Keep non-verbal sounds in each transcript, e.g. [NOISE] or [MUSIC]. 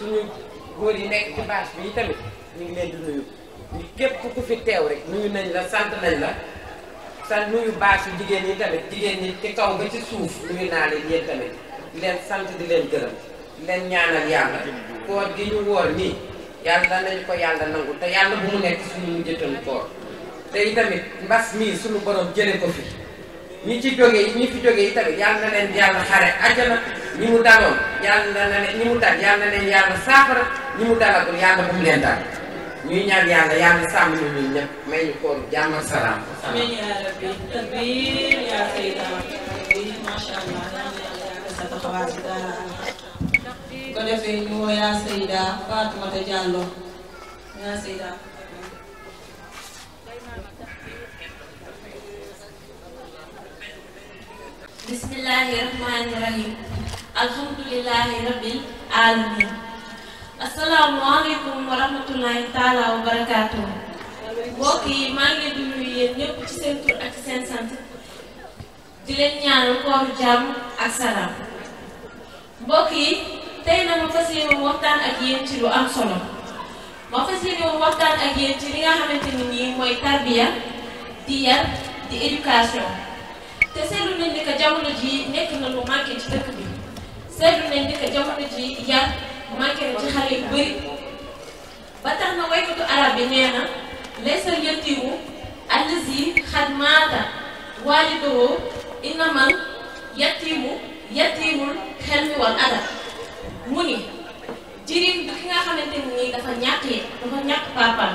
suñu góor yi nekk ci bâche bi tamit ñu ngi leen di nuyu ñu képp ku fi teew rek nuyu nañ la sant nañ la sa nuyu bâche yu jigéen ñi tamit jigéen ñi ci kaw ba ci suuf nuyu naa leen yéen tamit di leen sant di leen gërëm di leen ñaanal yàlla koor gi ñu woor nii yàlla nañ ko yàlla nangu te yàlla bu mu nekk suñu mujjëtan koor te itamit mbas mii suñu borom jële ko fi ñi ci jógee ñi ci jógee itamit yàlla na leen yàlla xare àjjana ñi mu daloon yàlla na leen ñi mu dal yàlla na leen yàlla saafara ñi mu dalagul yàlla bu mu leen dal ñuy ñaan yàlla yàlla sàmm ñu ñun ñëpp may ñu koor jàmm salaam. amiin yaa yaa sayyidina macha allah ko defee ñu woo yaa Sayda Fatoumata Diallo yaa Sayda bismillahi rahmani rahim alhamdulillahi rabbil alamin asalaamualeykum wa rahmatullahi taala wa barakaatu mbokk yi maa ngi leen di nuyu yéen ci seen tur ak seen sant di leen ñaanal kooru jàmm ak mbokk yi tey na ma fas waxtaan ak yéen ci lu am solo ma fas waxtaan ak yéen ci li nga xamante ni nii mooy tarbiya di yar di éducation te seetlu nañ ni que jamono ji nekk na lu manqué ci dëkk bi seetlu nañ ni que jamono ji yar manqué na ci xale yu bëri ba tax na waykatu arab bi nee na laysa yatiimu allazi xad maata waaliduhu innamal yatiimu yatiimul xelmi wal adab mu ni jirim bi ki nga xamante ni nii dafa ñàkk yi dafa ñàkk paapaan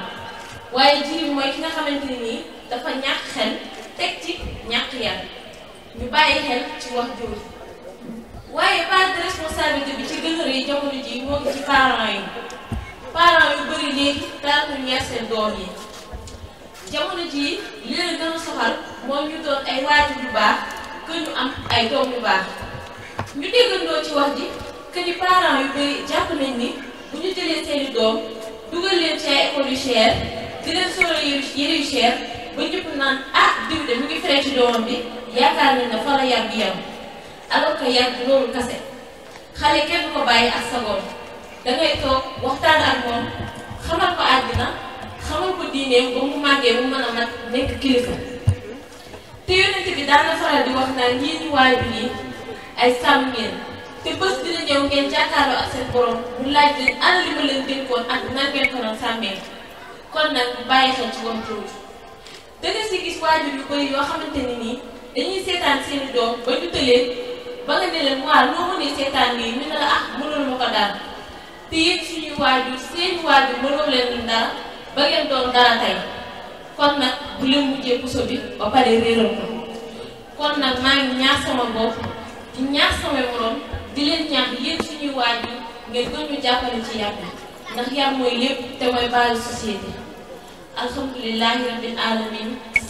waaye jirim mooy ki nga xamante ni nii dafa ñàkk xel teg ci ñàkk yar ñu bàyyi xel ci wax jooju waaye part de responsabilité bi ci gën a jamono ji moo ngi ci parents yi parents yu bëri léegi daal ñu seen doom yi jamono jii li leen gën a soxal moom ñu doon ay waajur yu baax que ñu am ay doom bu baax ñu déggandoo ci wax ji que ni parents yu bëri jàpp nañ ni bu ñu jëlee seeni doom dugal leen ci ay école yu cher di leen solo yére yu cher ba ñëpp naan ah diw mu ngi frais ci doomam bi yaakaar na ne fa la yar bi yam alors que yar kase xale kenn ko bàyyi ak sa bopp da ngay toog waxtaan ak moom xamal ko àddina xamal ko diineem ba mu màggee mu mën a mat nekk kilifa te yonent bi daan na faral di wax naan ñii ñu ay sàmm ngeen te bés dina ñëw ngeen jàkkaarloo ak seen borom mu laaj leen ana ma leen dénkoon ak nan ngeen ko doon sàmmee kon nag bàyyi xel ci woon tuuti da si gis waajur yu bëri yoo xamante ni nii. dañuy seetaan seen doom ba ñu tëlee ba nga ne leen waaw loo mënee seetaan nii ñu ne la ah mënul ma ko daan te yéen suñuy waajur seen waajur mënoo leen ñun ba ngeen doon dara tey kon nag bu leen mujjee puso bi ba pare réeral ko kon nag maa ngi ñaax sama bopp di ñaax sama morom di leen ñaax yéen suñuy waajur ngeen gën ñu jàppale ci yàlla ndax yàlla mooy lépp te mooy baalu société alhamdulilahi rabbil alamin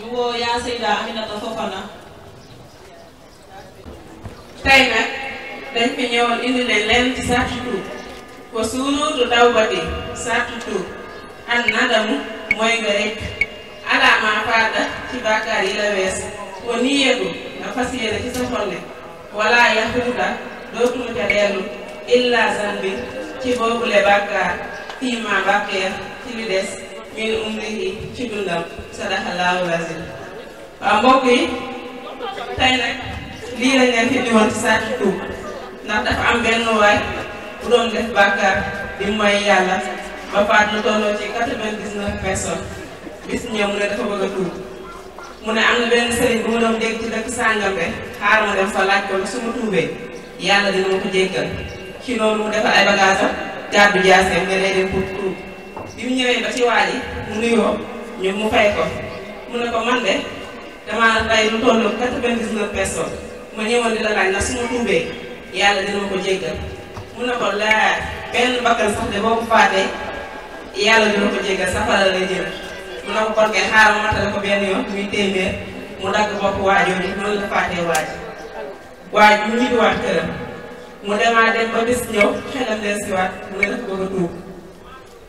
ñu woo yaa Seyda Aminata Fofana tey nag dañ fi ñëwoon indi leen leen ci sartu tuub ko suuruutu dawbati sartu tuub an nadamu mooy nga rekk alaamaa faata ci bàkkaar yi la wees ko niyeetu nga fas yéene ci sa xol ne wala yaxuuta dootul ca dellu illa ci boobule bàkkaar fii ma bàkkeer ci li des min umrihi mu ne dafa bëgg a tuub mu ne am na benn sëriñ bu mu doon dégg ci dëkk sàngam be xaar ma dem fa laaj ko su tuubee yàlla dina ma ko jéggal ci mu defal ay bagaasam gàddu jaaseem ne day dem pour bi mu ñëwee ba ci waa ji mu nuyoo mu fay mu ne ko man de damaa rey lu toll quatre-vingt-dix-neuf personnes ma di la laaj ndax su ma tuubee yàlla dina ko jéggal mu ne ko laa benn bakkan sax de boo ko faatee yàlla dina ko jéggal safara la lay jël mu ne ko kon kay xaaral ma matale ko benn yoon muy téeméer mu dagg bopp waajoo ji noonu la faatee waaj waaj mu ñibbiwaat këram mu demaat dem ba bis ñëw xelam del mu ne dafa bëgg a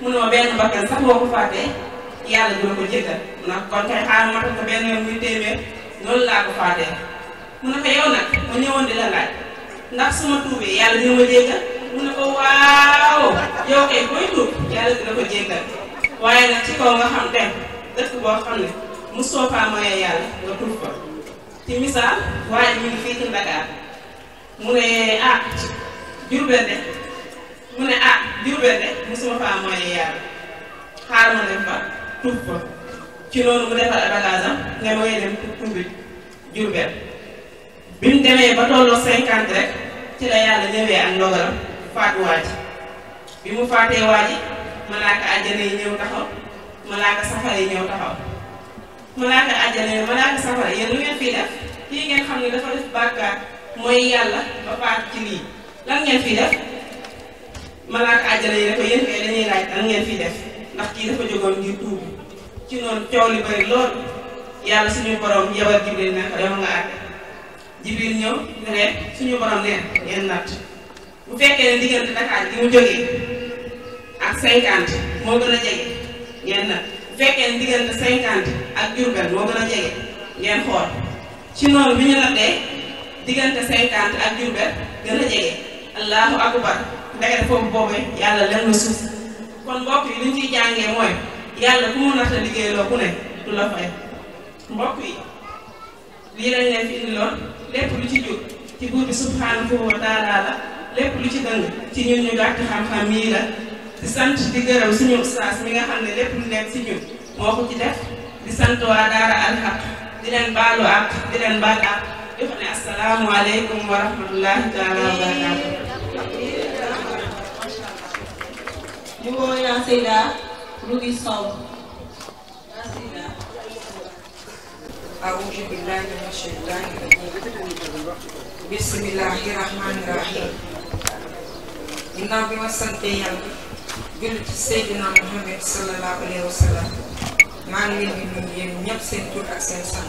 mu ne ma benn bakkan sax boo ko fàttee yàlla dina ko jéggal ndax kon kay ma ko benn yoon muy téeméer loolu laa ko fàttee mu ne ko yow nag mu ne ko waaw yow kay koy tuub yàlla dina ko jéggal waaye nag ci kaw nga xam dem dëkk boo xam ne mu soofaa mooy yàlla nga tuub ko ci misaal waaye ñu fii ci mu ne ah Jurbel de mu ne ah Jurbel de mosuma faa mooy yàlla xaar ma dem fa tuub fa ci loolu mu defal ay ne ma koy dem tuubi Jurbel bi mu demee ba tolloo cinquante rek ci la yàlla ñëwee ak ndogalam faat waa bi mu faatee waa ji malaaka àjjana yi ñëw taxaw malaaka safara yi ñëw taxaw malaaka àjjana yi malaaka safara yéen lu ngeen fii def kii ngeen xam ne dafa def bàkkaar mooy yàlla ba faat ci lii lan ngeen fii def malaaka àjjana yi ne ko yéen dañuy laaj lan ngeen fii def ndax kii dafa jógoon ngir tuub ci noonu coow li bari lool yàlla suñu borom yabal Jibril ne ko nga àtte Jibril ñëw ne suñu borom ne ngeen natt bu fekkee ne diggante Dakar gi mu jógee ak cinquante moo gën a jege ngeen natt bu fekkee ne diggante cinquante ak Jurbel moo gën a jege ngeen xool ci noonu bi ñu nattee diggante cinquante ak Jurbel gën a jege allahu akbar ndege foofu boobee yàlla lem suuf kon mbokk yi li ñu ciy jàngee mooy yàlla ku mu nata liggéey loo ku ne du la fay mbokk yi lii lañ leen fi indiloon lépp lu ci jóg ci buur bi subhaanahu wa la lépp lu ci dëng ci ñun ñu gàtt xam-xam yii la di sant di gërëm suñu ustaas mi nga xam ne lépp lu nekk si ñun moo ko ci def di sant waa daara di leen baalu ak di leen baal ak di ko ne asalaamualeykum wa rahmatullahi taala wa Nouveau Mélan Seyda Rougui Samb أعوذ بالله من الشيطان الرجيم بسم الله الرحمن الرحيم ginnaaw bi ma sante yàlla julli ci Seydina Muhammad sallallahu alayhi wa sallam maa ngi leen di nuyu yéen seen tur ak seen sant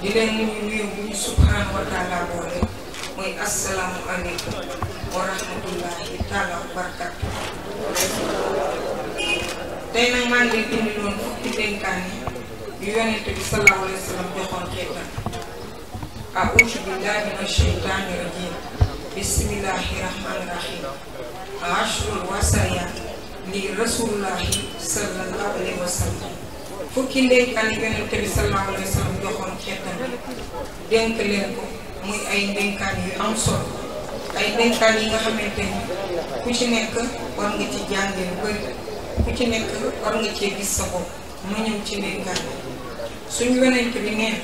di leen nuyu nuyu bu ñu subhaanahu wa taala boole mooy asalaamu aleykum wa rahmatullahi taala wa tey nag maa ngi leen indi fukki dénkaane yu yonent bi sallallahu alayhi wa sallam joxoon xeetam auzu billahi mina sheytaani rajim bismillahi rahmani rahim ashrul wasaya li rasulullahi sallallahu alayhi wa sallam fukki ndénkaan yi bi sallallahu alayhi wa joxoon xeetam dénk leen ko muy ay ndénkaan yu am solo ay dénkaan yi nga xamante ni ku ci nekk war nga ci jànge lu ku ci nekk war nga cee gis sa bopp ma ñëw ci dénkaan suñu yonent bi neen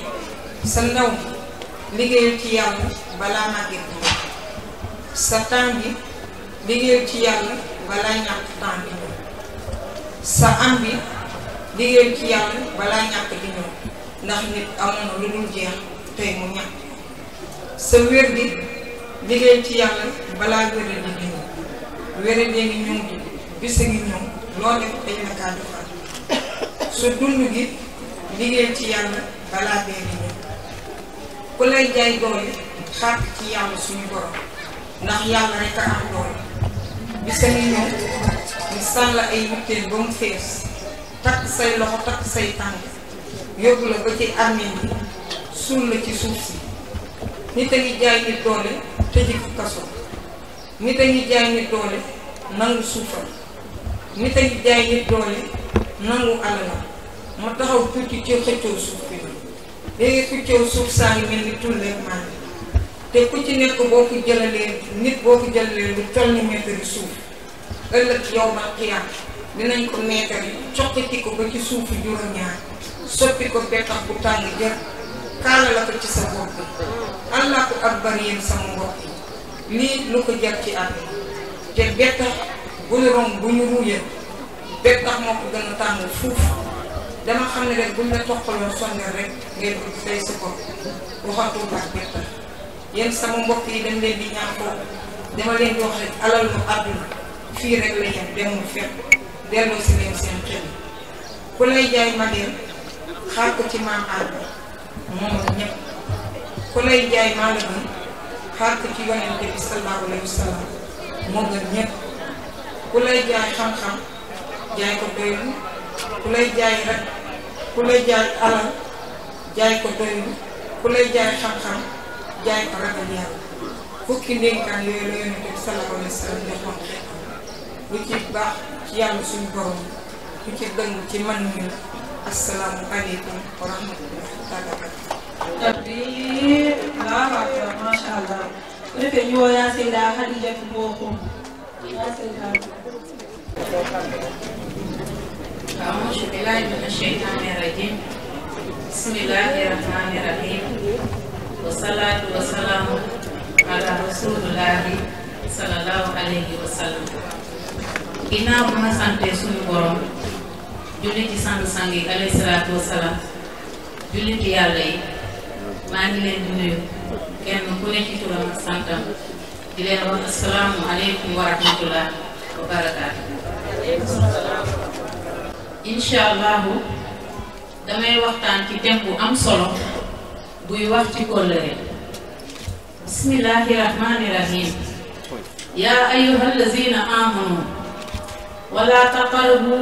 sa ndaw liggéeyal ci yàlla balaa màgget sa temps bi ci yàlla balaa ñàkk temps bi ñëw sa am bi liggéeyal ci yàlla balaa ñàkk di ñëw ndax nit amoon na lu dul jeex tey mu ñàkk sa wér bi liggéey ci yàlla balaa wér di di wér dee ngi ñëw di bis ngi ñëw loo def dañ la defal su dund gi liggéey ci yàlla balaa bee di ñëw ku lay jaay doole xaar ci yàlla suñu borom ndax yàlla rek a am doole bis ngi ñëw sàll ay yitteel ba mu fees takk say loxo takk say tànk yóbbu la ba ci armée bi suul la ci suuf si nit a ngi jaay nit doole tëj ko kaso nit a ngi jaay nit doole nangu suufam nit a ngi jaay nit doole nangu alala ma taxaw tuuti ci xëccoo suuf bi léegi xëccoo suuf saa ngi mel ni tulle maan te ku ci nekk boo ko jëlalee nit boo ko jëlalee lu toll ni suuf ëllëg yow ba xiyaam dinañ ko mètre yi coqati ko ba ci suufu juróom-ñaar soppi ko tax bu tàng jër kaala la ko ci sa bopp allahu akbar yéen sama mbokk lii lu ko jag ci at bettax bu ñu romb bu ñu ruuyee bettax moo ko gën a tàng fuuf dama xam ne rek buñ la toqaloon sonnel rek ngeen ko fay sa waxatu ak bettax yéen sama mbokk yi dañ leen di ñaan foofu dama leen di wax alal mu àdduna fii rek la yem demul fépp delloo si leen seen xel ku lay jaay madeel xaar ko ci maam àdduna moom ak ñëpp ku lay jaay maa ngi xaar ko ci yonente bi sallallahu alayhi wa sallam moo gën ñëpp ku lay jaay xam-xam jaay ko doylu ku lay jaay xam-xam jaay ko ragal yàlla fukki ndénkaan yooyu la yonente bi sallallahu alayhi wa sallam joxoon xeet ci baax ci yàlla suñu borom lu ci dëng ci man ñun assalaamu aleykum wa bi waaw waaw macha allah bu defee ñu woo yaa Seyda Khadija boo xum yaa Seyda أعوذ بالله من الشيطان الرجيم بسم الله الرحمن الرحيم والصلاة والسلام على رسول الله صلى الله عليه وسلم ginnaaw bu ma sante suñu borom julli ci sang sang yi alayhi salaatu wasalaam julliti yàlla yi maa ngi leen di nuyu kenn ku ne ci turam ak santam di leen wax asalaamu aleykum wa rahmatullah wa barakaatu incha damay waxtaan ci thème am solo buy wax ci bismillahi rahmani rahim yaa ayyuha allazina amanu wala taqrabu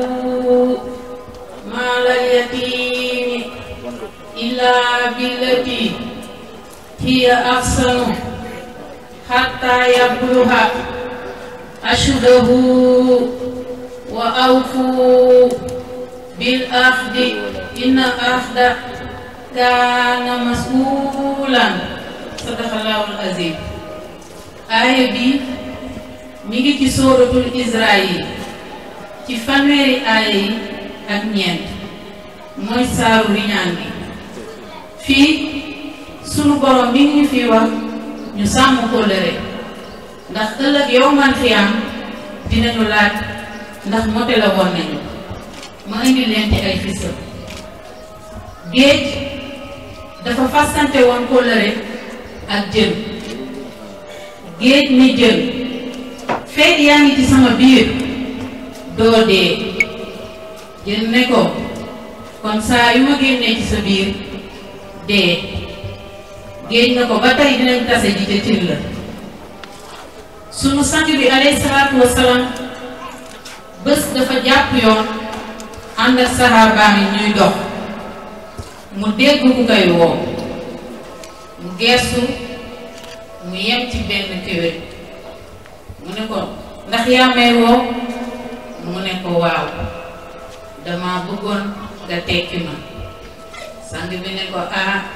maala al yatimi illaa billati hiya ahsanu hatta yabluha ashdahu wa awfu bil ahdi inna ahda kaana mas'uulan sadaqallahul aziim aaya bi mi ngi ci sóoratul Israa ci fanweeri aaya yi ak ñeent mooy saaru riñaan bi fii sunu borom mi ngi ñu fii wax ñu sàmm kóllëre ndax ëllëg yow man xiyaam dinañu laaj ndax mote la woon nañu ma indi leen ci ay fisa géej dafa fassante woon kóllëre ak jën géej ni jën feet yaa ngi ci sama biir doo dee jën ne ko kon saa yu ma génnee ci sa biir dee géej na ko ba tey dinañ tase ji te cër la sunu sang bi alayhi salaatu wasalaam bés dafa jàpp yoon ànd ak yi ñuy dox mu dégg ku koy woo mu geesu mu yem ci benn kéwél mu ne ko ndax yaa may mu ne ko waaw dama bëggoon nga tekki ma sang bi ne ko ah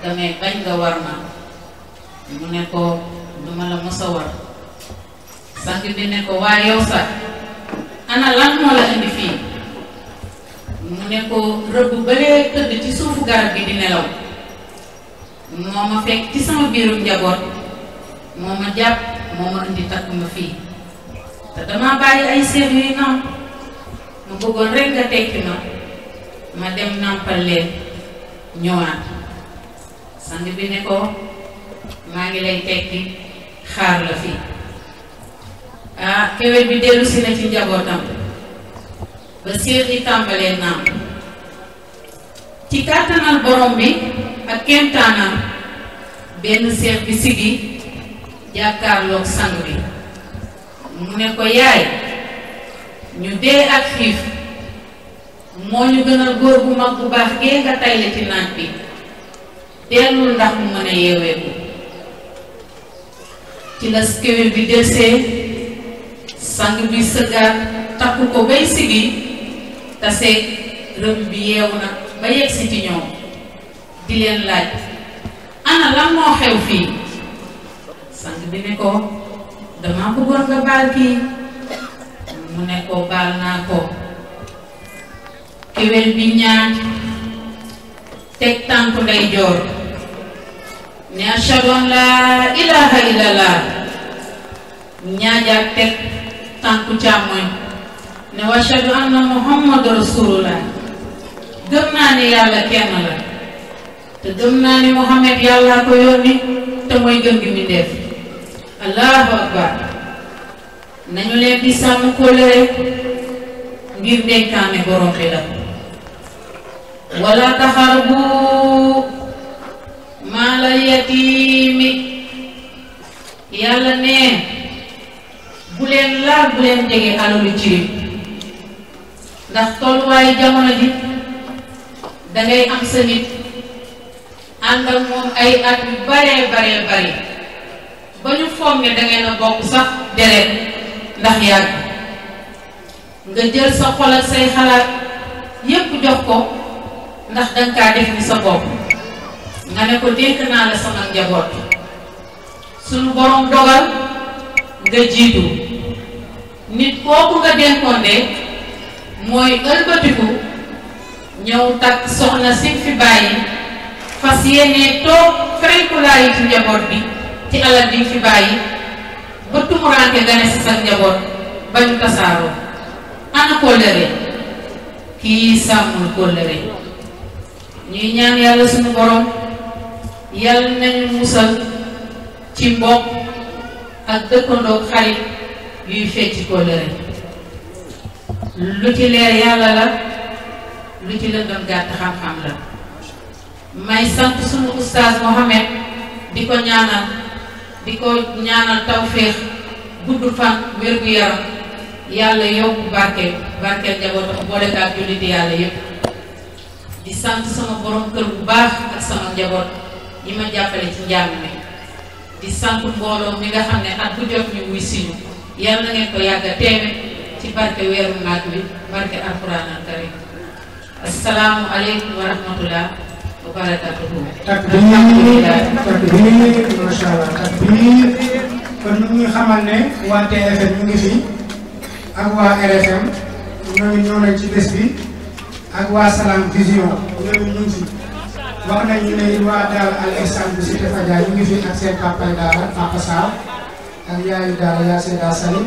damay bañ nga war ma mu ne ko duma la mos sang bi ne ko waa yow sax ana lan moo la indi fii mu ne ko rëbb balee tëdd ci suufu garab gi di nelaw moo ma fekk ci sama biiru njaboot moo ma jàpp moo ma indi takk ma fii te dama bàyyi ay seet yuy noonu mu bëggoon rek nga tekki ma ma dem nàmpal leen ñëwaat sang bi ne ko maa ngi lay tekki xaar la fii ah bi dellu na ci njabootam ba séex yi tàmbalee nàmp ci kàttanal borom bi ak kéemtaanam benn seex bi sigi jàkkaarloog sang bi mu ne ko yaay ñu dee ak xiif moo ñu gënal góor bu mag bu baax gee nga tayle ci naaj bi dellul ndax mu mën yeeweeku ci la kéwél bi delsee sang bi sëggaat takk ko bay sigi tase rëm bi yeewu na ba yegsi ci ñoom di leen laaj ana moo xew fii sang bi ne ko damaa bëggoon nga baal kii mu ne baal naa ko kéwél bi ñaan teg tànku ndeyjoor ne ashhadu an laa ilaaha illallah ñaajaat teg tànku càmmoñ ne wa ashhadu anna muhammadu gëm naa ni yàlla kenn la te gëm naa ni muhammad yàlla ko yónni te mooy gën mi def allahu akbar nañu leen di sàmm kóllëre ngir dénkaane borom bi la ولا تقربوا مال اليتيم yàlla ne bu leen laal bu leen jege alalu jirim ndax tolluwaayu jamono ji dangay am sa nit ànd ak moom ay at yu baree baree bari ba ñu foog ne dangay na bokk sax deret ndax yàgg nga jël sa xol ak say xalaat yépp jox ko ndax danga def ni sa bopp nga ne ko dénk naa la sama njaboot suñu borom dogal nga jiitu nit kooku nga dénkoon de mooy ëlbatiku ñëw takk soxna si fi bàyyi fas yéenee toog frenkulaayi ci njaboot bi ci alal bi fi bàyyi ba tumuraanke nga si sa njaboot bañu tasaaroo ana kóllëre kii sàmmul kóllëre ñuy ñaan yàlla suñu borom yàlla nañu musal ci mbokk ak dëkkandoo xarit yuy fecc kóllëre lu ci leer yàlla la lu ci lëndëm gàtt xam-xam la may sant suñu ustaas Mohamed di ko ñaanal di ko ñaanal tawféex gudd fan wér-gu-yaram yàlla yokk barke barke njabootam boolekaat jullit yàlla yépp di sant sama borom kër bu baax ak sama njaboot yi ma jàppale ci njàng mi di sant mbooloo mi nga xam ne at bu jot ñu wuy si ñu na ngeen ko yàgg a teewe ci barke weeru naaj bi barke alquran al karim asalaamu aleykum wa rahmatullah wa barakatuhu takbir takbir masha allah takbir kon ñu ngi xamal ne waa TFM ñu ngi fi ak waa RFM ñoo ngi ñëw nañ ci bés bi ak waa Salam Vision ñooñu ñu ngi fi wax nañu ne waa daal Alexandre si Tefadia ñu ngi fi ak seen papa daara papa Sarr ak yaayu daara yaa Seda Sali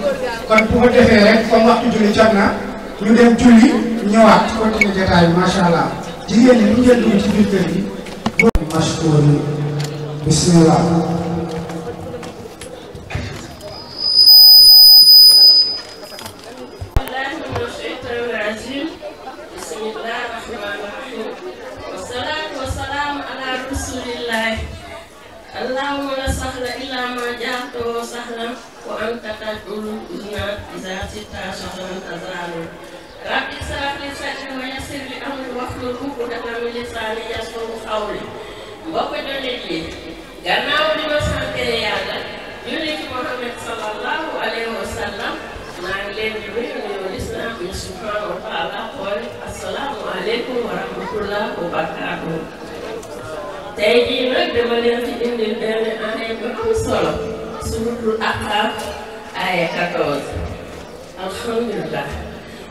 kon bu defee rek comme waxtu julli jot na ñu dem julli ñëwaat continuer jotaay bi macha allah jigéen ñi bu ngeen dugg ci biir kër yi. yi bismillah تدعو الأولى بذات التاشر من تزال رب اشرح لي صدري ويسر لي أمري واحلل عقدة من لساني يفقه قولي mbokk jullit yi gannaaw li ma santee yàlla julli ci Muhammad sallallahu alayhi wa sallam maa ngi leen di nuyu nuyu lislaam bi subhanahu wa taala xool assalaamu aleykum wa rahmatullah wa barakaatuh tey jii nag dama leen ci indil benn année bu solo surtout ak aya 14 alhamdulillah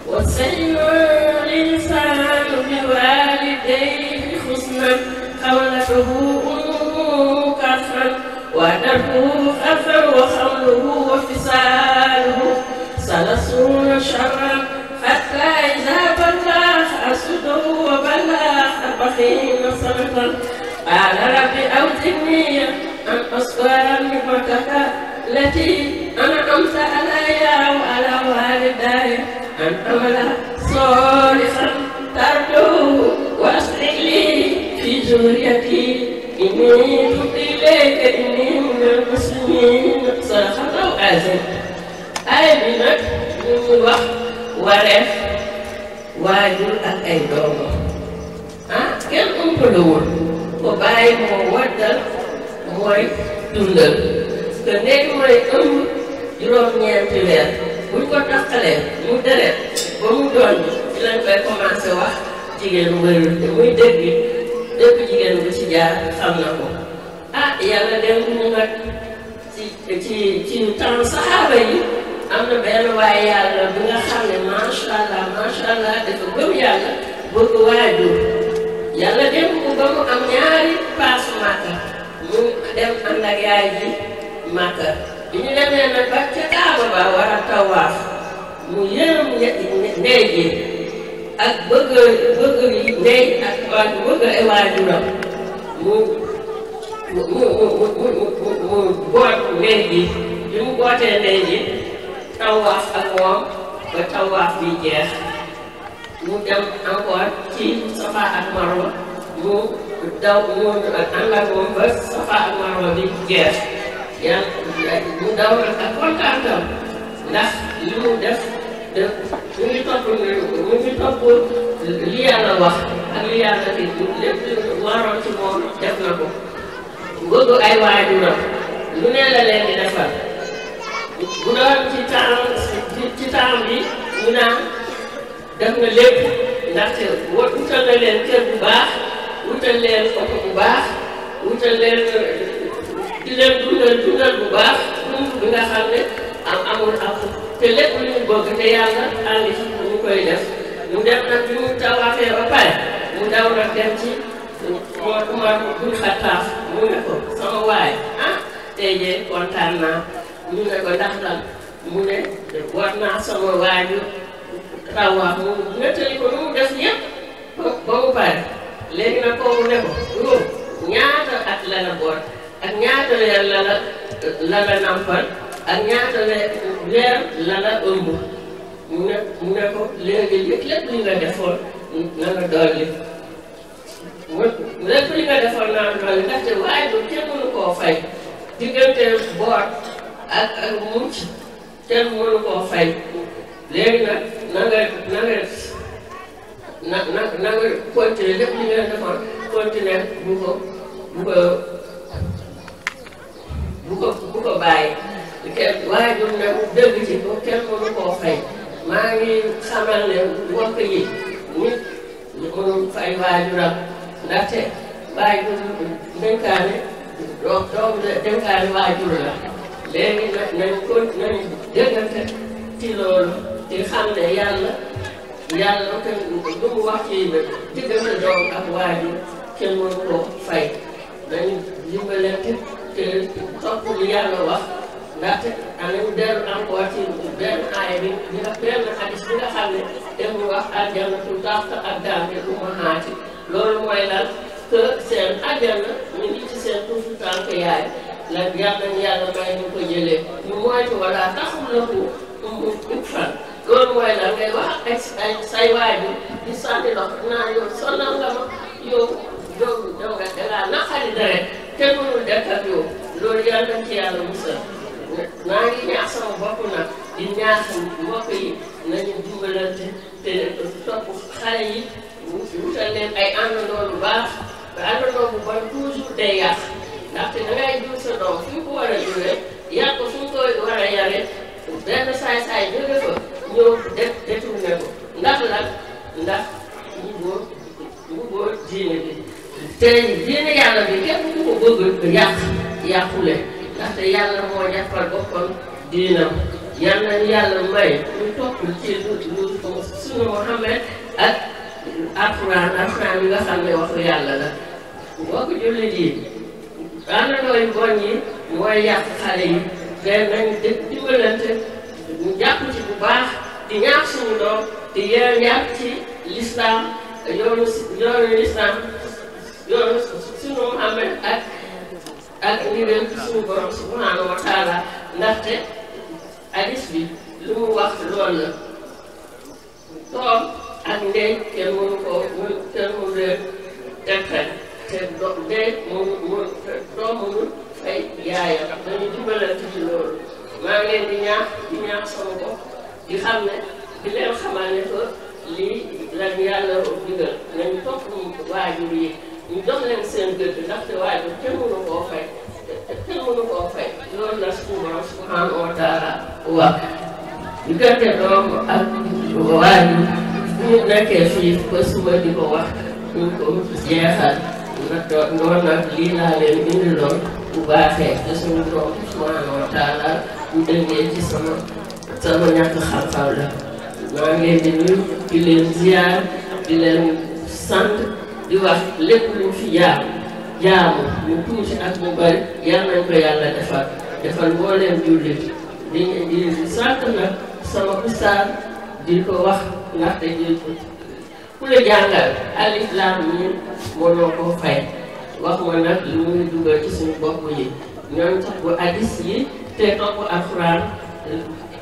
وسن الإنسان بوالديه حسنا قولته أمه كفرا ودمه خفا وخمره وفصاله ثلاثون شرا حتى إذا بلغ أسده وبلغ أربعين سنة قال رب أوزعني أن أصغر نعمتك التي أنا أمسى على يا وعلى والداي أنت ولا صالحا ترجو وأصلح لي في جوريتي إني تبت إليك إني من المسلمين صدقة وأزل أي منك من وقت ورث waajur ak ay doomam ah kenn umpalewul ko bàyyi moo waddal mooy dundal te nekk mooy ëmb juróom-ñeenti weer buñ ko taqalee mu deret ba mu doon ci lañ koy commencé wax jigéen wërul te muy dëgg dëgg jigéen bu ci jaar xam na ko ah yàlla dem ñu nag ci ci ci temps saxaaba yi am na benn waaye yàlla bi nga xam ne macha allah macha allah dafa gëm yàlla bëgg waajur yàlla dem ko ba mu am ñaari paas màkka mu dem ànd ak yaay ji màkka bi ñu demee nag ba ca Kaaba ba war a tawaaf mu yërëm ndey ji ak bëgg bëgg ndey ak waa bëgg ay waajuram mu mu mu mu mu mu boot ndey ji bi mu bootee ndey ji tawaaf ak moom ba tawaaf bi jeex mu dem encore ci Safa ak Marwa mu daw mu ànd ak moom ba Safa ak Marwa bi jeex. ya mu daw ak kontaanam ndax li mu def de mu ngi topp mu ngi wax ak li yàlla di lépp waroon ci moom def na ko bëgg ay waajuram lu ne leen di defal bu doon ci temps ci temps bi mu naan def na lépp ndaxte wa utal na leen kër bu baax utal leen oto bu baax utal leen di leen dundal dundal bu baax dund nga xam ne am amul ak te lépp lu ñu te yàlla ànd ci ñu koy def mu dem nag bi mu tawaafee mu ne ko sama waay ah tey kontaan naa ñu ne ko ndax mu ne war naa sama waaju tawaaf mu nettali ko nu mu def yépp ba mu pare léegi nag kooku ne ko ñaata at la la boot ak ñaata weer la la la la nampal ak ñaata weer la la ëmb mu ne mu ko léegi lépp li nga defoon na nga dolli lépp li nga defoon na nga dolli ndaxte waaye du kenn mënu koo fay diggante boot ak ak mucc kenn mënu koo fay léegi nag na nga na nga na na nga defoon continuer bu ko bu ko bu ko bàyyi kenn waajur nag dëgg ci ko kenn mënu koo fay maa ngi xamal ne mbokk yi nit ñu mënul fay waajuram ndaxte waajur dénkaane doom doom dénkaane waajur la léegi nag nañ ko nañ jëggante ci loolu ci xam ne yàlla yàlla te lu mu wax ci ne diggante doom ak waajur kenn mënu koo fay nañu dimbalante te topp li yàlla wax ndaxte anañu dellu encore ci benn aaya bi dina benn xadis bi nga xam ne te mu wax aljannatu tahta aqdamil ummahati loolu mooy lan que seen aljanna ñu ngi ci seen tuuti tànk yaay la yàlla na yàlla may ñu ko jëlee ñu moytu wala taxul la ko ëmb fan loolu mooy lan ngay wax ak ay say waajur di sànni loxo naa yow sonal nga ma yow doo doo nga dangaa naqari dara te mënul dekkal yow loolu yàlla nañ ci yàlla musal maa ngi ñaax sama bopp nag di ñaax mbokk yi nañu dimbalante te topp xale yi wutal leen ay àndandoo lu baax ba àndandoo bu bon toujours day yàq ndaxte dangay jur sa doom fi ko war a jure yàq ko fu koy war a yare benn saay-saay jóge fa ñëw def détourné ko ndax lan ndax mu góor mu góor diine bi te dina yàlla bi képp ku ko bëgg yàq yàqule ndaxte yàlla moo jàppal boppam diinam yal nañu yàlla may ñu topp ci lu lu sunu Muhammad ak alxuraan alxuraan yi nga xam ne waxu yàlla la mbokk jullit yi àndandoo yu bon yi mooy yàq xale yi te nañu dë dimbalante ñu jàpp ci bu baax di ñaax suñu doom di yéen yàq ci lislaam yoonu yoonu lislaam loolu suñu Muhammad ak ak ngëneel ci suñu borom subhanahu wa taala ndaxte hadis lu mu wax loolu la ak ndey kenn mënu kenn mënu leen tegtal te do ndey mënu mënu doom mënu fay yaayam dañu dimbalante ci loolu maa ngi di ñaax di ñaax di xam ne di leen xamal ne que lii lan yàlla digal nañu topp waajur yi ñu jox leen seen gëdd ndaxte waaye ba kenn mënu koo fay kenn mënu koo fay loolu la souvent subhanahu wa taala wax diggante doom ak waa ji bu ñu nekkee fii ba suba di ko wax ñu ko jeexal na doon noonu nag lii laa leen indiloon bu baaxee te suñu doom subhanahu wa taala ñu déggee ci sama sama ñàkk xam-xam la maa ngi leen di nuyu di leen ziar di leen sant. di wax lépp luñ fi jaar jaamu mu tuuti ak mu bari yal nañ ko yàlla defal defal mbooleem jullit di di sant nag sama ustaas di ko wax ndaxte di ku la jàngal alif laam miim mënoo koo fay wax ma nag lu muy dugal ci suñu bopp yi ñoom sax bu hadis yi te topp alxuraan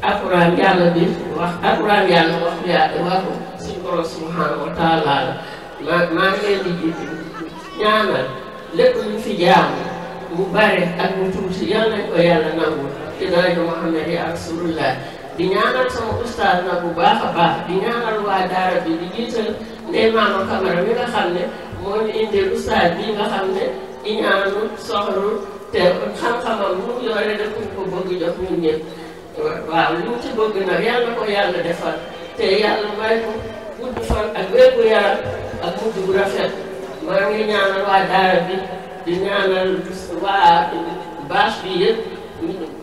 alxuraan yàlla bi wax alxuraan yàlla wax yàlla waxu suñu borom subhaanahu wa taala la ma maa ngi leen di ñaanal lépp ñu fi jaamu mu bare ak mu tuuti yal nañ ko yàlla nangu ci daraja Muhammad ya Rasulullah di ñaanal sama ustaas na bu baax a baax di ñaanal waa daara bi di jiital ndey maama Kamara mi nga xam ne moo ñu indil ustaas nga xam ne iñaanu soxlul te xam-xamam mu yore daf ñu ko bëgg jox ñun waaw li mu ci bëgg nag yàlla ko yàlla defal te yàlla may ko gudd ak wér gu yaram ak bu rafet maa ngi ñaanal waa daara bi di ñaanal waa bâche bi yëpp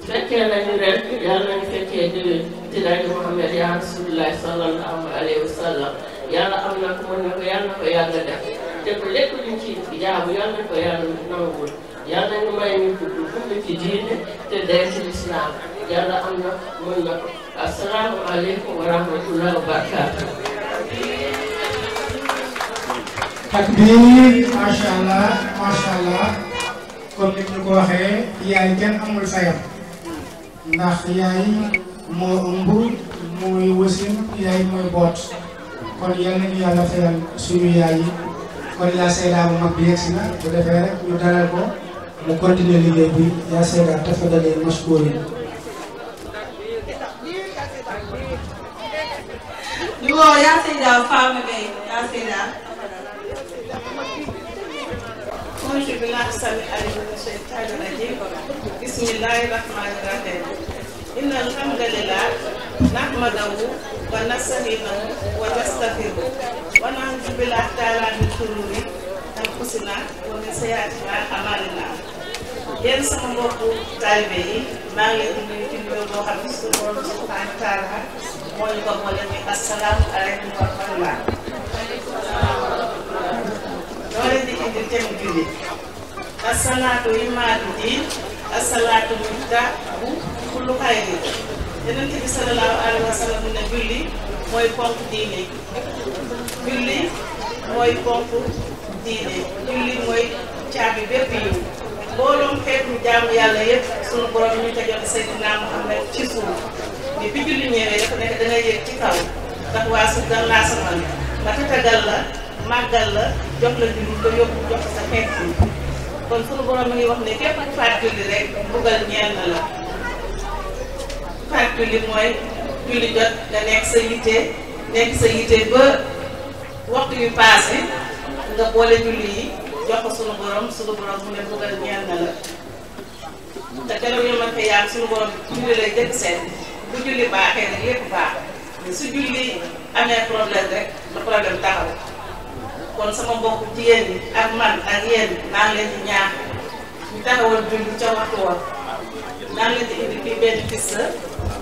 fekkee nañu ren yàlla nañu fekkee déwén ci daje Muhammad yaa Rasulullah sallallahu alayhi wa sallam yàlla am na ko mën na ko yàlla na ko yàlla def te ko lépp luñ ci jaamu yàlla na ko yàlla nangul yàlla ñu may ñu gudd gudd ci diine te dee ci lislaam yàlla am na mën na ko asalaamaaleykum wa wa barakaatu. takbir macha allah macha allah kon li ñu ko waxee yaay kenn amul sayam ndax yaay moo ëmb mooy wasin yaay mooy boot kon yal nañu yàlla fayal suñu yaay yi kon yaa Seyda bu mag bi yegsi na bu defee rek ñu dalal ko mu continuer liggéey bi yaa Seyda dafa dalee mashkuur yi di بالله السميع العليم من الشيطان الرجيم بسم الله الرحمن الرحيم إن الحمد لله نحمده ونستعينه ونستغفره ونعوذ بالله تعالى من شرور أنفسنا ومن سيئات sama mbokku taalibe yi maa ngi leen di nuyu ci nuyoo boo xam ne suñu borom subhanahu taala moo ñu ko boole muy wa rahmatullah loolu di indi thème julli asalaatu imaadu diin asalaatu mifta bu kullu xayri yonent bi salallaahu alayhi wa sallam ne julli mooy ponk diine julli mooy ponk diine julli mooy caabi bépp yiw mbooloom xeetu jaamu yàlla yëpp sunu borom ñu ko jox Seydina Muhammad ci suuf mais bi julli ñëwee dafa nekk da yëg ci kaw ndax waa suuf dañ laa ma tatagal la màggal la jox la julli ko yóbbu jox sa xeet yi kon sunu borom mi ngi wax ne képp ku faat julli rek mbugal ñeel na la faat julli mooy julli jot nga nekk sa yitte nekk sa yitte ba waxtu yu paase nga boole julli yi jox ko sunu borom sunu mu ne mbugal ñeel na la te keroog ñu mën ko yaam sunu borom julli lay jëkk seet bu julli baaxee rek lépp baax su julli amee problème rek le problème taxaw. kon sama mbokk jigéen ñi ak man ak yéen maa ngi leen di ñaax ñu taxawal julli ca waxtu wa maa ngi leen di indi fii benn gis la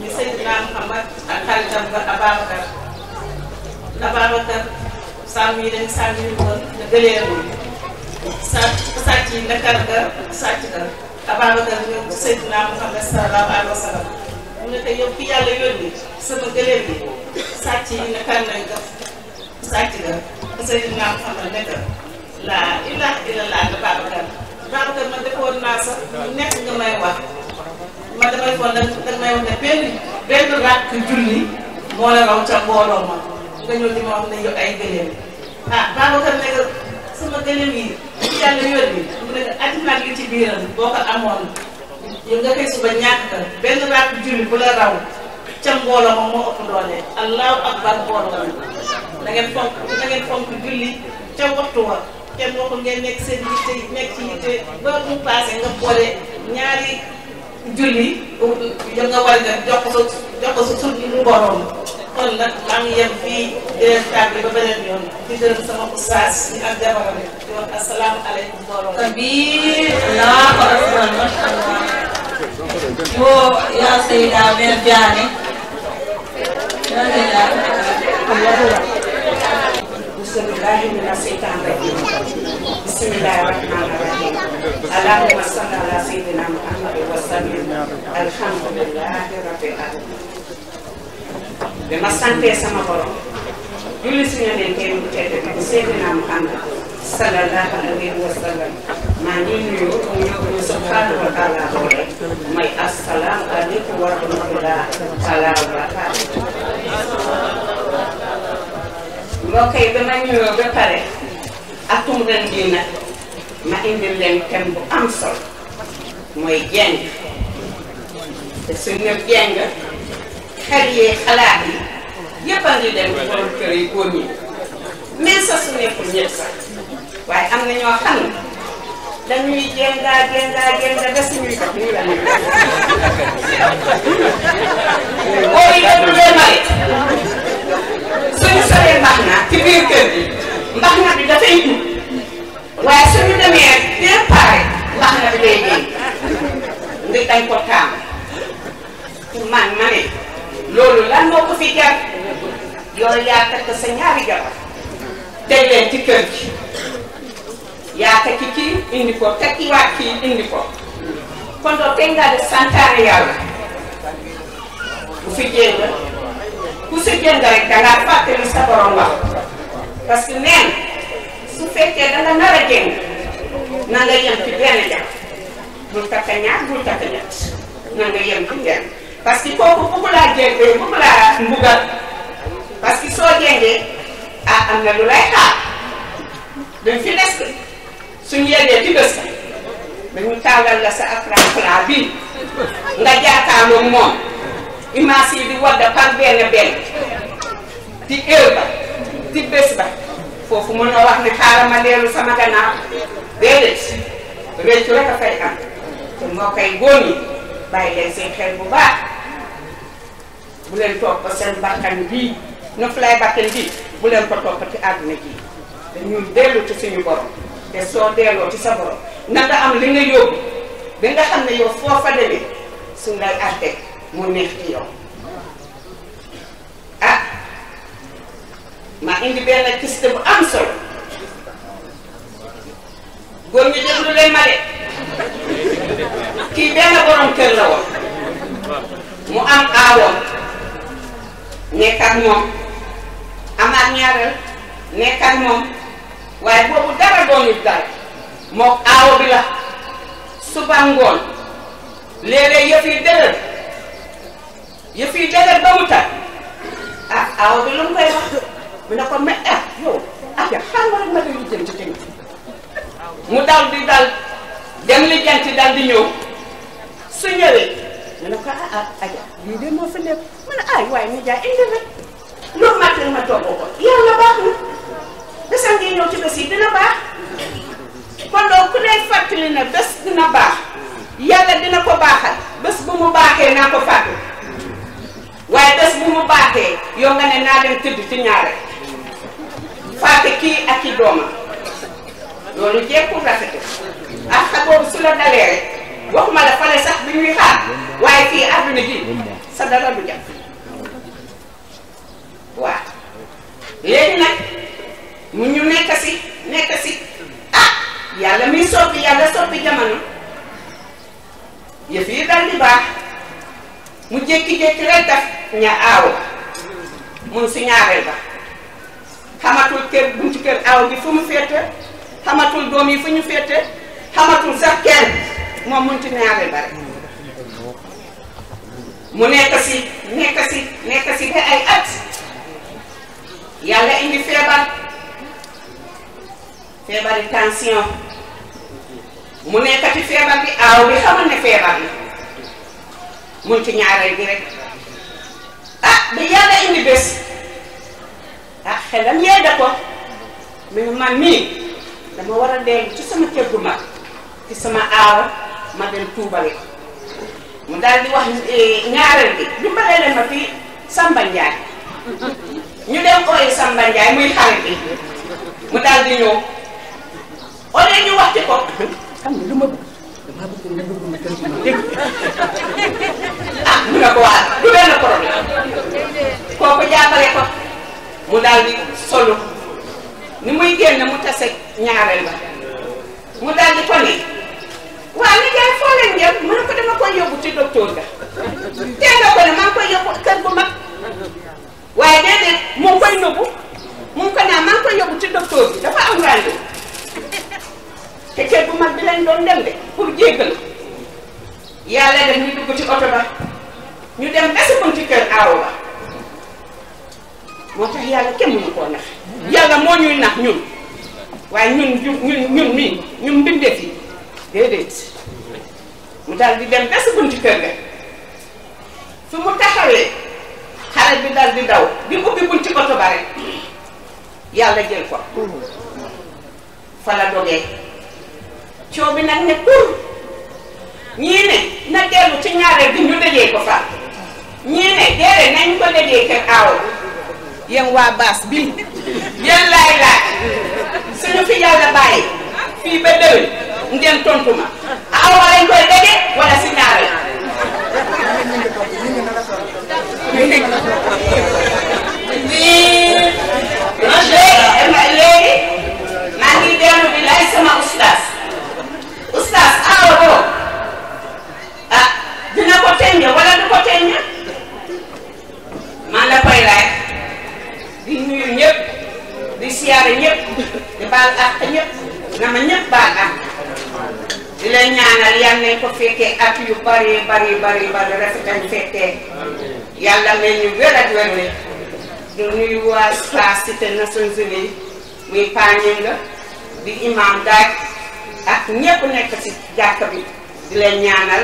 ñu Seydina Muhammad ak xaritam ba Ababacar Ababacar sàmm yi dañ sàmm yi woon ne gëleerul sàcc sàcc yi nakar ga sàcc ga Ababacar ñëw ci Seydina Muhammad sallallahu alayhi wa sallam mu ne ko yow ki yàlla yónni sama gëleer bi sàcc yi nakar nañ ko sàcc la te Seydina Muhammad nekk la ilaha illallah nga Babacar Babacar man defoon naa sax nekk nga may wax man damay foog da may wax ne benn benn julli moo la raw ca mbooloo ma nga ñëw di ma wax ne yow ay gëléem ah Babacar nekk sama gëléem yi yàlla yor bi mu ne àddina ak li ci biiram boo ko amoon yow nga xëy suba ñàkk ka benn ràkk julli bu la raw ca mbooloo ma moo ëpp doole allahu akbar mbooloo ma na fonk na fonk julli ca waxtu wa kenn waxul ngeen nekk seen yitte nekk ci yitte ba mu passé nga boole ñaari julli jël nga war nga jox ko jox ko sa tur mu borom kon nag maa yem fii di leen ba beneen yoon di gërëm sama oustaz ñu ak jabaram rek di wax mbooloo kabir laa yoo yaa sayda mère Diané بالله من الشيطان الرجيم بسم الله الرحمن الرحيم اللهم صل على سيدنا محمد وسلم الحمد لله رب العالمين bi ma santee sama borom julli si ñu leen kenn bu tedd bi seydina Muhammad sallallahu alayhi wa sallam maa ngi nuyu ñëw ñu subhanahu wa taala mooy assalaamu aleykum wa rahmatullah taala wa barakatuh mbokk yi dama ñëw ba pare atum ren bii ma indil leen thème bu am solo mooy jàng te suñu ne jàng xel yi xalaat yi yëpp a ngi dem borom kër yi góor ñi mais sa su nekkul ñëpp waaye am na ñoo xam ne dañuy jëndaa jëndaa jëndaa ba dox nii la ñuy dox. boo yëngu leen suñu solee mbax na ci biir kër gi mbax na bi dafay dugg waaye suñu pare mbax bi day génn ngir dañ ko man ma loolu lan moo ko fi jar yow yaa takk sa ñaari yaa takki kii indi ko takkiwaat kii indi ko kon doo tey ku si jënd rek dangaa fàtte li sa borom wax que neen su fekkee danga nar a jënd na nga yem ci benn jàpp bul takk ñaar bul takk ñett na nga yem parce que kooku bëgg laa jëndee mbugal parce que soo jëndee ah am lu lay xaar dañ fi des suñ yeggee ci bés dañu la sa appareil plat bi nga jaakaar moom moom. image yi di wadd par benn benn ci heure ba ci bés ba foofu mën na wax ne xaaral ma dellu sama gannaaw déedéet réccu rek a fay am te moo koy góor ñi bàyyi seen xel bu baax bu leen topp seen bakkan bii noflaay bakkan bii bu leen ko topp ci àdduna ji dañuy dellu ci suñu borom te soo delloo ci sa borom na nga am li nga yóbbu bi nga ne yow foofa demee suñ lay àtte mu neex yow ah ma indi benn kiste bu am solo góor ñu déglu leen ma de kii benn borom kër mu am aawoon nekk moom amaat ñaareel nekk ak moom waaye boobu dara doonul dara mook aawo bi la suba ngoon léeg yi dërër yëf yi dëgër ba mu tàkk ah awa bi lu mu koy wax mu ne ko mais ah yow ah, dem lijjanti tamit mu di daal daal di ñëw su ñëwee mu ne ko ah ah aja ah, lii de moo fi nekk mu ne ay ah, waaye ni indi rek loolu maa teel ma toppoo ko yàlla baax na bésam ngay ñëw ci bés dina baax kon loolu ku dee fàttali ne bés dina baax yàlla dina ko baaxal bés bu mu baaxee naa ko fàttali waaye bés bu mu baatee yow nga ne naa dem tëdd ci ñaare faate kii ak i doomam loolu jekkul rafetul ak ah, sa su la dalee rek waxuma la fale sax bi ñuy xaar waaye fii adduna ji sa dara du jàpp waaw léegi nag mu ñu nekk si nekk si ah yàlla muy soppi yàlla soppi jamono yëf yi dal di baax mu jékki-jékki rek daf ña aaw mun si ba xamatul kër buntu aaw bi fu mu féete xamatul doom yi fu ñu féete xamatul sax kenn moom mun ci ñaareel ba mu nekk si nekk si nekk si ba ay at yàlla indi feebar feebari tension mu nekkati feebar bi aaw bi xamal ne feebar la muy ci ñaareel bi rek ah bi yàlla indi bés ah xelam yee da ko mu man mii dama war a dellu ci sama kër gu mag ci sama aawa ma dem tuubale ko mu daal wax eh, ñaareel bi dimbalee leen ma fii Samba Ndiaye ñu dem ooyi Samba Ndiaye muy xarit bi mu daal di ñëw au ñu wax ci ko xam nga lu ma bëgg ah mu ne ko waa du benn problème kooku jàppale ko mu daal di solu ni muy génn mu tase ñaareel ba mu daal di ko nii waa ni jaay foo leen jëm mu ko dama koy yóbbu ci docteur ga tee nga ko ne maa ngi koy ko naa maa yóbbu ci docteur bi dafa am rendez-vous te kër bu mag bi lañ doon dem de pour jéggal yàlla dem ñu dugg ci oto ba ñu dem ba sa buntu kër aaw ba moo tax yàlla kenn mënu koo nax yàlla moo ñuy nax ñun waaye ñun ñun ñun nii ñun mbindeef yi déedéet mu daal dem ba sa buntu kër ga su mu taxawee xale bi daal di daw di ubbi buntu oto ba rek yàlla jël ko fa la dogee coow bi nag ne pour ñii ne na dellu ci ñaareel bi ñu dajee ko fa ñii ne déedéet nañ ko dajee kër aaw yéen waa baas bi yéen laay laaj suñu fi yàlla bàyyi fii ba déwén ngeen tontu ma aaw lañ koy daje wala si ñaareel léegi maa ngi dellu bi lay sama ustaas ustaas aaw teñe wala du ko teñe man la koy laaj di nuyu ñëpp di siyaare ñëpp di baal àq ñëpp na ma ñëpp baal àq di leen ñaanal yal nañ ko fekkee at yu bari bari bari bari rafetal fekkee yàlla mel ñu wér ak wér wér di nuyu waa saa cité Nations Unies muy paañe nga di imam daaj ak ñëpp nekk ci jàkk bi di leen ñaanal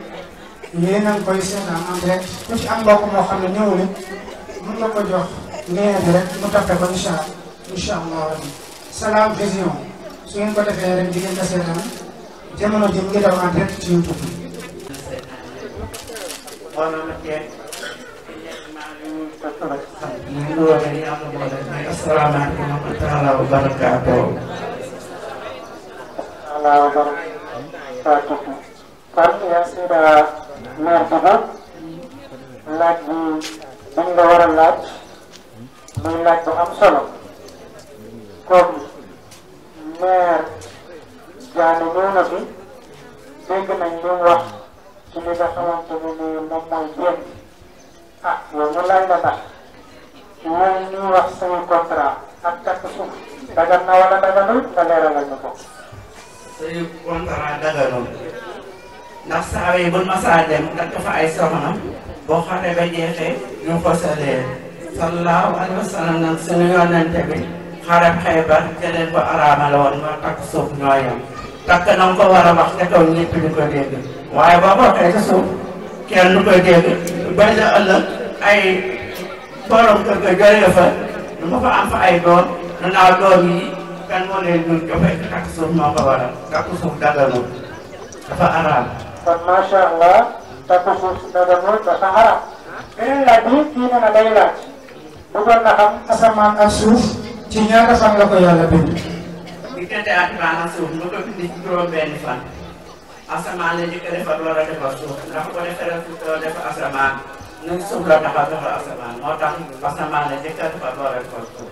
yéen a ngi koy seetaan en direct ku ci am moo xam ne ñëwul it mën nga ko jox lien bi rek mu toppee ko incha allah allah rabbi Salam Vision su ngeen ko defee rek di ngeen ko seetaan jamono ji mu ngi daw en direct ci YouTube. asalaamaaleykum wa rahmatulah wa barakaatu. wa barakaatu. laaj bi ba laaj bi dañ la war a laaj muy laaj solo comme maire jaane na fi dégg nañ li mu wax ci li nga xamante ne ah yow ñu la ndax moom ñu wax suñu contrat ak takk suuf dagan na wala daganul nga leeralal ñu ko. suñu ndax saaba yi buñ masaa dem takk ay soxna boo xare ba jeexee ñu ko solee sallallahu alayhi wa sallam nag suñu yonente bi xarab Xaybar araamale woon moo takk suuf ñooyam takk na nga war a wax te kaw ñëpp ñu ko dégg waaye boo ko waxee ci suuf kenn du ko dégg bañ a ëllëg ay borom kër ga fa ñu nga ko am fa ay doom nu naa doom yi kan moo leen dul takk suuf moo ko waral takk suuf daganul dafa araam kon macha allah takku suuf si dana mën dafa xaram. beneen laaj bi kii nee na day laaj. bëggoon na xam asamaan ak suuf ci ñaata fan la ko yàlla bind. diggante asamaan ak suuf mu ko bind ci juróom-benn fan. asamaan la njëkk a defar loolu la defar suuf ndax ko defee suuf la defar asamaan nu suuf la tax a defar asamaan moo tax asamaan la njëkk a defar loolu la defar suuf.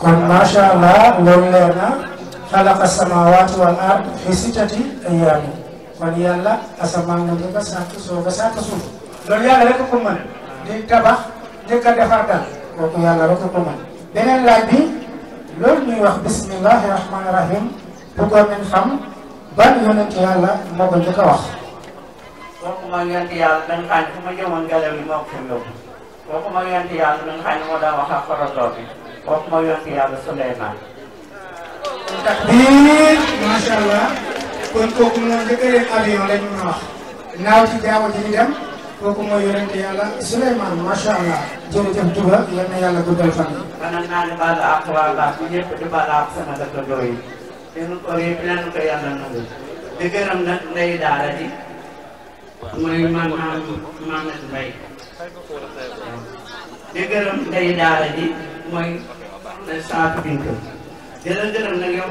kon macha allah loolu leer na xalaqa samaawaati wal ard fi sittati ayaamin kon yàlla asamaan na nga sàkk soo ko sàkk suuf loolu yàlla rek ko mën di tabax njëkk a defar dal kooku yàlla rek ko mën beneen laaj bi loolu ñuy wax bismillahi rahmaani rahim bëggoon nañ xam ban yonent yàlla moo ko njëkk a wax. kooku mooy yonent yàlla dañ xañ fu ma jëmoon ngelaw li moo ko fi yóbbu kooku mooy yonent yàlla dañ xañ moo daan wax ak korotoo bi kooku mooy yonent yàlla Suleymaan. takbiir macha allah. kon kooku moom njëkk a leen avion lañ mën a wax naaw ci jaww ji ñu dem allah jërëjëf Touba yal na yàlla guddal fan yi. banaan naa ne baal àq waa baax bu ñëpp di baal àq sama dëkkandoo yi. te nu ko yëpp nañu ko yàlla nangu. di gërëm nag ndey daara ji. mooy man maam Mamadou Mbaye. di gërëm ndey daara ji mooy. sa bintu. di la gërëm nag yow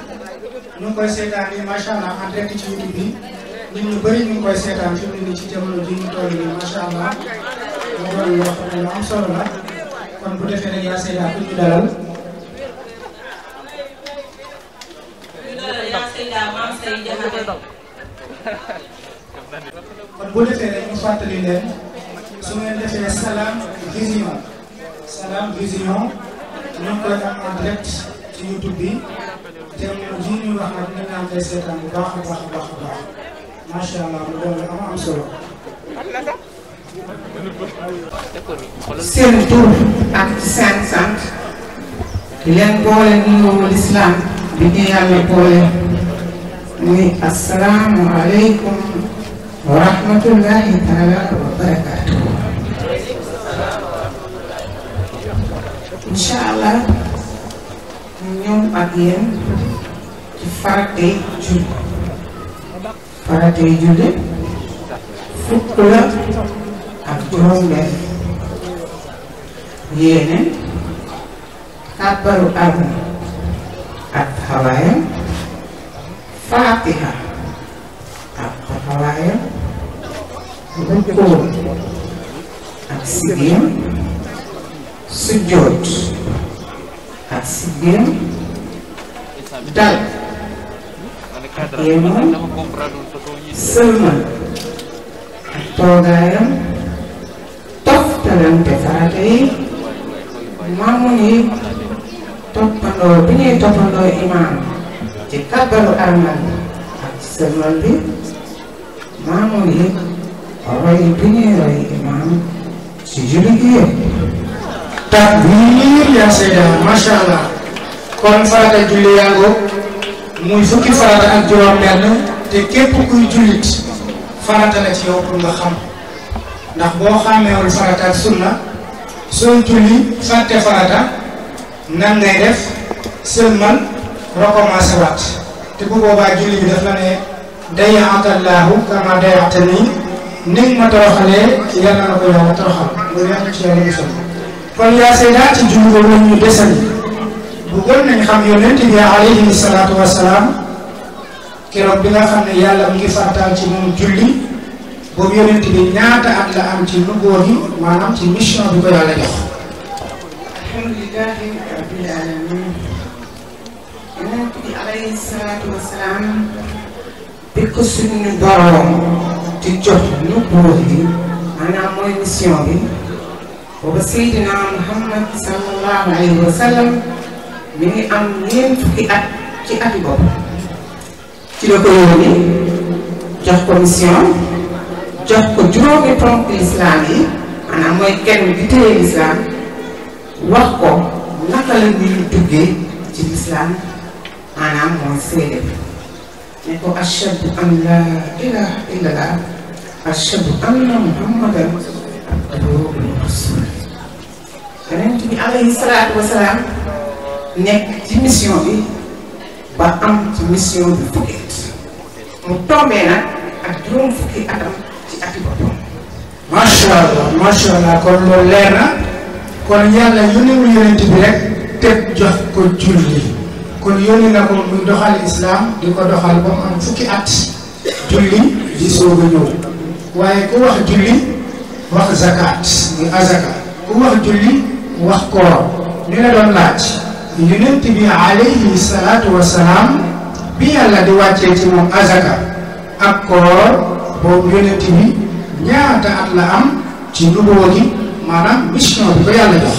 ñu ngi koy seetaan nii macha allah en direct ci YouTube bi nit ñu bëri ñu ngi koy seetaan fi mu ne nii ci jamono ji ñu toll nii macha allah mu doon loo xam ne lu am solo la kon bu defee rek yaa Seyda ku ñu dalal. ñu dalal yaa Seyda maam Sey Jaxate kon bu defee rek ñu fàttali leen su ngeen defee Salam Vision Salam Vision ñu ngi koy am en direct ci YouTube bi. te a mu doon ak seen sant di leen boole nuyoo lislaam bi ñu yàlla boole muy asalaamu aleykum wa rahmatullahi ñëw ak yéen ci faratay julli faratay julli fukk la ak juróom-benn yéene kàbbaru arme ak taxawaayam faatiha ak taxawaayam rukkoo dal yéemu sëlmal ak toogaayam toftalante farata yi maamu ni toppandoo bi toppandoo imaam ci kàbbaru armal sëlmal bi maamu ni roy bi ñuy roy imaam ci julli gi yëpp. takbiir yaa seeda macha allah. kon farata julli yàggoo muy fukki farata ak juróom-benn te képp kuy jullit farata la ci yow pour nga xam ndax boo xàmmeewul farata ak sunna soo julli fàtte farata nan ngay def sëlmal recommencé waat te bu boobaa julli bi daf la ne dayaatallaahu kama dayaata nii ni ma toroxalee yàlla na ko yow a toroxal bu neex ci yàlla musal kon yaa see julli boobu la ñuy desal bëggoon nañ xam yonent bi alayhi salaatu wa salaam keroog bi nga xam ne yàlla mu ci moom julli boobu yonent bi ñaata at la am ci nubuwa gi maanaam ci mission bi ko yàlla jox. alhamdulilahi rabbil alamin yonent bi alayhi salaatu wa salaam bi ko suñu borom di jox nubuwa gi maanaam mooy mission bi booba Seydina Muhammad sallallahu alayhi wa sallam mi ngi am ñeent fukki at ci ati bopp ci la ko yónni jox ko jox ko juróomi ponk lislaam yi maanaam mooy kenn di téye lislaam wax ko naka la ñuy duggee ci lislaam maanaam mooy seede bi ne ko ashhadu an la ilaha illallah ashhadu anna muhammadan abduhu wa rasuluh yonent bi alayhi salaatu wasalaam nekk ci mission bi ba am ci mission bi fukki at mu tombee nag ak juróom fukki atam ci ati boppam. allah macha allah kon loolu leer na kon yàlla yónni mu yonent bi rek ko julli kon doxal islam di ko doxal ba mu am fukki at julli di soog a ñëw waaye ku wax julli wax zakat muy azaka ku wax julli wax koor ñu la doon laaj. yonent bi alayhi salaatu wa salaam bi yàlla di wàccee ci moom azaka ak koor boobu yonent bi ñaata at la am ci nubuwa gi maanaam mission bi ko yàlla jox.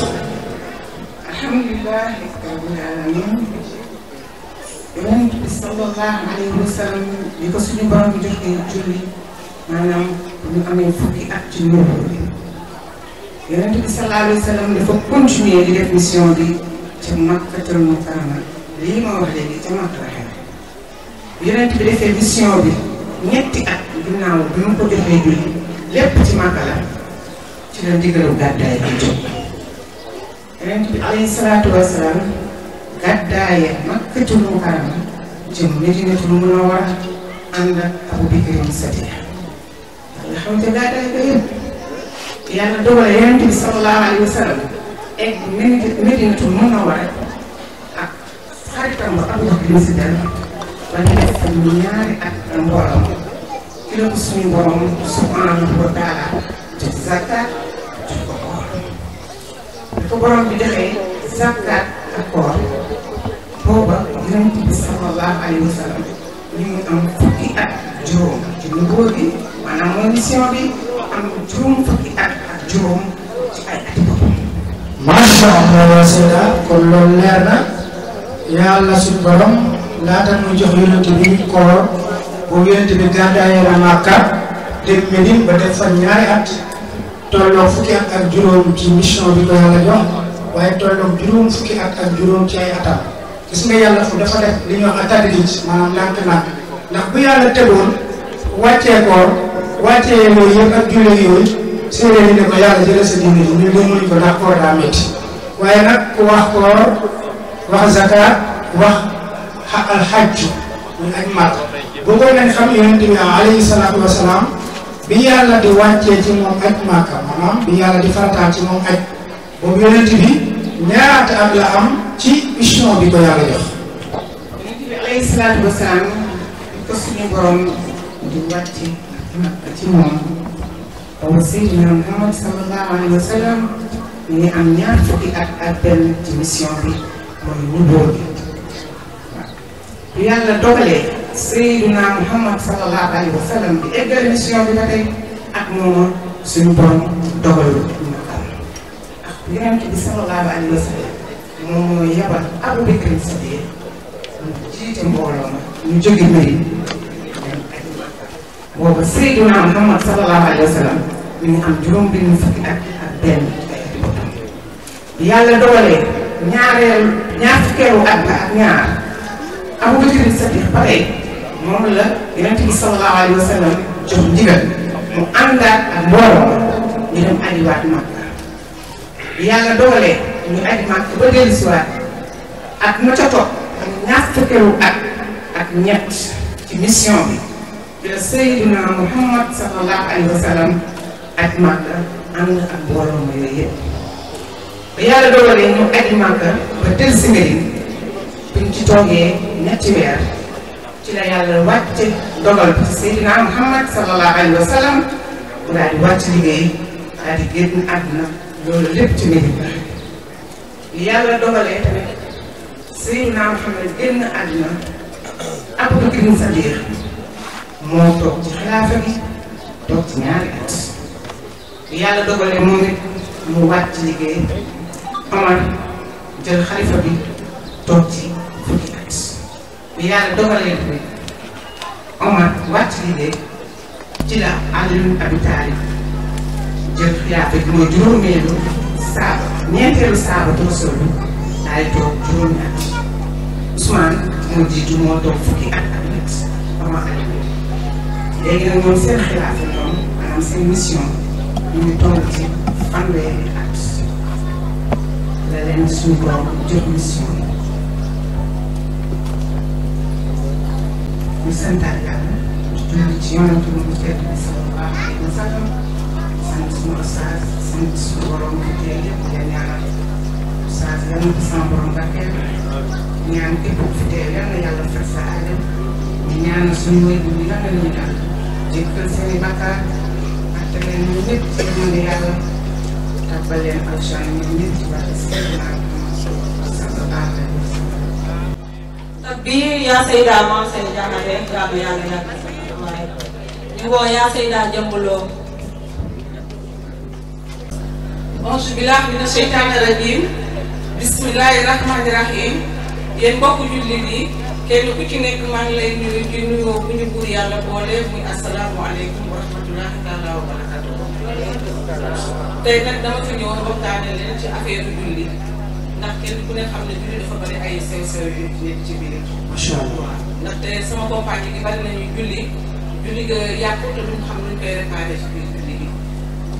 alhamdulilah rabbil alamin yonent bi sallallahu alayhi wa sallam di ko suñu borom joxee julli maanaam ci nubuwa bi yonent bi sallallahu alayhi wa sallam dafa ca Makkatal Mukarrama lii ma wax léegi ca Makka la xew yonent bi defee mission bi ñetti lépp ci Makka la ci la ndigalu gàddaay bi jóg yonent bi alayhi salaatu wasalaam gàddaaye Makkatal Mukarrama jëm Madinatul Munawwara ànd ak Abu Bakrin Sadiq nga xam te gàddaay yëpp yàlla dogal yonent bi egg Medinatul Munawwara ak xaritam ba Abou Bakr si dal ba ñu def fa ñaari at mbooloom ki la ko suñu wa taala jox zakat jox ko koor bi ko borom bi defee zakat ak koor booba yonent bi sallallahu alayhi wa sallam ñu ngi am fukki at juróom ci nguur gi maanaam mooy am juróom fukki at ak juróom ci ay at macha allah wa sayda kon loolu leer na yàlla suñu borom laata muy jox yonent bi koor boobu yonent bi gàddaayee na Màkka dem Medine ba def fa ñaari at tolloo fukki at ak juróom ci mission bi ko yàlla jox waaye tolloo juróom fukki at ak juróom ci ay atam gis nga yàlla fu dafa def li ñuy wax atadrij maanaam ndànk-ndànk ndax bu yàlla tegoon wàccee koor wàccee yooyu yëpp ak jullit yooyu su ñu leen ko yàlla jëlee sa diine ji ñu gëmuñu ko ndax koor daa waaye nag ku wax koor wax zakat wax al hajj muy ak màgg bu ko am alayhi salaatu wa bi yàlla di wàccee ci moom aj màkka maanaam bi yàlla di farataal ci moom aj boobu yonent ñaata at la am ci mission bi ko yàlla jox. boobu Seydina Muhammad sallallahu alayhi wa sallam ñu ngi am ñaar fukki at ak benn ci mission bi mooy nubóo bi bu yàlla dogalee Seydina Muhammad sallallahu alayhi wa sallam di eggal mission bi ba tey ak moom suñu borom dogalul ñu am ak yonent bi sallallahu alayhi wa sallam moom mooy yabal Abu Bakr Siddiq mu jiite mbooloo ma ñu jóge Medina booba Seydina Muhammad sallallahu alayhi wa sallam mi am juróom benn fukki at ak benn yàlla dogalee ñaareel ñaar fukkeelu at ba ak ñaar Abu Bakr ba tey moom la yonent bi sallallahu alayhi wa sallam jox mu àndaat ak mbooloo ñu yàlla dogalee ñu aji Makka ba dellusiwaat at ma ca topp ñaar fukkeelu at ak ñett ci mission bi. le Seydina Muhammad sallallahu alayhi wa sallam aj Màkka ànd ak mbooloo ma yooyu yëpp yàlla dogalee ñu aj Màkka ba tël si Medine buñ ci toogee ñetti weer ci la yàlla wàcce dogal bi Seydina Muhammad sallallahu alayhi wa mu daal di wàcc liggéey daal di génn àdduna loolu lépp ci Medine ba li yàlla dogalee tamit Seydina Muhammad génn àdduna Abubakar Sadiq moo toog ci xilaafa bi toog ci ñaari at yàlla dogalee moom it mu wàcc ci liggéey Omar jël xalifa bi toog ci fukki at bi yàlla dogalee bi Omar wàcc ci la Aliyu Abi Taalib jël xilaafa bi mooy juróomeelu saaba ñeenteelu saaba Rasuul bi daal di toog juróomi at Ousmane moo jiitu moo toog fukki at ak Omar Aliyu léegi nag ñoom seen xalaat la ñoom maanaam seen mission ñu ngi toll ci fanweeri at la leen suñu borom jox mission ñu santaat yàlla ñu ci yonent bi mu tedd bi sallallahu alayhi wa sallam sant suñu oustaz sant suñu borom bu tey yëpp nga ñaanal oustaz yal na ko sama borom barkeel ñaan képp ku fi teew yal na yàlla faj sa aadama ñaanal suñu wér bi nga xam ne ñu daal jéggal seen i bakkaar ak tamit ñun ñëpp ci mën yàlla tàbbal leen ak saa yi ñun ñëpp ci wàllu séddalaat bi yaa Seyda moom say jaxate yàlla yàlla yàlla waaye ñu woo yaa Seyda jëmbuloo auzu billaahi mina sheytaani rajiim bismillaahi rahmaani rahiim yéen mbokku jullit yi kenn ku ci nekk maa ngi lay nuyu ci nuyoo bu ñu buur yàlla boole muy asalaamualeykum wa rahmatullahi taala wa barakatuhu tey nag dama fi ñëwoon waxtaane ci affaire julli ndax kenn ku ne xam ne julli dafa bari ay sew sew yu nekk ci biir. macha allah ndaxte sama compagne gi bari nañu julli julli ga yàqu te duñ xam nuñ koy réparé ci biir julli bu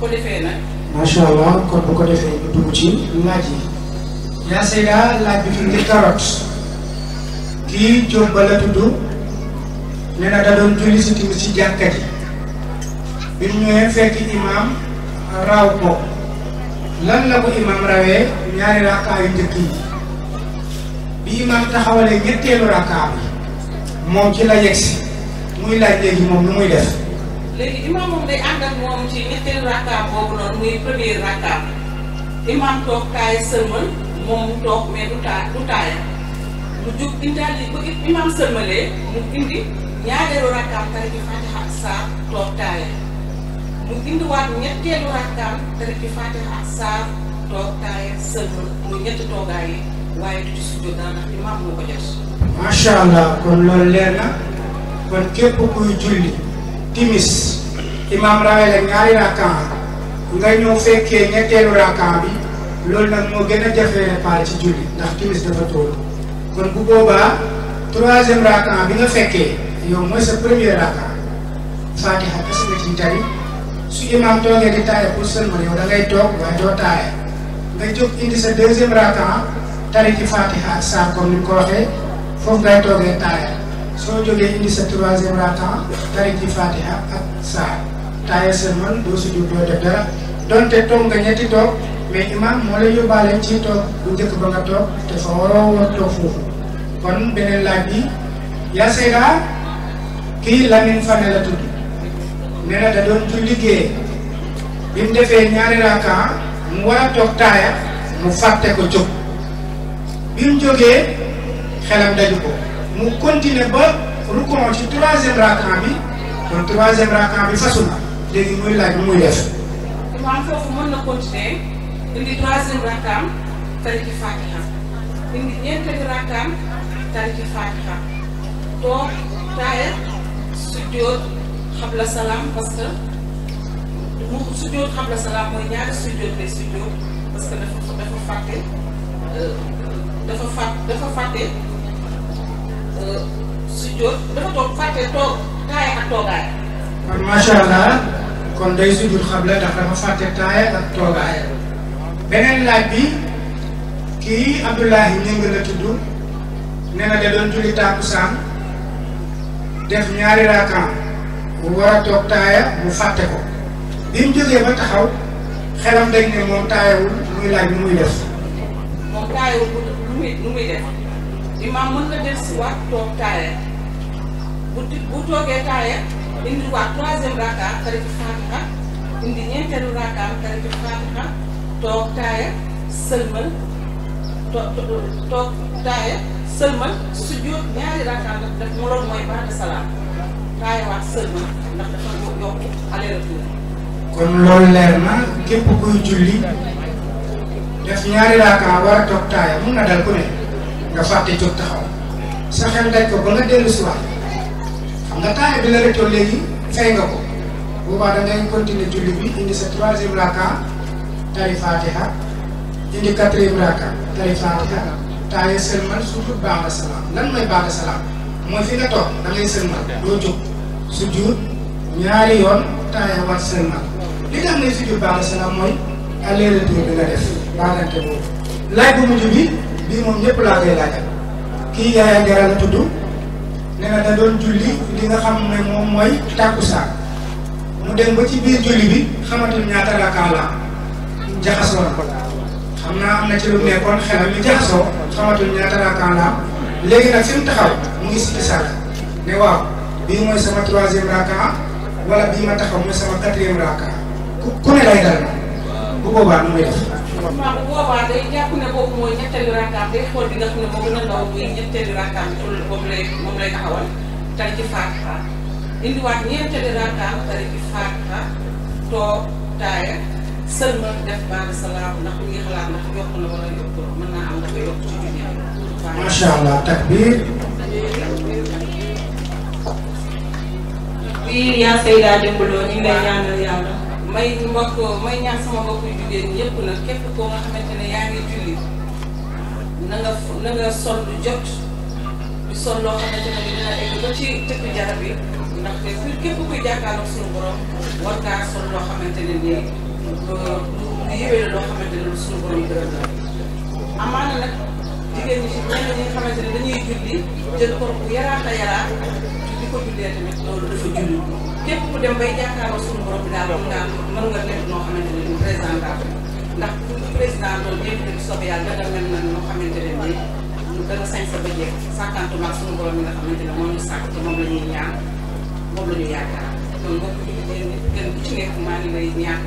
ko defee nag. macha allah kon bu ko defee ñu dugg ci laaj yi. yaa seega laaj bi fi mu di kii Jóob ba la tudd nee na da doon julli si timis si jàkka ji mu ñëwee fekk imaam raw ko lan la ko imaam rawee ñaari rakkaa yu njëkk yi bi imaam taxawalee ñetteelu rakkaa moom ci la yegsi muy laaj léegi moom lu muy def léegi imaam moom day ànd ak moom ci ñetteelu rakkaa boobu moom mu toog mais du taa du taaya mu jug indaale ba imaam sëlmalee mu indi ñaareelu rakkaam tari ci Fatiha ak saar toog taaya mu indiwaat ñetteelu rakkaam tari ci Fatiha ak saar toog taaya sëlmal mu ñetti toogaay yi waaye du ci sujjóot dara ndax jot. macha allah kon loolu leer na kon képp kuy julli timis imaam rawale ñaari rakkaam nga ñëw fekkee ñetteelu rakkaam bi loolu nag moo gën a jafe ndax timis dafa toll. kon bu boobaa troisième rakan bi nga fekkee yow mooy sa premier rakan fatiha kese nga ciy tari su imaam toogee di taaya pour sëlmal yow da ngay toog waaye doo taaya nga jóg indi sa deuxième rakan tari ci fatiha saar comme ni ko waxee foofu ngay toogee taaya soo jógee indi sa troisième rakan tari ci fatiha ak saar taaya sëlmal doo sujjóot doo def dara donte toog nga ñetti toog mais imam moo lay yóbbaale ci toog bu njëkk ba nga toog te fa waroo woon toog foofu kon beneen laaj bi yaa seedaa kii Lamine Fane la tudd nee na da doon tu liggéey bi mu defee ñaari raakaa mu war a toog taaya mu fàtte ko jóg bi mu jógee xelam daju ko mu continuer ba rukkoon ci troisième raakaa bi kon troisième raakaa bi fasul léegi muy laaj muy def maanaam foofu mën na continuer indi troisième rakkaam tari ci fatiha indi ñeenteelu rakkaam tari ci fatiha toog taaya sujjoot xabla salaam parce que mu sujjoot salaam mooy ñaari sujjoot lay sujjoot parce dafa dafa euh, dafa fàtt dafa euh, dafa toog fàtte toog taaya ak toogaay. macha allah. kon day sujjul xabla ndax dama fàtte taaya ak toogaaya beneen laaj bi kii Abdoulahi Ñing la tudd nee na doon julli tàkkusaan def ñaari raakaam mu war a toog taaya mu fàtte ko bi jógee ba taxaw xelam dañ ne moom taayawul muy laaj nu muy def moom taayawul nu muy nu muy def mën na del si waat toog taaya bu bu toogee taaya indi waa troisième raaka xaritu fatiha indi ñeenteelu raakaam xaritu fatiha toog taaya sëlmal toog taaya sëlmal sujjóot ñaari raakaam ndax daf mu loolu mooy baata salaam taaya waat sëlmal ndax dafa yokk aller retour kon loolu leer na képp kuy julli def ñaari raakaam war a taaya mun na dal ku ne nga fàtte jóg taxaw sa xel daj ko ba nga dellu si waat xam nga temps bi la rëccoon léegi fay nga ko boobaa da continuer julli bi indi sa troisième raka tari fatiha indi quatrième raka tari fatiha taayee sëlmal surtout baax na salaam lan mooy baax na salaam mooy fi nga toog da ngay doo jóg su ñaari yoon taayee waat sëlmal li nga xam ne su jur baax mooy aller-retour bi nga def baalante boobu bu mujj bi bii moom ñëpp laa koy laajal kii yaaya ngera la tudd nee na da doon julli li xam ne moom mooy tàkkusaan mu dem ba ci biir julli bi xamatul ñaata rakkaa la jaxasoo na xam naa am na ci lu mu nekkoon xelam mi jaxasoo xamatul ñaata rakkaa la léegi nag fi taxaw mu ngi sikki sàkk ne waaw bii mooy sama troisième rakkaa wala bii ma taxaw mooy sama quatrième rakkaa ku ku ne lay dal bu boobaa nu muy def imaam bu boobaa day jàpp ne boobu mooy ñetteelu rakkaam day xool bi nga xam ne moo gën a ndaw muy ñetteelu rakkaam moom lay moom lay taxawal tari ci faatiha indiwaat ñeenteelu rakkaam tari ci toog taaya sëlmal def baal salaam ndax mi ngi xalaat ndax yokk na wala yokk mën naa am dafa yokk ci junne macha allah takbir bii yaa Seyda Demba Lo ñu ngi lay ñaanal yàlla may mbokk may ñaan sama mbokk yu jigéen yépp nag képp koo nga xamante ne yaa ngi julli na nga na sol jot di sol loo xamante ne dina egg ba ci tëkk jarab yi ndaxte ne nii lu yéwee loo xamante ne la jigéen ñi si ñenn ñi nga xamante ne dañuy julli jël koor bu yaraax a yaraax ko jullee tamit loolu dafa julli képp ku dem bay jàkkaaroo suñu borom bi daal mën ngaa mën nga def noo xamante ba jeex ñaan moom la nekk maa ngi lay a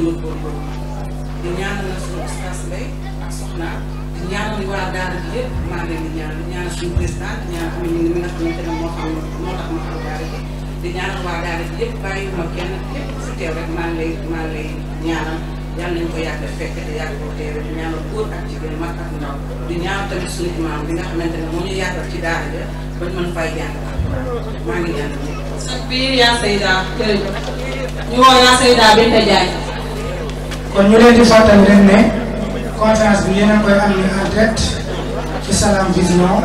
góorgóorlu di ñaanal ak soxnaa ñaanal waa daara ji yëpp maa ngi leen di ñaanal ñaanal suñu président ñaanal am nañu li nga xamante ne moo xam moo tax ma xam daara ji di ñaanal waa daara ji yëpp bàyyi ma kenn yëpp fu teew rek maa ngi lay maa ngi lay ñaanal yàlla nañu ko yàgg fekk te yàgg ko teew di ñaanal góor ak jigéen mag ak ndaw di ñaanal tamit suñu imaam bi nga xamante ne moo ñu yàggal ci daara ja bañ mën fay jàng maa ngi ñaanal ñëpp. sa biir yaa Seyda jërëjëf ñu woo yaa Seyda Binta Diagne. kon ñu leen di sottal rek ne. conférence bi yéen a koy am ni en direct ci Salam Vision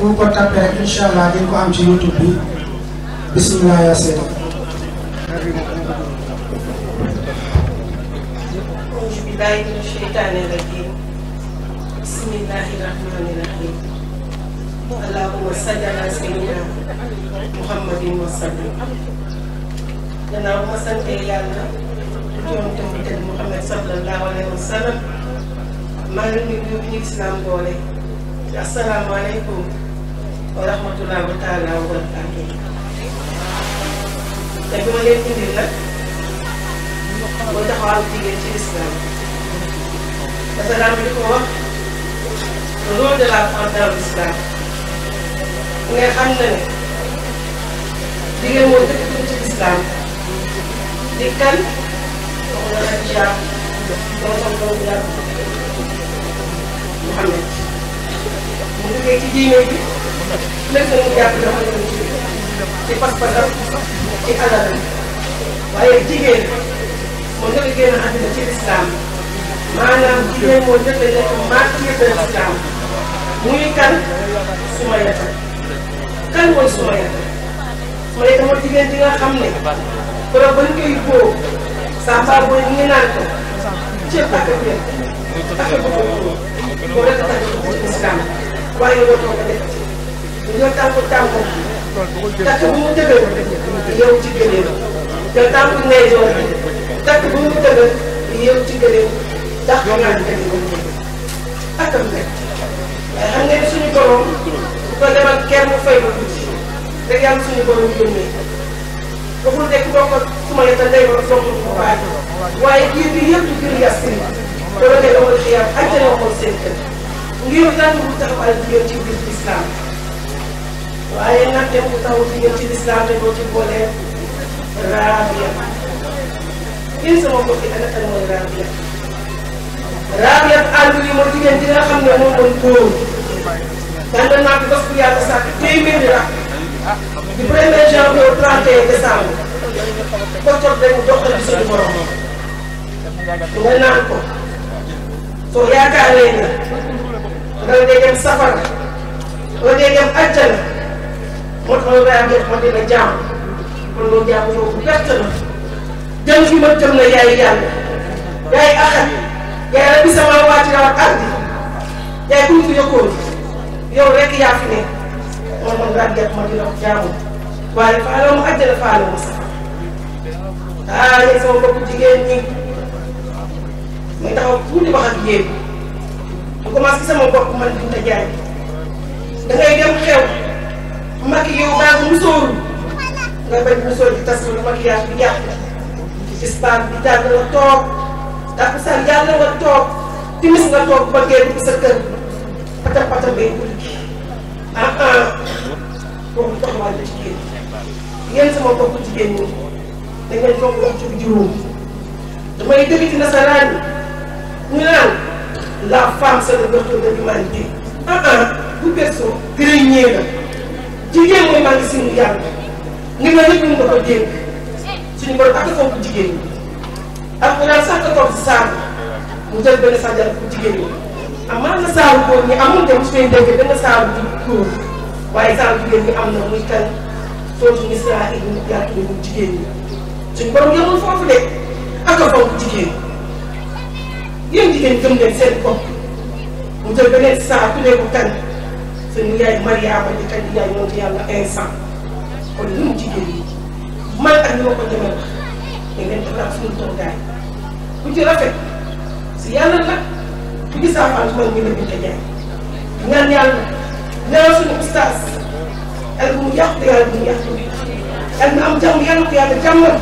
ku ko tapé rek incha allah di ko am ci YouTube bi bisimilah yaa seyda. auzu billaahi mina sheytaani rajiim bismillaahi rahmaani rahiim allahumma salli ala sayyidina muhammadin wa sallim gannaaw ma sante yàlla jonte mu tëdd Muhammad sallallahu alayhi wa sallam maa ngi nuyu ñu ngi islam boole ci asalaamaaleykum wa rahmatulah wa taala wa barakaatu te bi ma leen indil nag mooy taxawal jigéen ci islam parce que daanaka li ko wax le rôle de la femme dans l'islam nga xam na ne jigéen moo dëkk ci islam di kan wax nga ak jaam doo xam doo jàpp Mouhamed mu duggee ci diine bi lépp lu mu jàpp dafa nekk ci pas-pasam ci alalam waaye jigéen moo njëkk a génn àddina ci lislaam maanaam jigéen moo njëkk a nekk martyr de lislaam muy kan Soumayata kan mooy Soumayata Soumayata mooy jigéen ji nga xam ne borom bañ koy góob saa mbaa booy ñu ngi naan ko ceeb ak ak yéen ak ak loolu rek tax a jóg islam waaye waroo ko def ñoo tànku tànku takk bu mu dëgër yow ci gëléem yow tànku ngay joor takk bu mu dëgër yow ci gëléem ndax naan dëgg akam rek waaye xam ngeen suñu borom bu ko demal kenn mu fay ma tuuti rek yàlla suñu borom yónnee waxul rek boo ko sumale te day ma fonk bu baax waaye kii bi yëpp ngir yas ba ba ngay amal xiyaam àjjana waxoon seen kër ngir naan bu taxawal jigéen ci biir lislaam waaye nag dem bu taxawal jigéen ci lislaam dañoo ci boole raabiya yéen sama mbokk yi ana kan mooy raabiya raabiya àll yi mooy jigéen di nga xam ne moom mooy góor daan na naat bés bu yàlla sàkk téeméeri rakk du premier janvier au 31 décembre ko toog dañu doxal bi suñu borom nga naan ko soo yaakaaree nga dala dee dem safara dala dee dem àjjana moo tax loolu daal def jaam kon loolu jaamu boobu gàtt na jëm fi ma jëm na yaay yàlla yaay axat yaay rabbi samaawaati wal ardi yaay ku fi yëkkoon yow rek yaa fi man daal def ma dina jaamu waaye faale ma àjjana faale ma safara ah yéen sama bopp jigéen ñi. may taxaw tuuti wax ak yéen lu commencé sama bopp man Binta Ndiaye da ngay dem xew mag yow daal mu sóoru nga bañ mu sóor di tas lu maquillage bi yàq islam bi daal nga toog takkusaan yàlla nga toog timis nga toog ba ngeen dugg sa kër patam patam ngay wut ah ah boobu taxawal la jigéen yéen sama bopp jigéen ñi da ngeen foog wax ci juróom damay dëgg ci ñu naan la femme c'est le berceau de l'humanité ah ah bu berceau grenier la jigéen mooy magasin bu yàlla ni nga ñëpp ñu nga ko dénk suñu borom ak fonk jigéen ñi ak mu naan sax nga toog si saabu mu jël benn sànjal bu jigéen ñi amaa na saabu góor ñi amul dem suñu déggee benn saabu góor waaye saabu jigéen ñi am na muy kan foofu misra yi ñu jàppale mu jigéen ñi suñu borom yemul foofu de ak fonk jigéen ñi yéen jigéen gëm leen seen bopp mu jël beneen saa tuddee ko kan suñu yaay Mariama di kan yaay moom ci yàlla instant kon ñun jigéen yi man ak ñoo ko demee wax dañ leen defaraat suñu toogaay ku ci rafet si yàlla nag ku ci saafara man mi la Binta Ndiaye ñaan yàlla ñaan suñu ustaas ak mu yàqu yàlla bu mu yàqu bi ak mu am jàmm yàlla ko yàlla jàmmal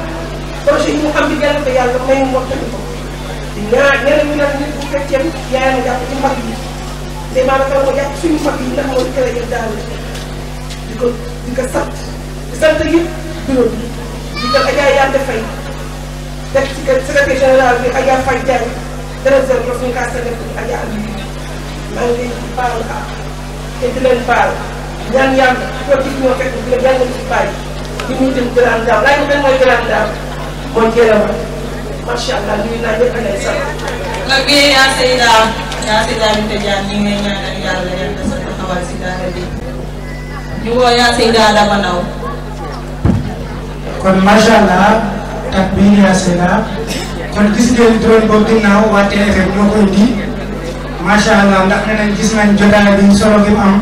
projet yi mu am bi yàlla ko yàlla may mu wax ko. ñaa ñeneen ñu nag nit bu fekkee yaayam a jàpp ci mag yi day maanaam dama ko jàpp suñu mag yi ndax moo di kër yëpp daal di ko di ko sant di sant yëpp bureau bi di ko Adja Yande Faye def ci kër secrétaire général bi Adja Faye Diagne trésor bi suñu kaa sëñ bi Adja Aliou maa ngi leen di baal ak te di leen baal ñaan yàlla koo gis ñoo fekk di leen yàlla ñu ci bàyyi li muy jëm gëlaan daaw laaj bi benn mooy gëlaan daaw mooy jéem a macha allah nuyu naa ñëpp yaa Seyda yaa Seyda Binta Diagne ñu ngi yaa Seyda kon macha allah yaa Seyda kon gis ngeen drone boobu ginnaaw waa TFM ñoo ko indi macha allah ndax nee nañ gis nañ jotaay bi solo bi mu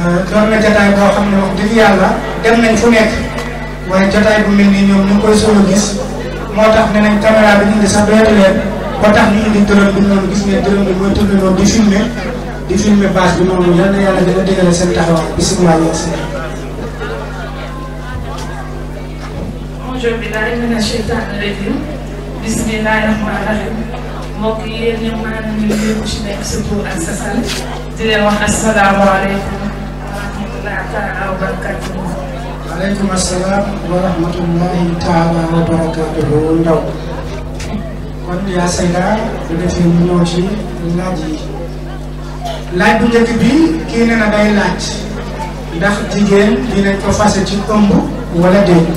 euh, na ne wax dëgg yàlla dem nañ bu mel nii ñoom ñu koy solo moo tax ne nañ caméra bi ñu indi sax doyatu leen tax ñu indi drone bi noonu bi mooy tourné noonu di filmé di filmé base bi noonu yal na yàlla gën a dëgëral seen taxawaay bisimilah yéen si. bi daal di mën a seytaane rajim bisimilah rahmaani rahim mbokk yi yéen ñëpp maa ngi leen di nuyu ci nekk sa tur ak sa sant di leen wax asalaamaaleykum wa rahmatulah taala wa barakatuh aleykum assalaam wa rahmatullahi taala wa barakaatuhu ndaw kon yaa sayda bu defee ñu ñëw ci laaj yi laaj bu njëkk bi kii ne na day laaj ndax jigéen dinañ ko fase ci ëmb wala déet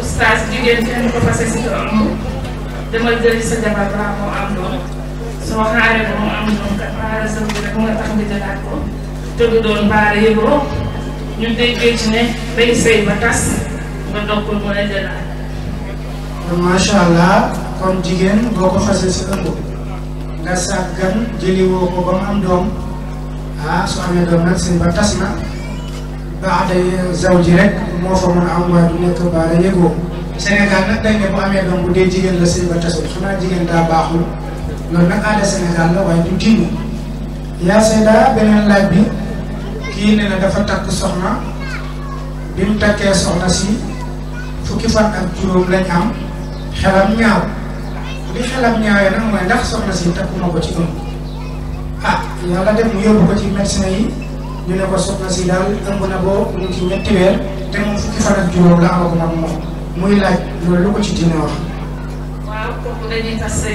oustaz jigéen dinañ ko fase ci ëmb demal jëli sa jabar balaa moo am doom soo xaaree ko mu am doom kat baara sa rek mu nga tax nga jëlaat ko te du doon baara yëgoo ñu déggee ci ne bay ba tas nga doog ko mën a jëlaat. allah kon jigéen boo ko xasee si ëmb nga sàggan jëliwoo ko ba am doom ah su amee doom nag sëy ba tas na baax day zaw ji rek moo fa mën a am waaye du nekk baara yëgoo Sénégal nag dañ ne bu amee doom bu dee jigéen la sëy ba tasul xanaa jigéen daa baaxul loolu nag aada Sénégal la waaye du diine yaa seyda beneen laaj bi. kii ne na dafa takk soxna bi mu takkee soxna si fukki fan ak juróom lañ am xelam ñaaw li xelam ñaawee nag mooy ndax soxna si takkuma ko ci ëmb ah yàlla dem mu yóbbu ko ci médecin yi ñu ko soxna si daal ëmb na boo mu ci ñetti te moom fukki fan ak juróom la amaguma moom muy laaj loolu lu ko ci dina wax.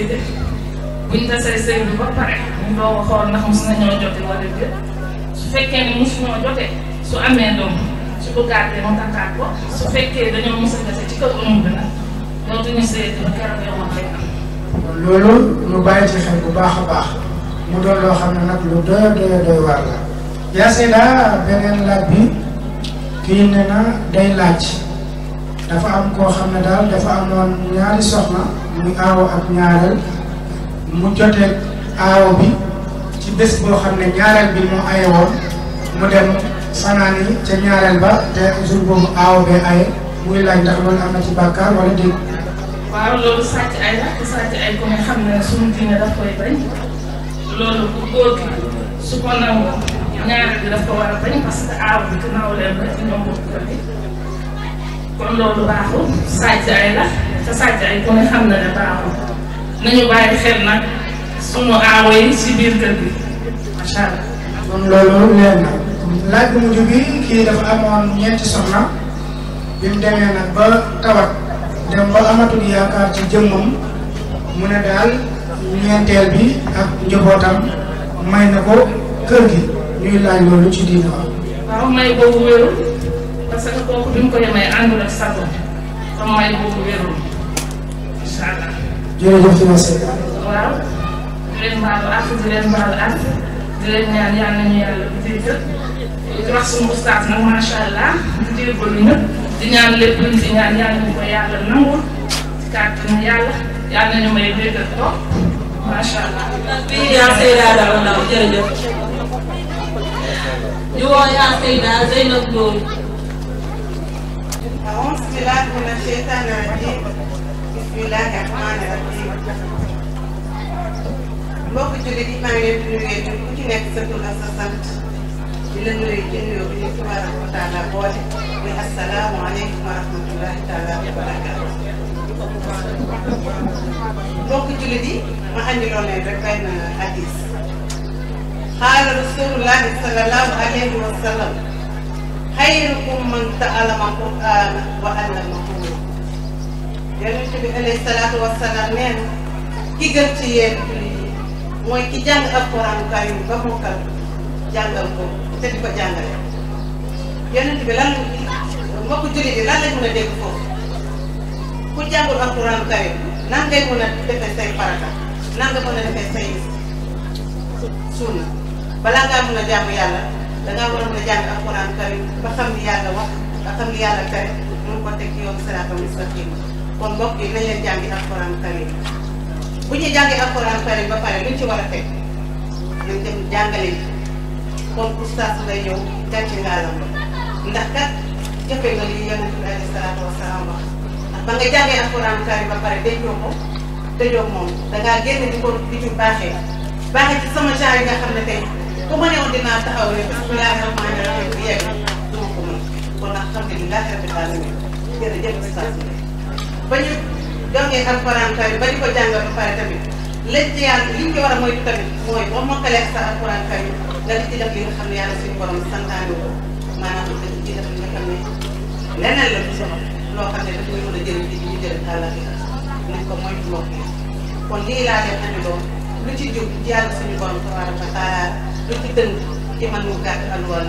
de buñ tasee sëy bi ba pare a su fekkee ne mosuñoo jotee su amee doom su a dese loolu ñu bàyyi ci xel bu baax a baax mu doon loo xam ne nag lu doy doy doy waar la yaa seeda beneen laaj bi kii ne na day laaj dafa am koo xam ne daal dafa amoon ñaari soxna muy aawo ak ñaareel mu jotee aawo bi. ci bés boo xam ne ñaareel bi mu aye woon mu dem sanaani ca ñaareel ba te jour boobu aaw bee aye muy laaj ndax loolu am na ci bàkkaar wala déet. waaw loolu sàcc ay ay la ñoom bokk ko ay la te xam ne ne baaxul nañu bàyyi xel nag. sunu aawo yi si biir kër gi macha allah. kon loolu leer na laaj bu mujj bi kii dafa amoon ñeenti soxna bi mu demee nag ba tawat dem ba amatul yaakaar ci jëmmam mu ne daal ñeenteel bi ak njabootam may na ko kër gi ñuy laaj loolu ci diina waaw may boobu wéru parce ko yemee àndul ak di leen baalu àq di leen baalu àq di leen ñaan yal nañu yàlla bu jéggal di wax suñu ustaas nag allah di jéggalu ñëpp di ñaan lépp luñ si ñaan yal nañu ko yàlla nangu ci kàttanu yàlla yal nañu may déggal toog macha allah. bii yaa Seyda Daba Ndaw jërëjëf. ñu woo yaa Seyda Zeynab Ndour. أعوذ بالله من الشيطان الرجيم بسم الله الرحمن الرحيم mbokk jullit di nuyee ñun ku ci nekk sa tur ak sa bi ñu subhaanahu wa wa rahmatullahi taala wa barakaatu mbokk jullit yi ma andiloon leen rek benn rasulullahi sallallahu alayhi wa sallam xayrukum man ta'allama qur'aana wa allamahu yonent bi alayhi salaatu wa salaam nee na ki gën mooy ki jàng alxuraan karim ba mokkal jàngal ko te di ko jàngale yonent bi lan mbokku jullit yi lan lañ mën a dégg foofu ku jàngul alxuraan karim nan ngay mën a defee say farata nan nga a defee say sunna balaa ngaa mën a jaamu yàlla dangaa war a mën a jàng alxuraan karim ba xam ni yàlla wax ba xam ni yàlla tere mun ko teg yoonu siraatal mustaqiim kon mbokk yi nañ leen jàngi alxuraan karim bu ñu jàngee alxuraan karim ba pare luñ ci war a la nañ dem jàngale ji kon oustaz lay ñëw gàcce ngaalam ndax kat jëfe nga li yonent bi alayhi salaatu salaam wax ndax ba nga jàngee alxuraan karim ba pare déjoo ko déjoo moom dangaa génn di ko di ñu baaxee baaxee ci sama genre nga xam ne tey ku ma newoon dinaa taxaw ne bismillaahi rahmaani rahiim bu yegg duma ko mën kon nag xam ne ni laa rabbil aalamiin jërëjëf oustaz ba ñu jox ngeen alxuraan karim ba di ko jàngal ba pare tamit léegi yàlla li ñu ci war a moytu tamit mooy boo mokkalee sa alxuraan karim nga di ci def li nga xam ne yàlla suñu borom santaane ko xam ne leneen la loo xam ne daf koy mën a jëriñ ci ñu jëriñ ko moytu mbokk yi lii laa def andi doon lu ci jóg yàlla suñu borom tabaaraka wa taala lu ci dëng ci man mu gàtt alwal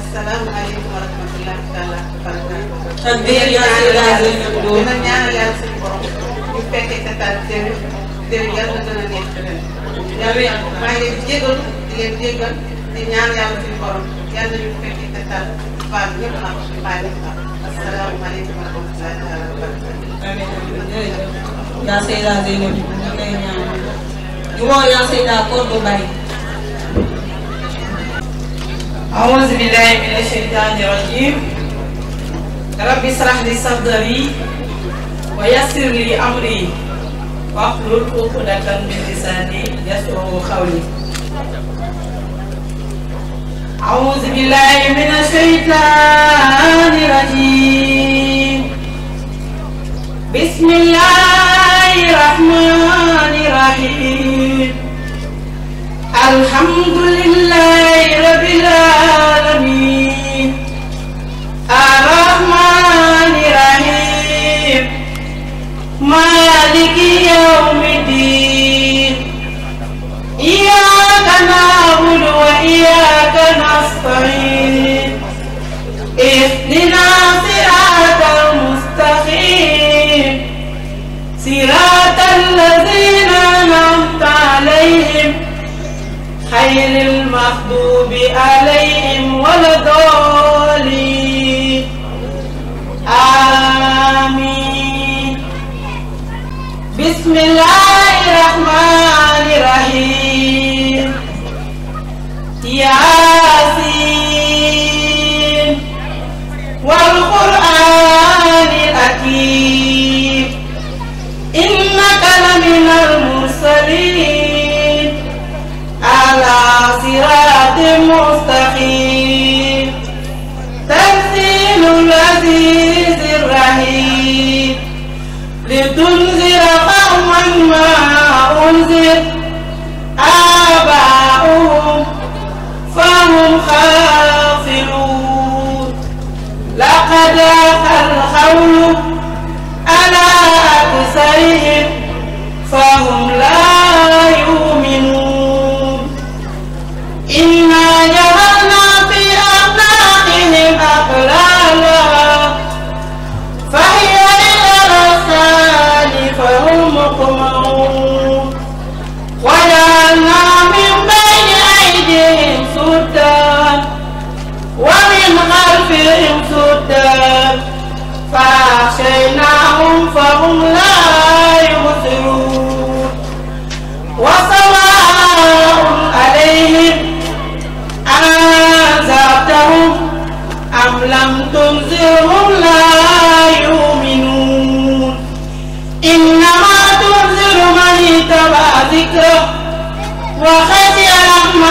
assalaamu aleykum wa rahmatullahi taala wa barakaatu dina ñaanal yàlla suñu borom ñu fekkee sa taal déwén déwén yàlla na gën a nekk ren yàlla maa ngi leen di jégal di leen jégal di ñaan yàlla suñu borom yàlla ñu fekkee sa taal baal ñëpp am baal ñëpp am assalaamu aleykum wa rahmatullahi taala wa barakaatu yaa Seyda Zeynab ñu ngi lay ñaan ñu woo yaa Seyda koor bu bari أعوذ بالله من الشيطان الرجيم رب اشرح لي صدري ويسر لي أمري واحلل عقدة من لساني يفقهوا قولي أعوذ بالله من الشيطان الرجيم بسم الله الرحمن الرحيم alhamdulillahi rabbil alamin arrahmani rahim maliki yawmiddin iyyaka na'budu wa iyyaka nasta'in غير المغضوب عليهم ولا الضالين آمين بسم الله الرحمن الرحيم المستقيم تنزيل العزيز الرحيم لتنذر قوما ما أنذر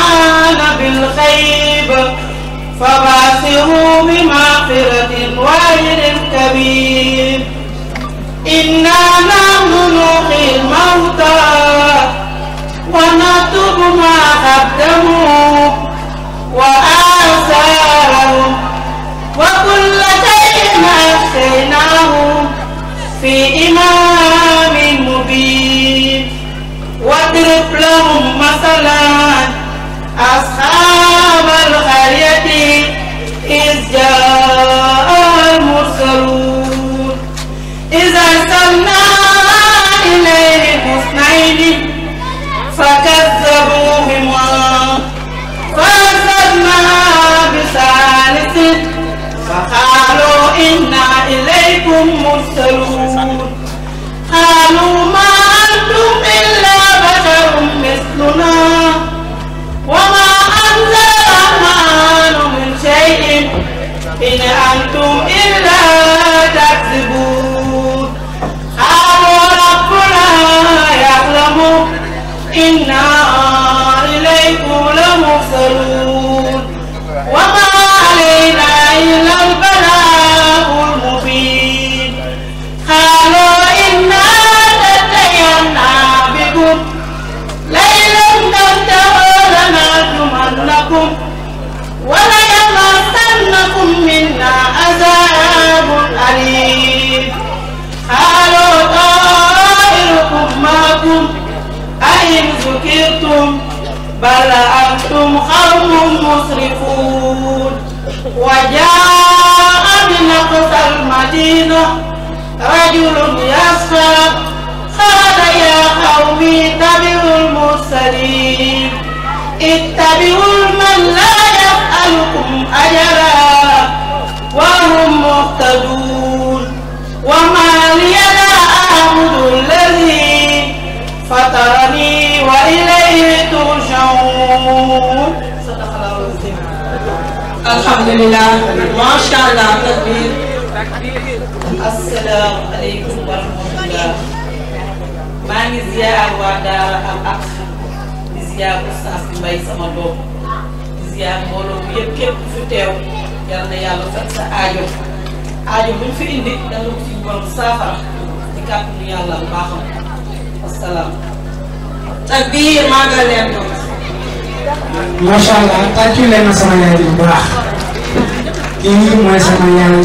الرحمن بالخيب فباشروا بمغفرة وأجر كبير إنا نحن نحيي الموتى ونكتب ما قدموا بل أنتم قوم مسرفون وجاء من أقصى المدينة رجل يسعى قال يا قوم اتبعوا المرسلين اتبعوا من لا يسألكم أجرا وهم مهتدون وما لي alhamdulilah macha allah takbir asalaamaaleykum wa rahmatullah maa ngi ziar waa Daara Al Haq di ziar Oustaz Mbaye sama doom di ziar mbooloo bi yëpp képp ku yal na yàlla faj sa aajo aajo buñ fi indi dana ko ci borom saafara ci kàttanu yàlla baaxam wasalaam takbir maa ngi leen macha allah tàccu na sama yaay bu baax kii mooy sama yaay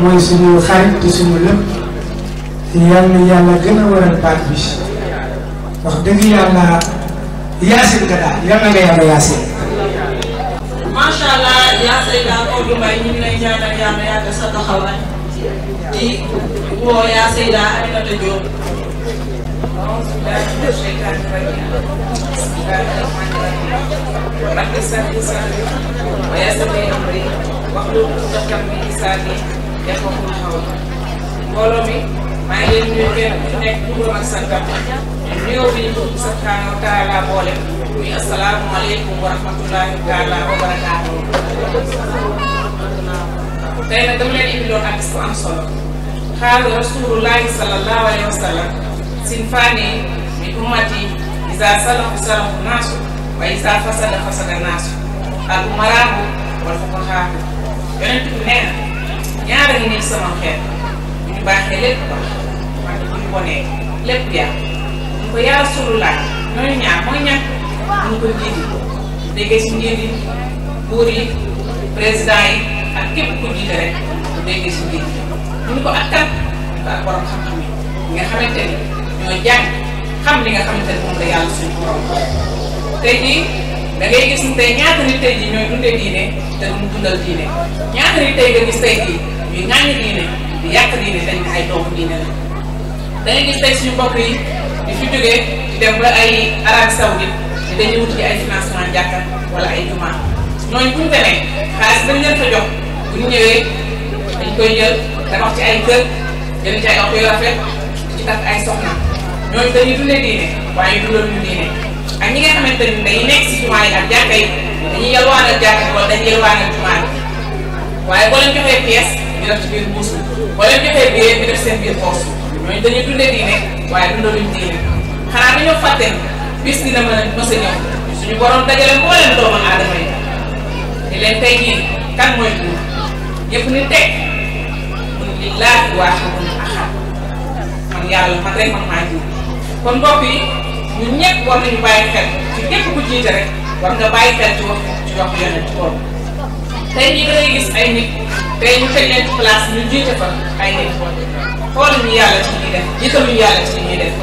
mooy suñu xarit te suñu lépp yal na yàlla gën a waral baat bi wax dëgg yàlla yaasin nga daal yal nga yàlla yaasin. yaa Seyda Maodo Mbaye ñu ngi lay ñaanal yàlla yàgg sa taxawaay di woo yaa أعوذ بالله من الشيطان الرجيم بسم الله الرحمن الرحيم رب اشرح لي صدري ويسر لي أمري واحلل عقدة من لساني يفقهوا قولي mbooloo mi maa ngi leen nuyu kenn ku nekk turam ak santam nuyoo bi ñu ko subhanahu wa taala boole muy asalaamu aleykum wa rahmatullahi taala wa barakaatu tey nag dama leen indiloon ak su am solo xaala rasulullahi sallallahu alayhi wa sallam sinfaani li ummati isa salahu salahu naasu wa isa fasada fasada naasu al umaraahu wal fuqahaahu yonent bi nee na ñaara ngi nekk sama xeet bu ñu baaxee lépp baax wante bu ñu bonee lépp yàq ñu ko yaa rasulullah ñooñu ñaar mooy ñàkk ñu ko njiit bu déggee si njiit yi ñu ko ak kan ñu ko ak borom xam-xam ñoo jàng xam li nga xamante ne moom la yàlla suñu borom tey jii da ngay gis ni tey ñaata nit tey jii ñooy dundee diine te gis tey jii ñuy ŋàññi diine di yàq diine dañ ay doomu diine la gis tey suñu mbokk yi di fi jógee dem ba ay Arabie Saoudite di dañuy wut ci ay financement jàkka wala ay jumaa ñooñu bu ñu demee xaalis dañ leen fa jox bu ñu ñëwee dañ koy jël tabax ci ay kër jënd ci ay oto rafet ci takk ay soxna ñooñu dañuy dundee diine waaye dundoon ñu diine ak ñi nga xamante ni dañuy nekk si jumaa yi ak jàkka yi dañuy yalwaanal jàkka yi wala dañuy yalwaanal jumaa yi waaye boo leen joxee pièce ñu def ci biir mbuus boo leen joxee biir ñu def seen biir poos ñooñu dañuy dundee diine waaye dundoon ñu diine xanaa dañoo fàtte bis dina mën a mës a ñëw suñu borom dajale mbooleem doomu aadama yi di leen tey jii kan mooy buur ñëpp ni teg mun lillaahi waahidul ahad man yàlla man rek man maa kon mbokk yi ñun ñëpp war nañu bàyyi xel ci képp ku jiite rek war nga bàyyi xel ci wax ci wax yonent boobu tey ñu gën a gis ay nit tey ñu teg leen ci place ñu jiite fa ay nit xool ñu yàlla ci ñuy def jiitaluñu yàlla ci ñuy def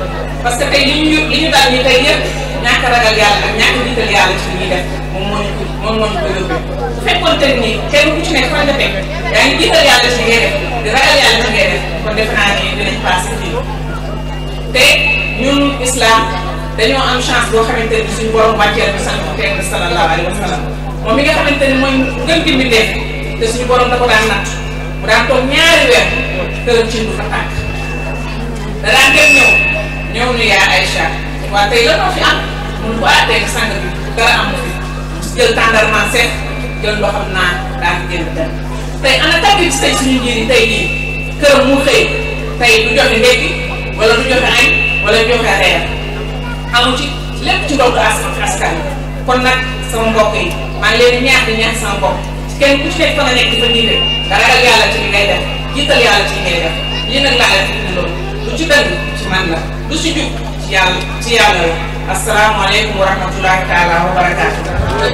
parce que tey li ñu li ñu dal ñu tey yëpp ñàkk ragal yàlla ak ñàkk jiital yàlla ci ñuy def moom moo ñu ko moom moo ñu ko yóbbee bu fekkoon tey ni kenn ku ci nekk fan nga teg yaa ngi jiital yàlla ci ngay def di ragal yàlla ci ngay def kon def naa ni dinañ passé fii te ñun islam dañoo am chance boo xamante ni suñu borom wàcceel mi nga xamante ni mooy ngën gi mbindeef te suñu daan natt ñaari weer këram ci lu fa tàkk da daan ñëw ñëw ñu yaa Aïcha waa tey la fi am mun ko aatee ah, ko sang bi dara am na fi jël tàndarma seet jël loo xam naa daan génn dem tey ana tàggat ci tey suñu njiit tey jii këram mu xëy tey du joxe ndékki wala du joxe añ wala joxe reer amu ci lépp ci dootu askan askan kon nag sama mbokk yi maa ngi leen ñaax di ñaax sama mbokk kenn ku ci nekk fa nga nekk fa diine dara ak yàlla ci li ngay def jiital yàlla ci li ngay def lii nag laa def indi loolu lu ci dëng ci man la lu ci jub ci yàlla ci yàlla la asalaamaaleykum wa rahmatulahi taala wa barakaatu.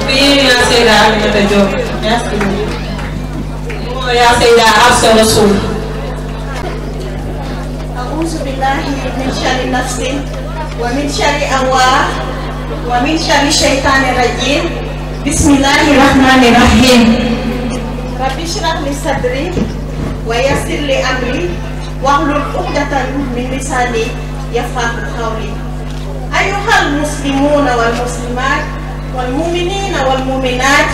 bii yaa Seyda Aminata Diop merci beaucoup. yaa Seyda Absa Rasoul أعوذ بالله من شر نفسي ومن شر أواه ومن شر الشيطان الرجيم بسم الله الرحمن الرحيم رب اشرح لي صدري ويسر لي أمري واحلل عقدة من لساني يفقه قولي أيها المسلمون والمسلمات والمؤمنين والمؤمنات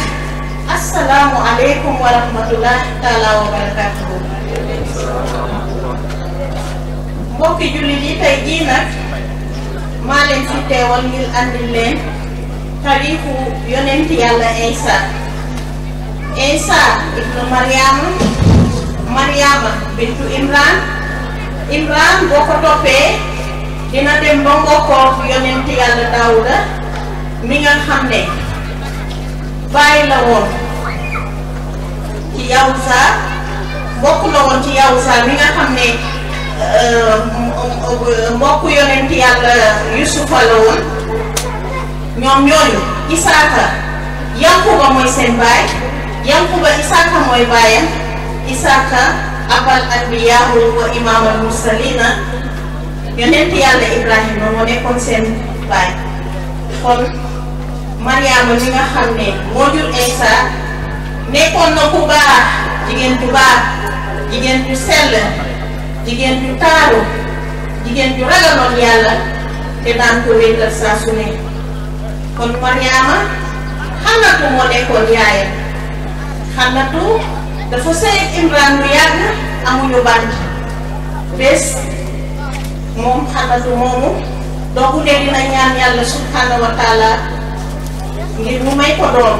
السلام عليكم ورحمة الله تعالى وبركاته mbokki jullit yi tey jii nag maa leen fi teewal ngir andil leen tariixu yonent yàlla Isa Isa ibnu Mariama Mariama bintu Imran Imran boo ko toppee dina dem ba mbokkook yonent yàlla Daawuda mi nga xam ne bàyyi la woon ci Yawsa bokk la woon ci Yawsa mi nga xam ne Euh, mbokk yonent yàlla yusufa la woon ñoom ñooñu isaaka yankuba mooy seen baay yankuba isaaka mooy baayam isaaka abal anbiyaahu wa imaamal mursalina yonent yàlla ibrahima moo nekkoon seen baay kon mariama mi nga xam ne moo jur Isa nekkoon na ku baax jigéen ju jigéen ju sell jigéen ju taaru jigéen ju ragaloon yàlla te daan ko wéetal saa su ne kon Mariama xannatu moo nekkoon yaayam xannatu dafa sëy ak bu yàgg amuñu bant bés moom xannatu moomu donc ne dina ñaan yàlla subhanahu wa ngir mu may ko doom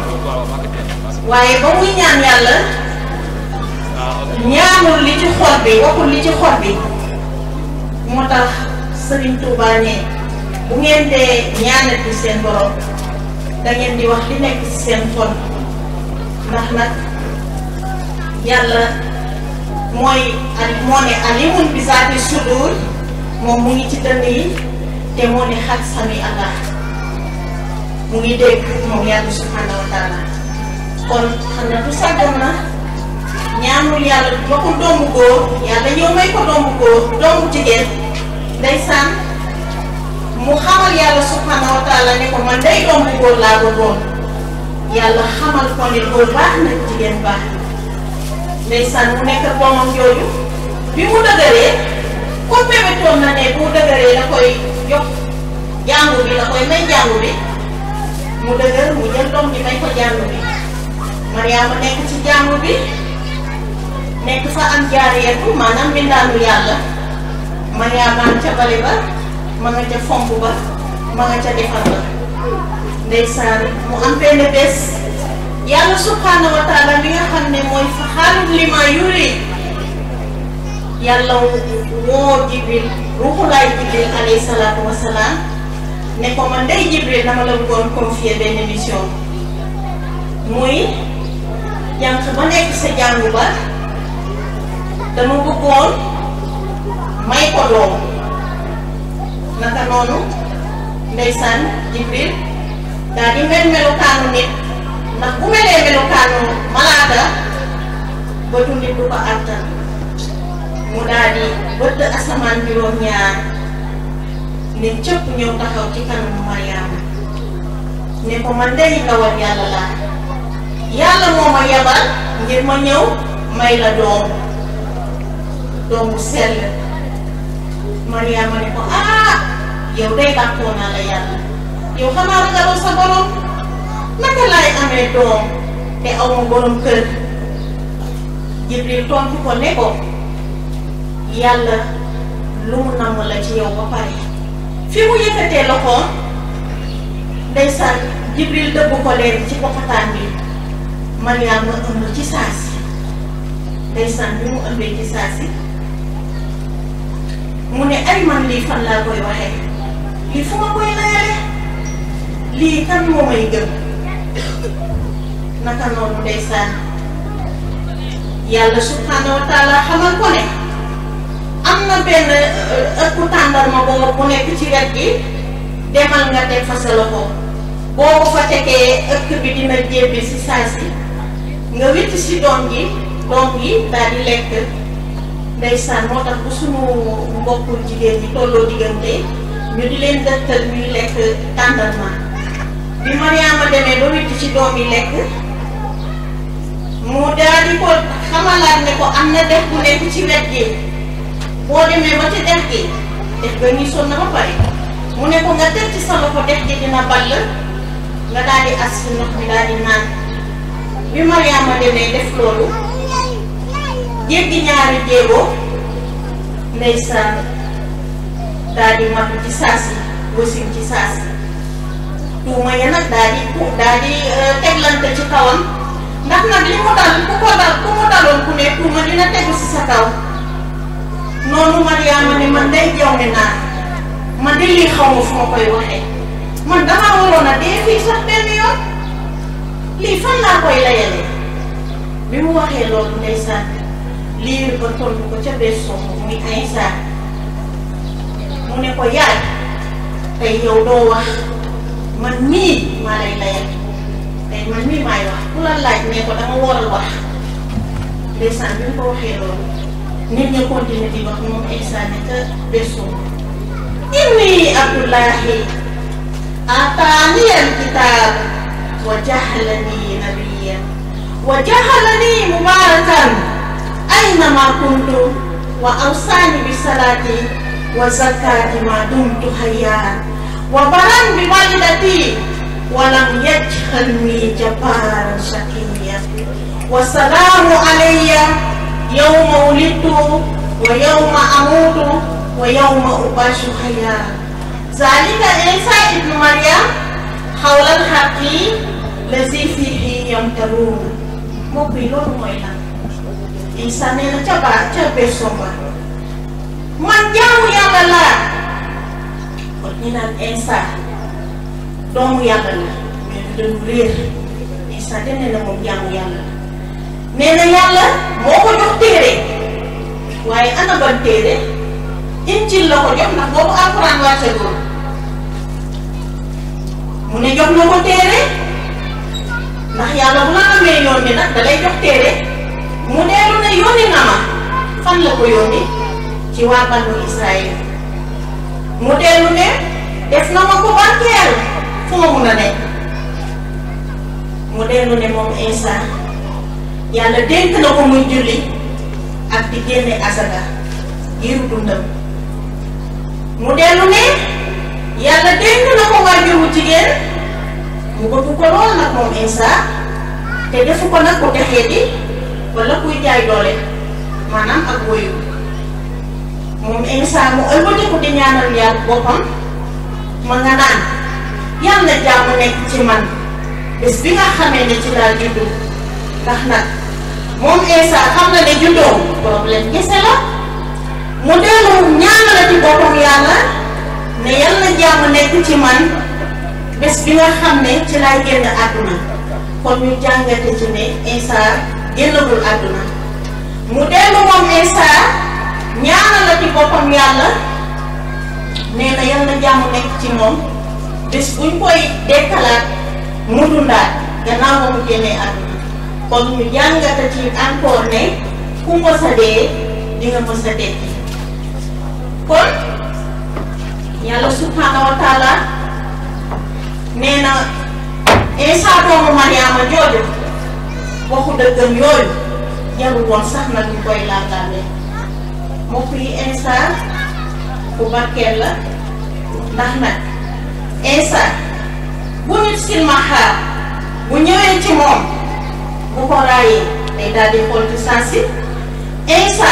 waaye ba muy ñaan yàlla ñaanul li ci xol bi waxul li ci xol bi moo tax Serigne Touba ne bu ngeen dee ñaanati seen borom da di wax li nekk ci seen xol ndax nag yàlla mooy al moo ne alimun bi zaati sudur moom mu ngi ci dënn yi te moo ne xaj sami Allah mu ngi dégg moom yàlla subhanahu wa kon xam na du sàggan na ñaanul yàlla ma ko doomu góor yàlla ñëw may ko doomu góor doomu jigéen ndeysaan mu xamal yàlla subhanahu wa taala ko man day doomu góor laa bëggoon yàlla xamal ko góor baax na jigéen baax ndeysaan mu nekk doomam jooju bi mu dëgëree comme bébétoon na ne bu dëgëree la koy jox jàngu bi la koy may jàngu bi mu dëgër mu jël doom bi may ko jàngu bi Mariama nekk ci jàngu bi nekk fa am jaareeku maanaam mbindaanu yàlla ma yaamaan ca bale ba ma nga ca fomp ba ma nga ca defar ba ndeysaan mu am benn bés yàlla subhaanahu wa taala nga xam ne mooy fa xaalum lima yàlla woo jibril ruuxulaay jibril alayhi salaatu wasalaam ne ko man day jibril dama la bëggoon confier benn mission muy jànq ba nekk sa jàngu ba dama bëggoon may ko doom naka noonu ndeysaan Jibril daal di mel nit ndax bu melee melukaanu malaada bëtu nit du ko àttan mu daal di asamaan juróom-ñaar ne cëpp ñëw taxaw ci kanamu Mariama ne ko man day ndawal yàlla laa yàlla moo ma yabal ngir ma ñëw may la doom doomu sell Mariama ne ko ah yow day bàkkoo naa la yàlla yow xanaa ragaloo sa borom naka laay amee doom te awma borom kër Jibril tontu ko ne yàlla lu mu namm la ci yow ba pare fi mu yëkkatee loxoom ndeysaan Jibril dëbb ko leen ci poxataan bi Mariama ëmb ci saasi ndeysaan bi mu ëmbee ci saasi mu ne ay man lii fan laa koy waxee lii fu ma koy layale lii kan moo may gëm naka noonu ndeysaan yàlla subhaanahu wa xamal ko ne am na benn euh, ëkku tàndarma boobu bu nekk ci wet gi demal nga teg fa sa loxo boo ko fa tegee ëkk bi dina jébbi si saa si nga witti si doom gi doom gi daal di lekk ndeysaan moo tax bu suñu mbokku jigéen ñi tolloo diggante ñu di leen dëkkal ñuy lekk tàndarma bi Mariama demee ba witt ci doom yi lekk mu daal di ko xamalaat ne ko am na def bu nekk ci wet boo demee ba ci def gi def ba ñuy sonn ba pare mu ne ko nga teg ci sa loxo def gi dina ball nga daal di as ndox mi daal di naan bi Mariama demee def loolu. jéggi ñaari jéego ndeysaan daal di matu ci saas yi wasin ci saas yi tuuma ya nag daal di ku euh, teglante ci kawam ndax nag li mu ku ko dal ku mu ku ne tuuma dina tegu si sa kaw noonu Mariama ne man day jaw ne naa man de lii xaw ma fu ma koy waxee man damaa waroon a dee fii sax benn yoon lii fan laa koy layalee bi mu waxee loolu ndeysaan liir ba toll ko ca beesoo muy Aysa mu ne ko yaay yow doo wax man mii maa lay layal man mii maay wax ku la laaj ne ko dama waral wax ndeysaan bi ñu ko waxee loolu nit ñi continuer di wax moom Aysa ne ca beesoo Abdullahi ataaniyal kitaab wa jaxalani nabiyan wa jaxalani mubaarakan أينما كنت وأوصاني بصلاتي وزكاتي ما دمت حيا وبرا بوالدتي ولم يجهلني جبارا شقيا والسلام علي يوم ولدت ويوم أموت ويوم أباش حيا ذلك عيسى ابن مريم حول الحق الذي فيه يمترون مقبلون ويلان Isa nee na ca baa ca besoom ba man jaamu yàlla laa kon la mais du dañu réer de nee na moom jaamu yàlla la nee na yàlla moo ko jox téere waaye ana ban téere injil la ko jox ndax boobu alxuraan wàcceegul mu ne jox na ko téere ndax yàlla la amee yoon bi nag da lay jox téere mu dellu ne yónni na ma fan la ko yónni ci waa banu Israël mu dellu ne def na ma ko barkeel fu ma mun a nekk mu dellu ne moom Insa yàlla dénk na ko muy julli ak di génne asaka giiru dundam mu dellu ne yàlla dénk na ko waajur wu jigéen mu bëgg ko lool nag moom Insa te defu ko nag ko texee di wala kuy jaay doole maanaam ak woyu moom instant mu ëlbatiku di ñaanal yàlla boppam ma nga naan yàlla na jàmm nekk ci man bés bi nga xam ne la mu dellu ñaanalati boppam ci man nga xam ne ci laa génn àdduna kon ñu jàngate ci ne instant génnagul àdduna mu dellu moom Insa ñaanal la ci boppam yàlla nee na na jàmm nekk ci moom bés buñ koy dekkalaat mu dundaat gannaaw ba mu génnee àdduna kon ñu jàngata ci encore ne ku mës a dee di nga a dekki kon yàlla subhaanahu wa taala nee na Insa doomu Mariama jooju waxu dëggam yooyu jarul woon nag ñu koy laataale mbokk yi Insa ku barkeel la ndax nag Insa bu nit silmaxaar bu ñëwee ci moom bu ko raayee day daal di xool ci sensi Insa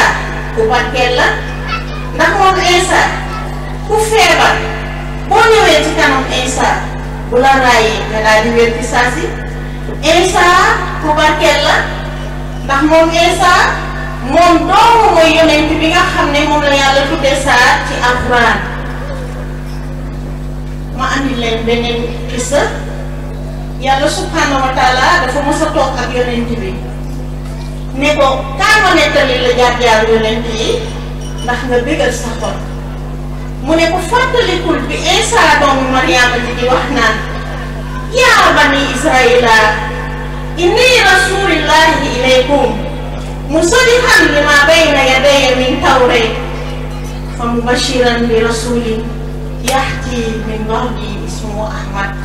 ku barkeel la ndax moom Insa ku feebar boo ñëwee ci kanam Insa bu la raayee nga daal di wér ci Insa ku barkeel la ndax moom Insa moom doomu mooy yonent bi nga xam ne moom la yàlla tuddee saar ci alxuraan ma andi leen beneen xisa yàlla subhanahu dafa mos a toog ak yonent bi ne ko kaa ma nettali la jaar yonent yi ndax nga bégal sa xol mu ne ko fàttalikul bi Insa doomu Mariama ji di wax naan يا بني إسرائيل إني رسول الله إليكم مصدقا لما بين يدي من توريت فمبشرا برسول يحكي من بعدي اسمه أحمد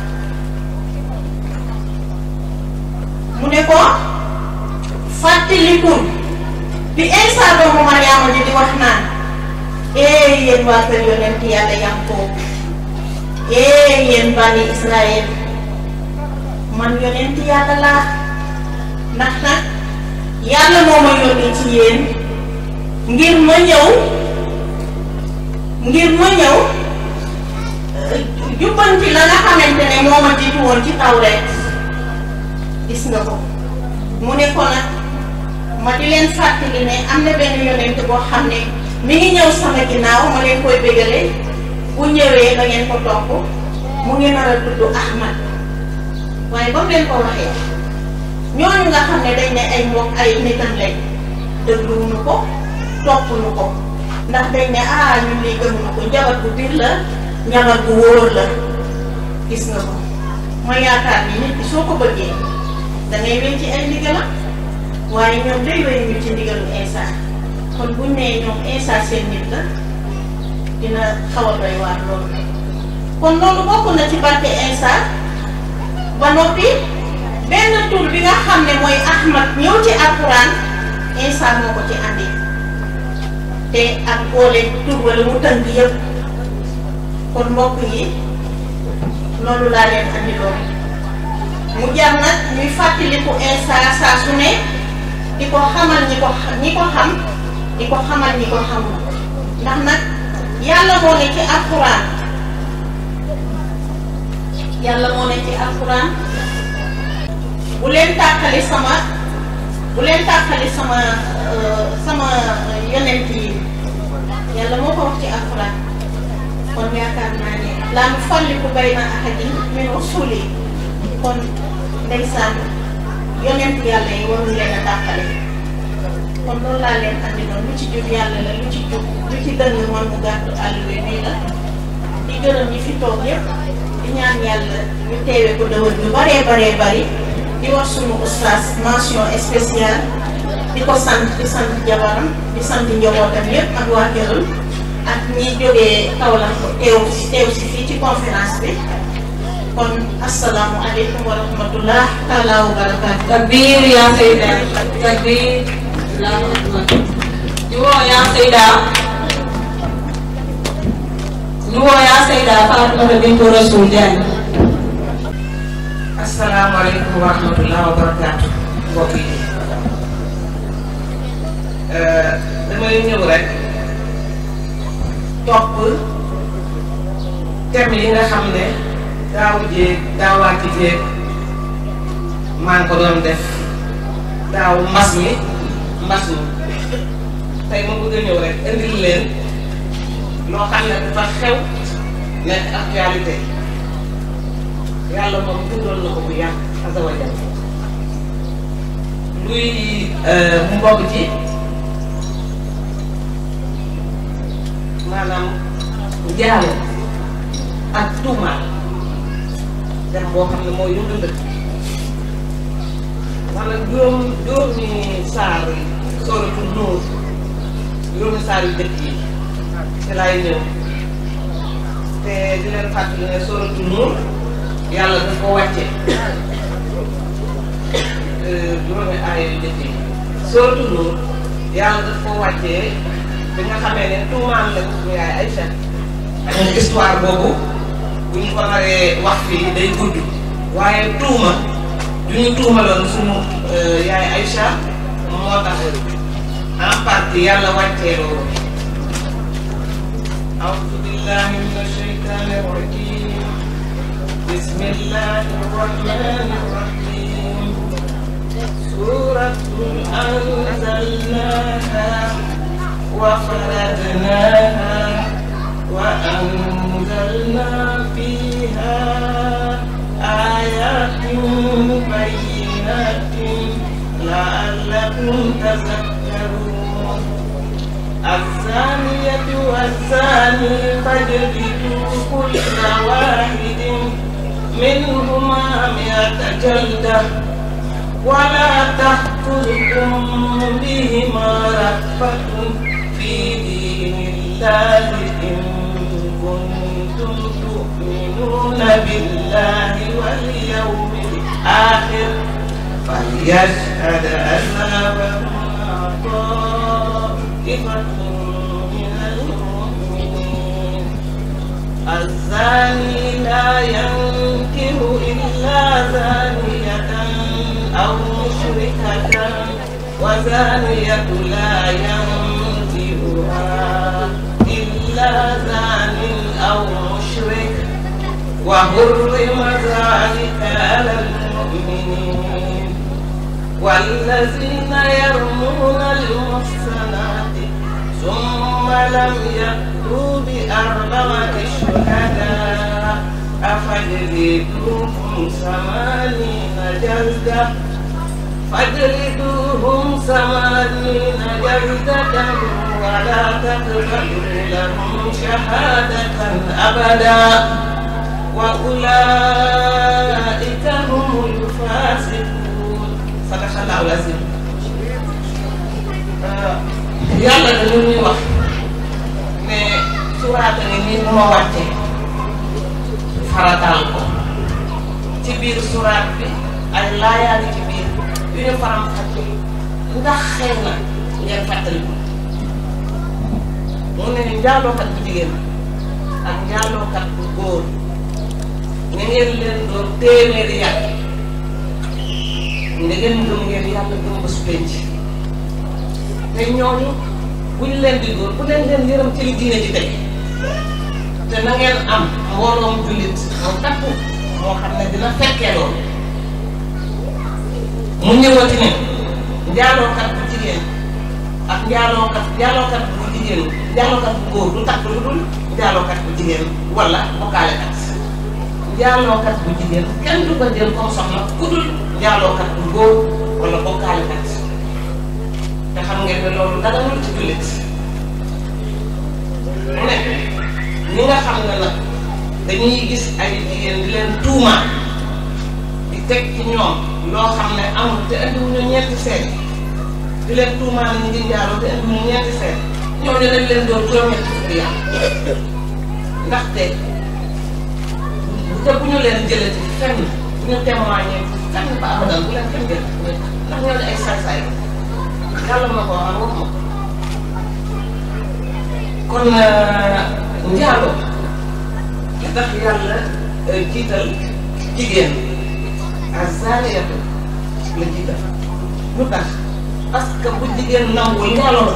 منكو فاتلكم بإنسى دوم مريم جدي وحنا إيه ينواتر يونتي على يعقوب إيه ينبني إسرائيل man yonent yàlla laa ndax nag yàlla moo ma yónni ci yéen ngir ma ñëw ngir ma ñëw jubbanti la nga xamante ne moo ma jiitu woon ci tawreet gis nga ko mu ne ko nag ma di leen fàttali ne am na benn yonent boo xam ne mi ngi ñëw sama ginnaaw ma leen koy bégale bu ñëwee da ngeen ko topp mu ngi nar a Ahmad waaye ba mu leen ko waxee ñooñu nga xam ne dañ ne ay moom ay nitam lañ dégluwuñu ko toppuñu ko ndax dañ ne ah ñun lii gëmuñu ko njabar bu biir la njabar bu wóor la gis nga ko ma yaakaar ni nit ki soo ko bëggee da ngay wéy ci ay ndigalam waaye ñoom day wéy ñu ci ndigalu Insa kon buñ nee ñoom Insa seen nit la dina xaw a doy waar loolu kon loolu bokk na ci barke Insa. ba noppi benn tur bi nga xam ne mooy ahmad ñëw ci alquran insa moo ko ci andi te ak boole tur wala mu tënk yëpp kon mbokk yi loolu laa leen andi mu jar nag ñuy fàttaliku insa saa su ne di ko xamal ñi ko ñi ko xam di ko xamal ñi ko xamul ndax nag yàlla moo ci alquran yàlla moo ne ci alquran bu leen tàqali sama bu leen tàqali sama euh, sama yonent yi yàlla moo ko wax ci alquran kon yaakaar naa ne laa nu falliku bayna ahadin min rusuli kon ndeysaan yonent yàlla yi warul leen a tàqale kon loolu laa leen andi noonu lu ci jub yàlla la lu ci jub lu ci dëng man mu gàttu àll bi nii la di gërëm ñi fi toog yépp di ñaan yàlla ñu teewee ko dawal ñu baree baree bari di wax sunu oustaz mention spéciale di ko sant di sant jabaram di sant njabootam yépp ak waa këram ak ñi jógee Kaolack teew si teew si fii ci conférence bi kon asalaamualeykum wa rahmatullah taala wa barakaatu. yaa sayda takbir laa ñu woo Nduwo yaa Seyda Fatimata bintu Rasul Diagne. asalaamaaleykum wa rahmatulah wa barakaatu eh, mbokk yi damay ñëw rek topp thème yi nga xam ne daaw jéeg daawaati jéeg maa ngi ko doon def daaw mbas mi mbas mi tey ma bëgg a ñëw rek indil leen. loo xam ne dafa xew nekk actualité yàlla moom dundoon na ko bu yàgg asa luy euh, mbokk ji maanaam njaalo ak tuumaal dem boo xam ne mooy yëngu dëkk maanaam juróom juróomi saar yi sooratul Nuur juróomi saar yu dëkk yi ci laay ñëw te di leen fàttali ne sóoratu Nuur yàlla daf ko wàcce [COUGHS] euh, juróomi aaya yu njëkk yi sóoratu Nuur yàlla daf ko wàccee bi nga xamee ne tuumaan la ko suñu yaay Aysa [COUGHS] histoire boobu bu ñu ko naree wax fii day gudd waaye tuuma du ñu tuumaloon suñu euh, yaay Aysa moo tax en partie yàlla wàccee loolu أعوذ بالله من الشيطان الرجيم بسم الله الرحمن الرحيم سورة أنزلناها وفرضناها وأنزلنا فيها آيات بينات لعلكم تذكرون الزانية والزاني فاجلدوا كل واحد منهما مئة جلدة ولا تقتلكم بهما رأفة في دين الله إن كنتم تؤمنون بالله واليوم الآخر فليشهد أذابهما طائفة طفة من المؤمنين الزاني لا ينكه إلا زانية أو مشركة وزانية لا ينكهها إلا زان أو مشرك وحرم ذلك على المؤمنين والذين يرمون المحسنات ثم لم يأتوا بأربعة شهداء فاجلدوهم ثمانين جلدة فاجلدوهم ثمانين جلدة ولا تقبلوا لهم شهادة أبدا وأولئك هم الفاسقون صدق الله العظيم yàlla da lu ñuy wax ne suuraata ni nii bu ma wàccee farataal ko ci biir suuraat la ay laayaale ci biir yu ñu faram fàcce ndax xëy na ngeen fàttali ko mu ne njaalookat bu jigéen ak njaalookat bu góor ne ngeen leen doon téeméeri yàgg ne ngeen gëm ngeen yàlla gëm ba su penc te ñooñu bu ñu leen di dóor bu leen leen yërëm ci li diine ji te na ngeen am mbooloom jullit mu takku moo xam ne dina fekkee loolu mu ñëwati ne njaalookat bu jigéen ak njaalookat njaalookat bu jigéen njaalookat bu góor du takk lu dul bu jigéen wala bokkaalekat njaalookat bu jigéen kenn du jël comme soxna ku dul bu góor wala bokkaalekat te xam ngeen ne loolu daganul ci jullit mu nga xam ne nag dañuy gis ay jigéen di leen tuumaan di teg ci ñoom loo xam ne amul te indiwuñu ñeenti seet di leen tuumaan ñu ngi njaaloo te indiwuñu ñeenti seet ñooñu dañ leen doon juróom-ñetti fukki yàq ndaxte te bu ñu leen jëlee ci fenn bu ñu témoigné fenn ba abadan bu leen kenn jël ndax ñoo ne yàlla moo ko waxal waxuma ko kon njaalo euh, li tax yàlla jiital euh, jigéen azaniyatu la jiital lu tax parce que bu jigéen nanguwul njaaloo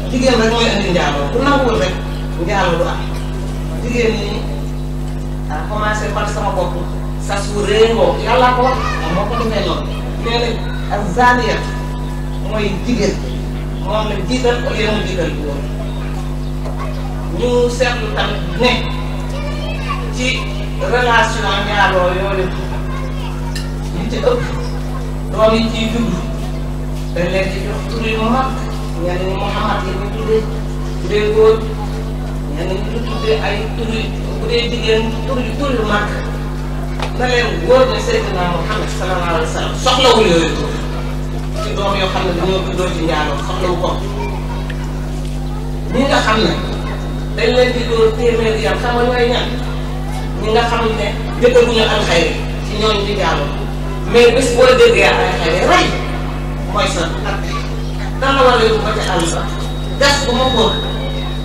la jigéen rek mooy indi njaaloo bu nanguwul rek njaaloo du am jigéen ñi ah commencé par sama bopp sas wu réengoo yàllaa ko wax moo ko defee noonu nee na azaniyatu mooy jigéen moom la jiital au lieu mu jiital góor ñu seetlu tamit ne ci relation ñaaroo yooyu ñu ci ëpp doom yi ciy dugg dañ leen di jox tur yu mag ñenn ñi Mouhamad la ñu tuddee bu dee góor ñenn ñi ñu tuddee ay tur yu bu dee jigéen tur yu tur yu mag na leen góor ne Seydina Mouhamad sallallahu alayhi wa sallam soxlawul yooyu tur ci doom yoo xam ne dañoo juddoo ci njaaloo soxnawu ko ñi nga xam ne dañ leen di dóor téeméeri yam xam nga ñooy ñan ñi nga xam ne jëkkaguñu am di njaaloo mais bés boo déggee am war a yóbbu ba ca àll sax gas bu ma ko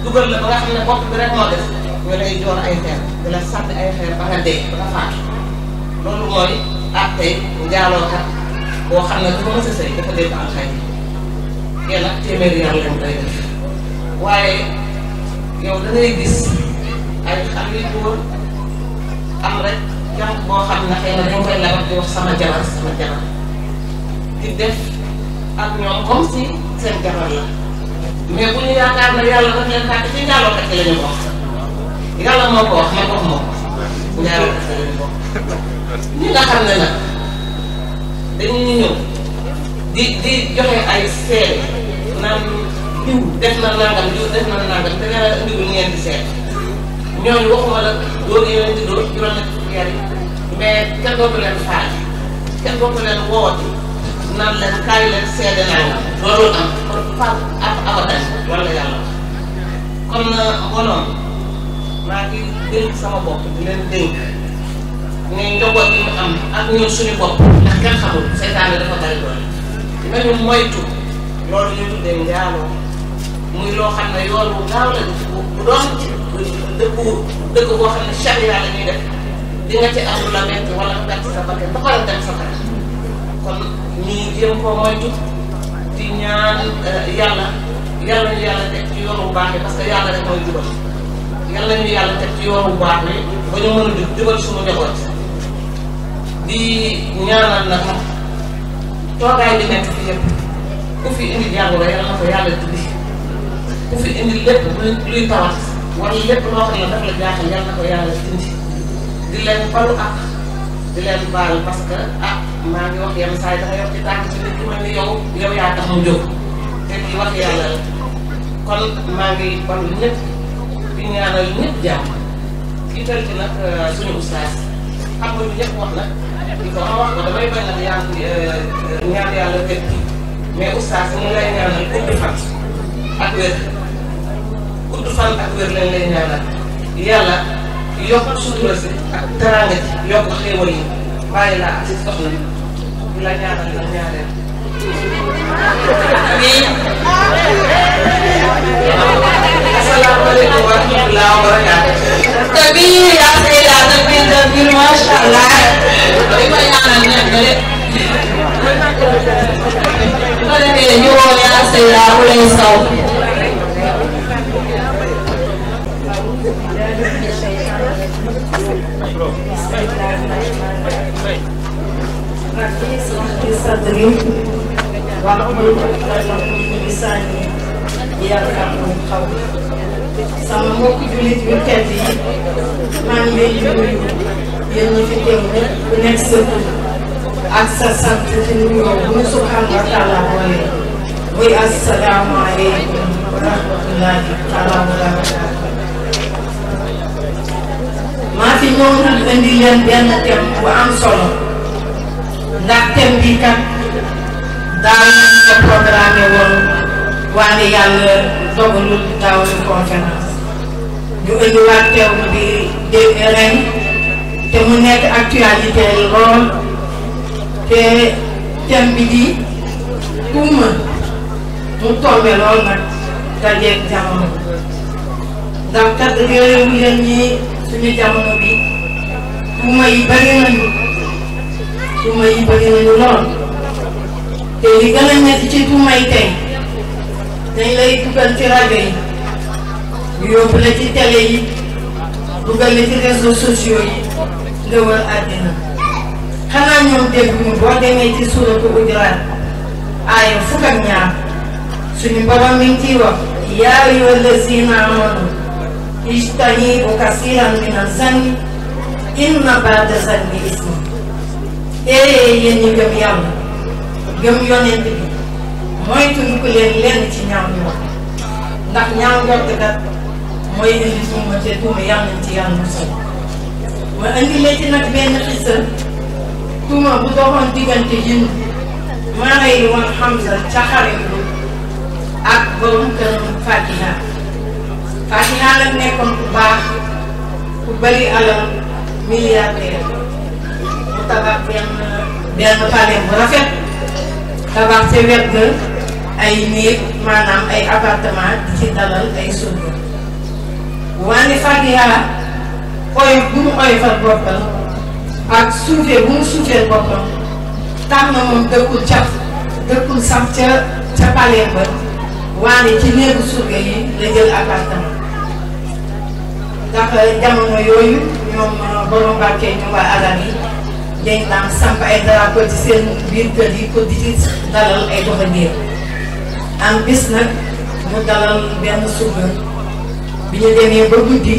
dugal la ba nga xam ne bopp bi rek moo def ñu lay door ay xeer di la sànni ay xeer ba nga dee ba nga faatu loolu mooy boo xam ne ku mos a sëy dafa dégg alxaaj yi yàlla téeméeri yar leen koy def waaye yow da ngay gis ay xale yu góor am rek jànq boo xam ne na dañ koy labat di wax sama jabar sama jabar di def ak ñoom comme si seen jabar la mais bu ñu yaakaar ne yàlla daf leen tàkk ci njaaloo kat la ñu wax yàlla moo ko wax man wax moo ko njaaloo kat la ñu wax ñi nga xam ne nag. dañuy ñëw di di joxe ay seede naan diw def na nangam diw def na nangam te nee naa indi lu ngeen di seet ñooñu waxuma la doo ngeen leen di dóor juróom ñetti fukki mais kenn dootu leen faaj kenn dootu leen woowati naan leen kaay leen seede nangam loolu am kon par ab abadan wala yàlla kon euh, mbooloo maa ngi sama bopp di leen dénk. mais njaboot gi am ak ñun suñu bopp ndax kenn xamul seytaane dafa bari lool nañu moytu loolu ñu tuddee njaaloo muy loo xam ne yoon bu gaaw la bu doon ci dëkku xam ne charia la ñuy def di kon ñii jéem koo moytu di ñaan euh, yàlla yàlla ñu yàlla teg ci yoon bu baax yi parce yàlla rek mooy jubal yàlla ñu yàlla teg ci yoon bu baax yi ba ñu mën a jubal suñu di ñaanal na ko yàlla dindi ku fi indi lépp luy luy tawat wala lépp loo la na ko yàlla dindi di leen balu ak di leen baal parce que ah maa ngi wax yenn saa yi dafa yor ci tànk ci nit ku mel ni yow yow yaa tax mu jóg te kii wax yàlla la kon maa ngi balu ñëpp di ñaanal ñëpp jàmm kii tënk nag euh, suñu ustaas xam nga ñëpp na. di ko ma wax ko damay bañ a ñaan ñaan yàlla fekk mais oustaz mu lay ñaanal gudd fan ak wér gudd fan ak wér lañ lay ñaanal yàlla yokk sutura si ak teraanga ci yokk xéewal yi bàyyi laa ak si soxna bi la ñaanal la ñaareel nii asalaamaaleykum wa rahmatulah wa barakaatu te bii yaa ngi lay laal nag biir nag biir macha allah li may ñaanal ñoom ba lépp. soo demee ñu woo yaa say laa ku lay saw. waaw. وأعمل خيرا بلساني يفقه قولي sama mbokk jullit yu tedd yi maa ngi leen di nuyu yéen ñi fi teew rek ku nekk sa tur ak sa sant ci nuyoo bu ñu subhaanahu wa taala boole muy asalaamaaleykum wa rahmatullaahi taala wa am solo ndax thème bi kat daaw la programme woon waaye yàlla dogalul daaw ci conférence ñu indiwaat thème bi dégg ren te mu nekk actualité lool te thème bi di tuuma mu tombé lool nag dajeeg jamono ndax kat réew ñi suñu jamono bi tuuma yi bëri nañu tuuma yi bëri nañu lool. te li gën ci tuuma yi tey dañ lay dugal ci rajo yi ñu la ci télé yi dugal la ci réseaux sociaux yi nga wër àddina xanaa ñoom dégguñu boo demee ci suuratu Hujuraat aaya fukk ak ñaar suñu borom mi ngi ciy wax yaa ayyuhal laziina aamanu ijtanibu kasiiran mina zanni inna ba'da zanni ismun ee yéen ñi gëm yàlla gëm yonent bi mooy tudd ko leen lenn ci ñaaw njort ndax ñaaw njort kat mooy indi tuuma te tuuma yam nañ ci yàlla musal ma indi la nag benn xisa tuuma bu doxoon diggante yéen maa ngi woon Hamza ca xaritu ak borom këram Fatiha Fatiha nag nekkoon ku baax ku bëri alal milliardaire mu tabax benn benn palais bu rafet. tabax ca wet ay néeg maanaam ay appartement ci dalal ay surga wàllu fàgg yaa oyof bu mu oyofal boppam ak suufee bu mu suufeel boppam tax na moom dëkkul ca dëkkul sax ca ca palais ba waaye ci néegu surga yi la jël appartement ndax jamono yooyu ñoom borom Mbàkke ñu waa alal yi dañ daan samp ay drapeau ci seen biir kër yi pour di ci dalal ay doxandéem am bis nag mu dalal benn suba bi ñu demee ba guddi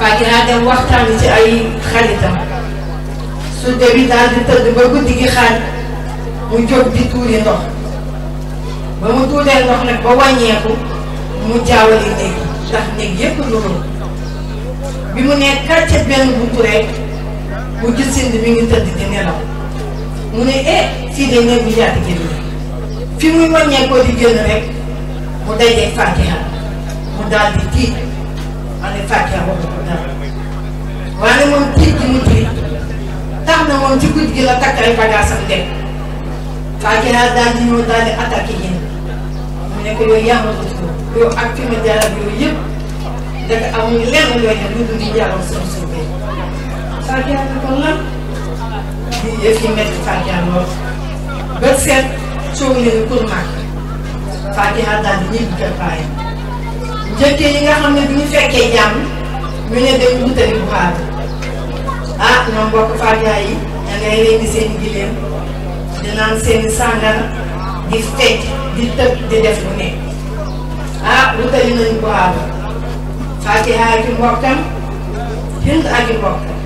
Fadila dem waxtaan ci ay xaritam su dee bi daal di tëdd ba guddi gi xaaj mu jóg di tuuri ndox ba mu tuuree ndox nag ba wàññeeku mu jaawali néeg ndax néeg yépp loolu bi mu nekk kàcce benn buntu rek. bu gis seen bi mi ngi tëdd di nelaw mu ne eh fii de néeg bu ñaata génn fi muy wàññee koo di génn rek mu dajee fatiha mu daal di tiit ma ne fatiha waxu ko dara waaye moom tiit gi mu tiit tax na moom ci guddi gi la takk ay bagaasam dem fatiha daal di ñëw daal di attaqué yéen mu ne ko yooyu yaa ma tudd ko yow ak fi ma jaar ak yooyu yëpp dafa amul lenn looy def lu dul di jàllal sama suuf Sarkiar bi kon nag di yëf yi métti Sarkiar lool ba seet coow nañu pour màgg Sarkiar daal di ñibbi kër Baye njëkkee yi nga xam ne bi ñu fekkee jàmm ñu ne dañu wutali bu xaar yi da ngay rendi seen gileem di naan seen i di fecc di tëb di def lu nekk ah wutali nañu bu xaar ak i mbokkam Hind ak i mbokkam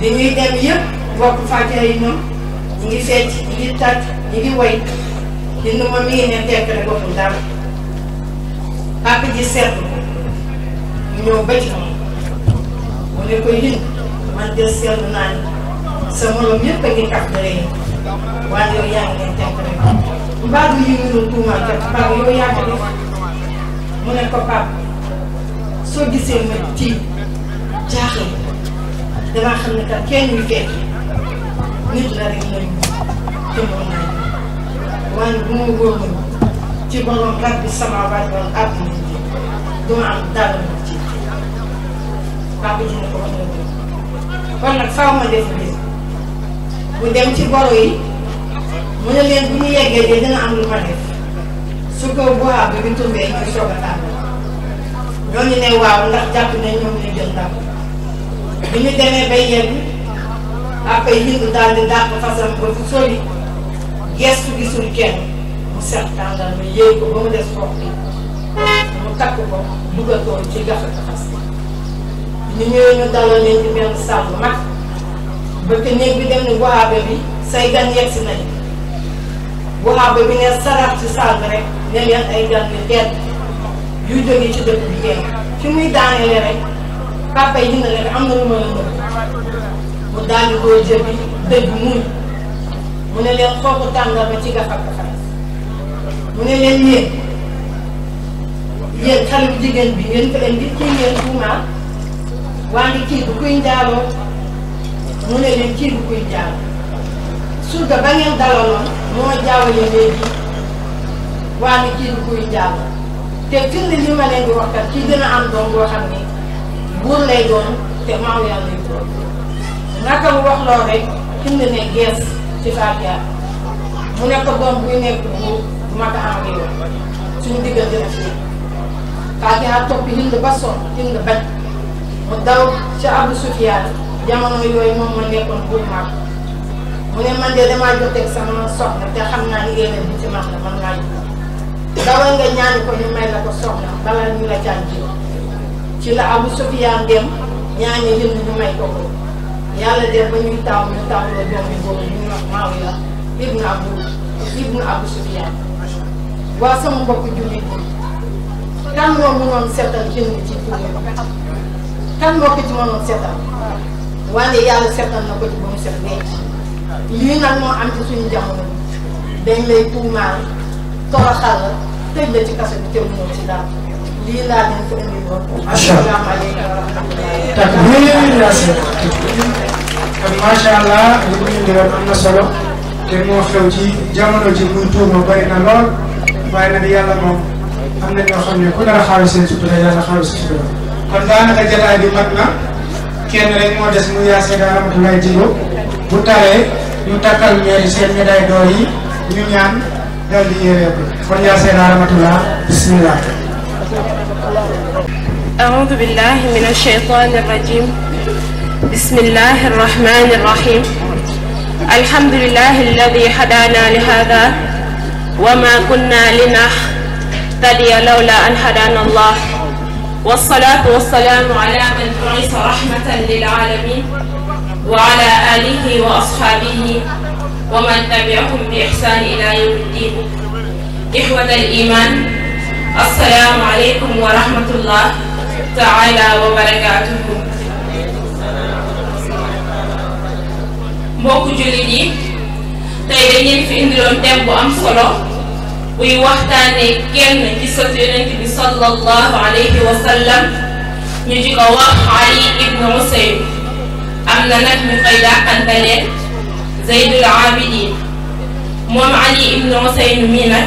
li ñuy dem yëpp bokk fajar yi ñoom ngi fecc ñu ngi tàcc ñu ngi woy li nu ma mi ngi ne tekk ne boppam dara papa ji seetlu ko ñu ñëw ba ci moom mu ne ko yiñ man de seetlu naa ne sa morom yëpp a ngi tax dara yi waaye yow yaa ngi leen tekk rek mbaa du yi ñu ne tuumaal kat papa yow yaa ko def mu ne ko papa soo gisee ma tiit jaaxle damaa xam ne tam kenn ñu fekk nit la rek lañu te moom lañ waaye bu ma wóoroon ci borom rabbi samaawaati wal duma am dara ma ci papa ma def lii bu dem ci boro yi mu ne leen bu ñu yeggee dina am lu def su ko boobaa bi bi tumbee ñu soog a tàmbali ñooñu ne waaw ndax jàpp ne ñoom ñu jël ndam. bi ñu demee bay yegg après yëngu daal di dàq fasam ba fu sori gestu gisul kenn mu seet tàngal mu yëy ko ba mu des foofu bi mu takk ko dugal ko ci gafaka fas ñu ñëwee ñu dalal leen ci benn sàmm mag ba te néeg bi dem ni waxaabe bi say gan yegg si nañ waxaabe bi ne sarax ci sàmm rek ne leen ay gan yu tedd yu jóge ci dëkk bi kenn fi muy daaneele rek papa yi dina leen am na lu ma la ko mu bu di koy jël bi dëgg muñ mu ne leen xooku tàngal ba ci gafak faras mu ne leen yéen yéen xale bu jigéen bi ngeen ko indi kii ngeen tuumaal waa ngi kii bu kuy njaaloo mu ne leen kii bu kuy njaaloo surga ba ngeen dalaloon moo jaawale léegi waa ngi kii bu kuy njaaloo te firnde li ma leen di waxtaan kii dina am doom boo xam ne buur lay doon te maaw yàlla lay doon naka mu wax loolu rek xind ne gees ci Fatia mu nekk doom buy nekk bu ma ko amee woon suñu diggante na fii Fatia topp hind ba son hind jamono yooyu moom ma nekkoon buur maag mu ne man de damaa joteeg sama soxna te xam naa ni yéen bi ci man la man ngaa dawal nga ñaani ko ñu may la ko soxna balaa ñu la caan ci la Abu Sufyaan dem ñaani jënd ñu may ko ko yàlla def ba ñuy taw ñu taw la doom yi boobu ñu wax Muawiya ibnu Abu ibnu Abu Sufyaan waa sama mbokk jullit bi kan moo mënoon seetal jënd ci tuuti kan moo ko ci mënoon seetal wante yàlla seetal na ko ci ba mu set wecc lii nag moo am ci suñu jamono dañ lay tuumaal toroxal la tëj la ci kaso bi teewul ñëw ci daal. lii laa leen ko indi woon. macha allah allah li mu indi woon am na solo te moo xew ci jamono ji muy tuuma bari na lool waaye nag yàlla moom am na ñoo xam ne ku dara xaaru sutura yàlla xaaru sutura kon daanaka jotaay bi mat na kenn rek moo des mu yaase daa Ramatoulaye Djigo bu tawee ñu takkal ñeeri seen médaille d'or yi ñu ñaan dal di yéereeku kon yaase daa Ramatoulaye bismillah أعوذ بالله من الشيطان الرجيم بسم الله الرحمن الرحيم الحمد لله الذي هدانا لهذا وما كنا لنهتدي لولا أن هدانا الله والصلاة والسلام على من بعث رحمة للعالمين وعلى آله وأصحابه ومن تبعهم بإحسان إلى يوم الدين إخوة الإيمان السلام عليكم ورحمة الله taala wa barakaatuhu mbokku jullit yi tey dañ leen fi indiloon thème am solo buy waxtaanee kenn ci sët yonent bi sallallahu alayhi wa ñu di wax Ali ibnu Husayn am na nag ñu koy dàqantalee Zeydul Abidin moom Ali ibnu Husayn mii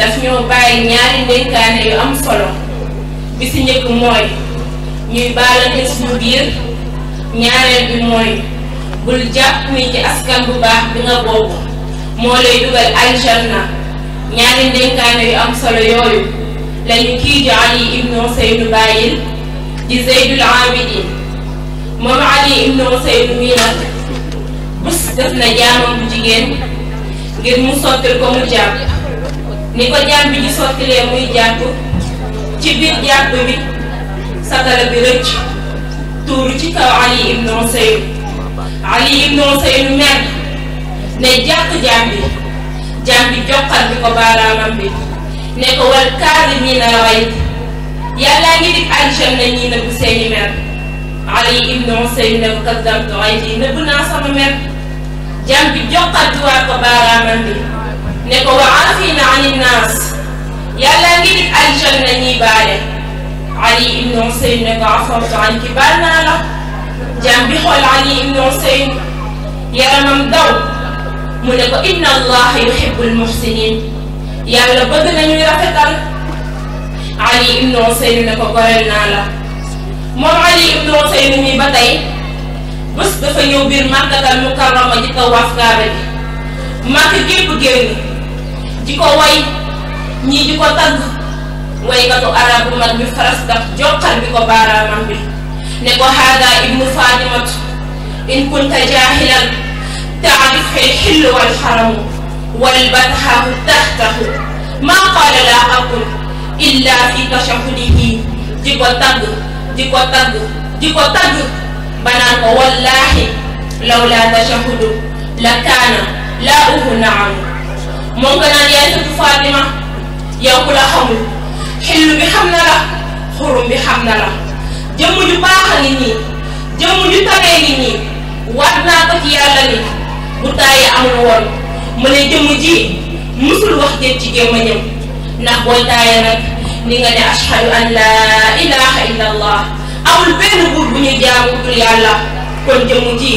daf ñoo bàyyi ñaari ndénkaane yu am solo. bi si njëkk mooy ñuy baalante suñu biir ñaareel bi mooy bul jàpp ni ci askan bu baax bi nga bokk moo lay dugal aljanna ñaari ndénkaane yu am solo yooyu lañu kii ju Ali ibnu Useynu bàyyil di Zeydul Abidin moom Ali ibnu Useynu mii nag bés def na jaamam bu jigéen ngir mu sottil ko mu jàpp ni ko jaam bi ji sottilee muy jàpp ci biir jàpp bi satala bi rëcc ci kaw Ali ibnu Huseyn Ali ibnu Huseyn mer ne jàpp jaam bi jaam bi ko baaraamam bi ne ko wal kaazimiina al-ghayz yàllaa ngi dig aljanna ñi nëbb seeni mer Ali ibnu Huseyn ne ko kazzabtu ghayzi nëbb naa sama mer jaam bi bi waat ko baaraamam bi ne ko wa aafiina ani naas yàlla ngi nit aljanna ñuy baale ali ibnu Husayn ne ko afartu an ki baal naa la jaam bi xool ali ibnu Husayn yaramam daw mu ne ko inna allah yuhibbul muhsinin yàlla bëgg nañuy ali ibnu Husayn ne ko goreel naa la moom ali ibnu Husayn mi ba tey bés dafa ñëw biir màkkatal mukarrama ji ko waaf kaaba bi màkk gépp génn di ko way ñii di ko tagg waykatu arabu man bi faras daf joxar bi ko baaraamam bi ne ko haada ibnu fatimatu in kunta jaahilan taarif fil xill wal xaramu wal batxaahu taxtahu maa qaala laa aqul illa fi tashahudihi di ko tagg di ko tagg di ko tagg ba naan ko wallaahi law laa tashahudu la kaana laa uhu naamu moom ko naan yaay tudd Fatima yow ku la xamul xillu bi xam na la xurum bi xam na la jëmm ju baax a ngi nii ju tabee ngi nii waat naa ko yàlla ni bu tàyyi amul woon mu ne jëmm ji musul wax jën ci gémmañam ndax booy taaye nag ni nga ne ashhadu an laa ilaha illa allah amul benn buur bu ñu jaamu dul yàlla kon jëmm ji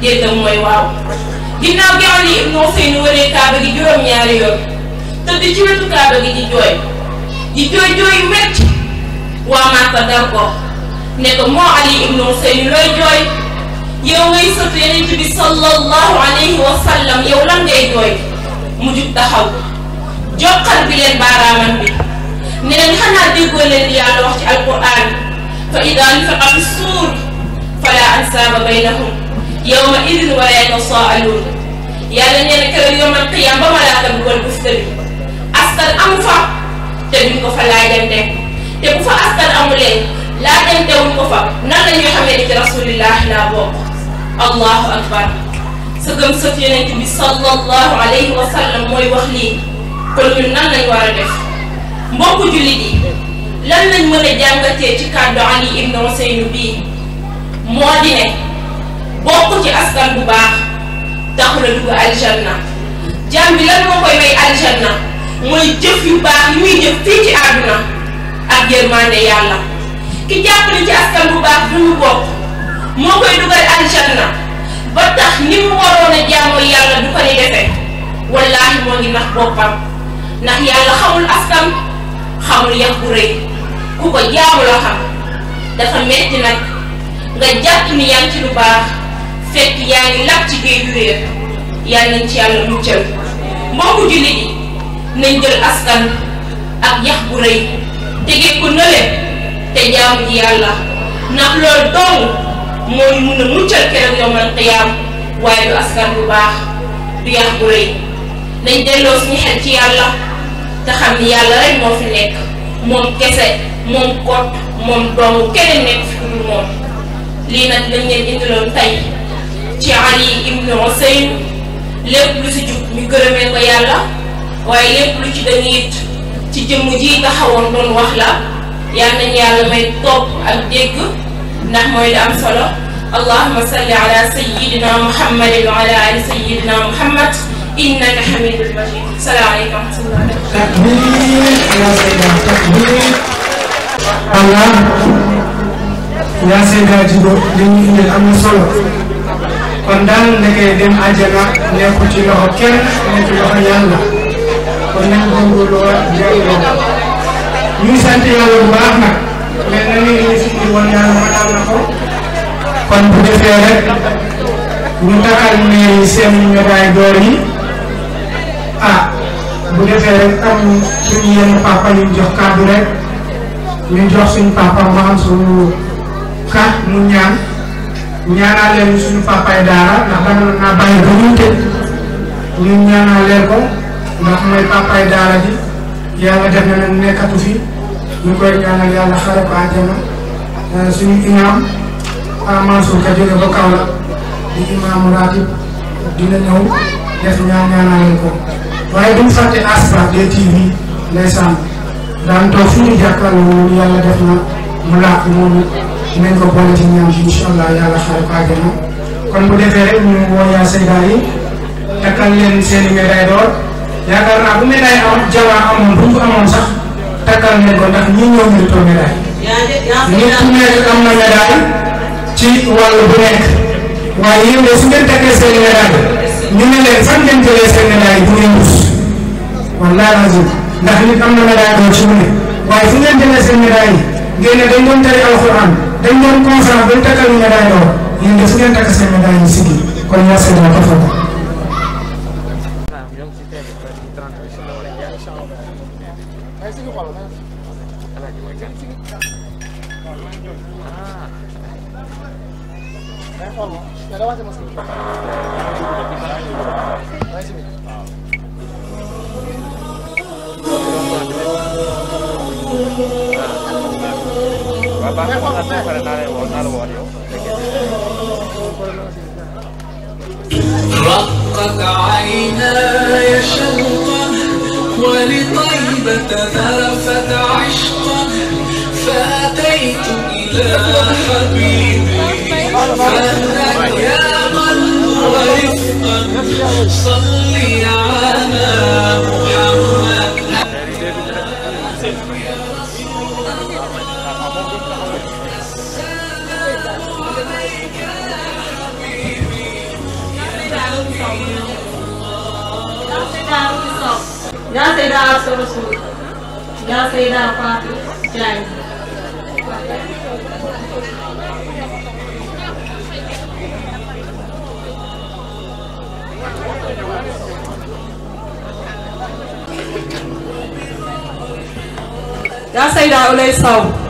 déetam mooy waaw ginnaaw gi am li Ibnu Useynu wëree gi juróom-ñaari yoon tëdd ci wetu kaaba gi di jooy di jooy jooy yu waa Màkka dar ko ne ko moo Ali ibnu Husayn looy jooy yow ngay sëtu Yonent bi sallallahu alayhi wa yow lan ngay mu jub taxaw joxal bi leen baaraaman bi ne leen xanaa déggoo leen li yàlla wax ci alquran fa idaa nufiqa fi suur falaa ansaaba baynahum yawma idin wala yatasaaluun yàlla nee na keroog yombal xiyam ba malaaka bi kon gis tëdd askan amu fa te duñ ko fa laajante te bu fa askan amulee laajante wuñ ko fa nan la ñuy xamee ni ci rasulillah laa bokk allahu akbar sa gëm sëf yonent bi sallallahu alayhi wa sallam mooy wax lii kon ñun nan lañ war a def mbokku jullit yi lan lañ mën a jàngatee ci kàddu Ali ibn Ousseynou bii moo di ne bokk ci askan bu baax. taxu la dugg aljanna jaam bi lan moo koy may aljanna mooy jëf yu baax yi muy jëf fii ci àdduna ak yërmande yàlla ki jàppale ci askan bu baax du ñu bokk moo koy dugal aljanna ba tax ni mu waroon a jaamu yàlla du ko ni defee wallaahi moo ngi nax boppam ndax yàlla xamul askan xamul yax rëy ku ko jaamu la xam dafa metti nag nga jàpp ni yaa ci lu baax fekk yaa ngi làpp ci géej yu réer yaa ngi ci yàlla muccal mbokku jullit yi nañ jël askan ak yax bu rëy tegee ko nële te jaamu ji yàlla ndax loolu dong mooy mun a muccal keroog yawmal qiyaam waaye du askan bu baax du yax bu rëy nañ delloo suñu xel ci yàlla te xam ni yàlla rek moo fi nekk moom kese moom kot moom dong keneen nekk fi dul moom lii nag lañ leen indiloon tey ci Ali ibnu Husayn lépp lu si jub ñu gërëmee ko yàlla waaye lépp lu ci dëng it ci jëmm ji taxawoon doon wax la yal nañu yàlla may topp ak dégg ndax mooy li am solo allahuma salli ala sayidina muhammadin wa ala ali sayidina muhammad innaka hamidul majid salaamaaleykum wa rahmatullah takbir ya sayda takbir allah ya sayda jigo li ñu indil am na solo kon daal nekkee dem àjjana nekkul ci loxo kenn nekk loxo yàlla kon nañ góorgóorluwaat góorgóorlu ñuy sant yàlla bu baax nag mais na ni ñu si woon yàlla mënaal na ko kon bu defee seen ñoraay door yi ah bu defee rek am suñu yenn papa ñu jox kàddu rek jox suñu papa mu am suñu xar ñaan. ñaanal leen suñu papaay daara ndax dama naa bàyyi ba ñuy tëj ñu ñaanal leen ko ndax mooy papaay daara ji yàlla def na nekkatu fi ñu koy ñaanal yàlla xare ko àjjana euh, suñu imaam Mansour ka jóge ba Kaolack di imaamu raatib dina ñëw def ñaan ñaanal leen ko waaye duñ fàtte Asra TV ndeysaan daan toog fu ñu jàkkaarloo yàlla def na mu làkk moom it dinañ ko boole ci ñaan incha allah yàlla xaru ko àjjana kon bu defee rek ñu woo yaa Seyda yi takkal leen seen i médaille d'or yaakaar naa bu médaille am jawaa am na médaille ci wàllu bu nekk waaye yéen de su ngeen takkee seen i médaille ñu ne leen ngeen jëlee seen médaille bu ngeen rus wallaay ndax nit am na médaille d'or ci mu ne waaye fu ngeen jëlee seen médaille yi ngeen ne dañ doon tere alxuraan dañ leen conférence ba takkal ñu médaille d'or yéen de su ngeen takk seen médaille yi si kii waaw baax na su pare naa lay woo naa la woo yow. رقت عيناي شوقا ولطيبة ذرفت عشقا فأتيت إلى حبيبي فهناك يا من ورفقا صلي على محمد Saaru Sow. yaa Seyda Arso Rasul yaa Seyda Fatou Diagne. yaa Seyda Ulay Sow.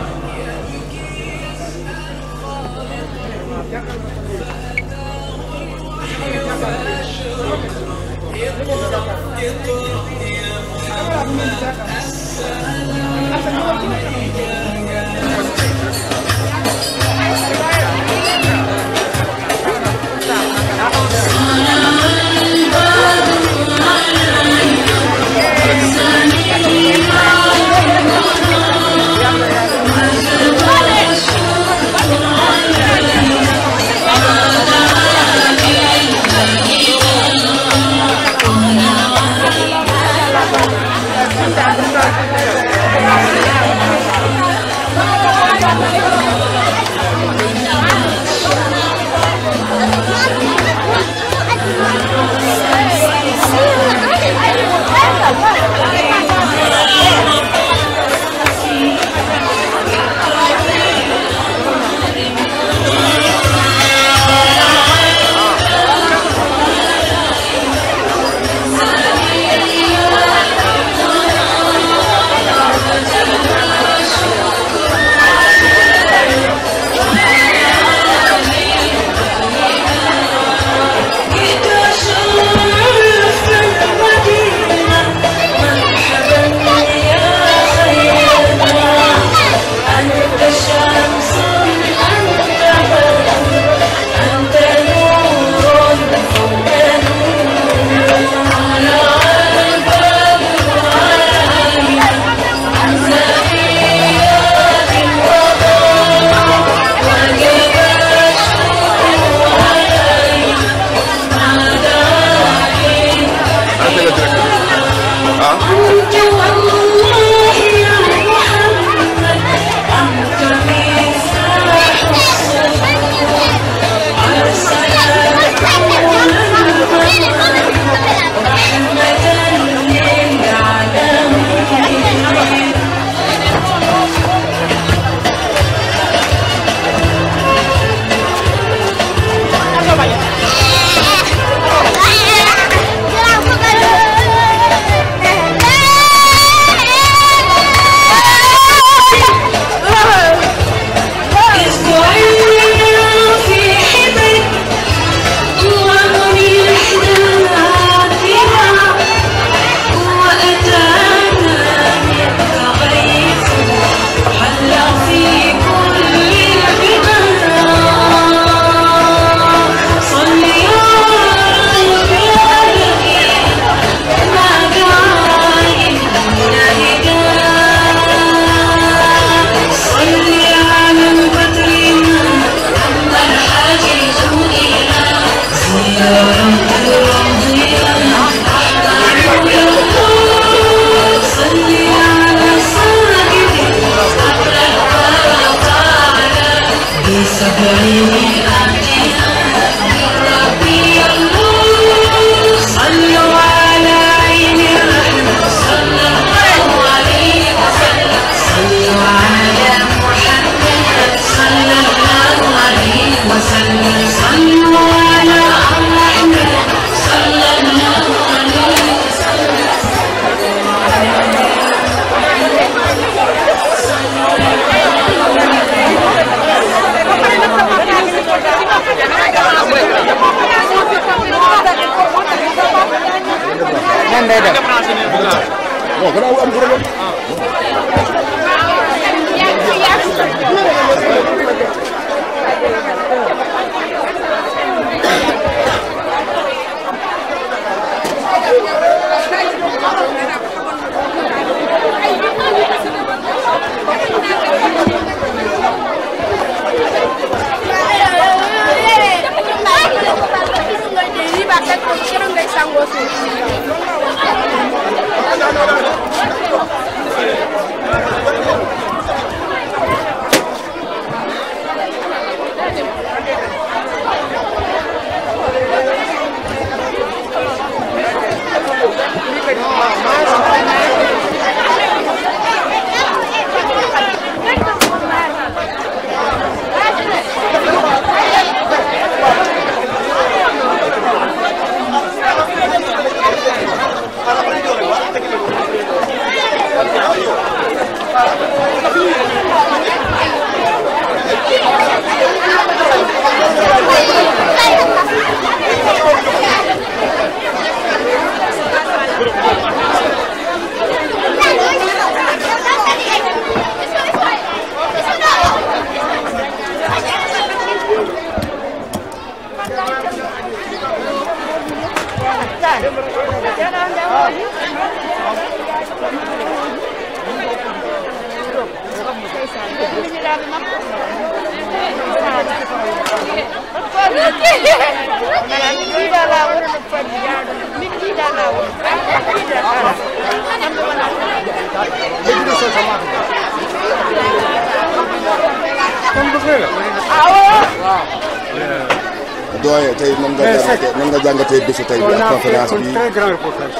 doye tey nan nga jàngatee nan nga jàngatee tey bi ak conférence bi. très grand reportage.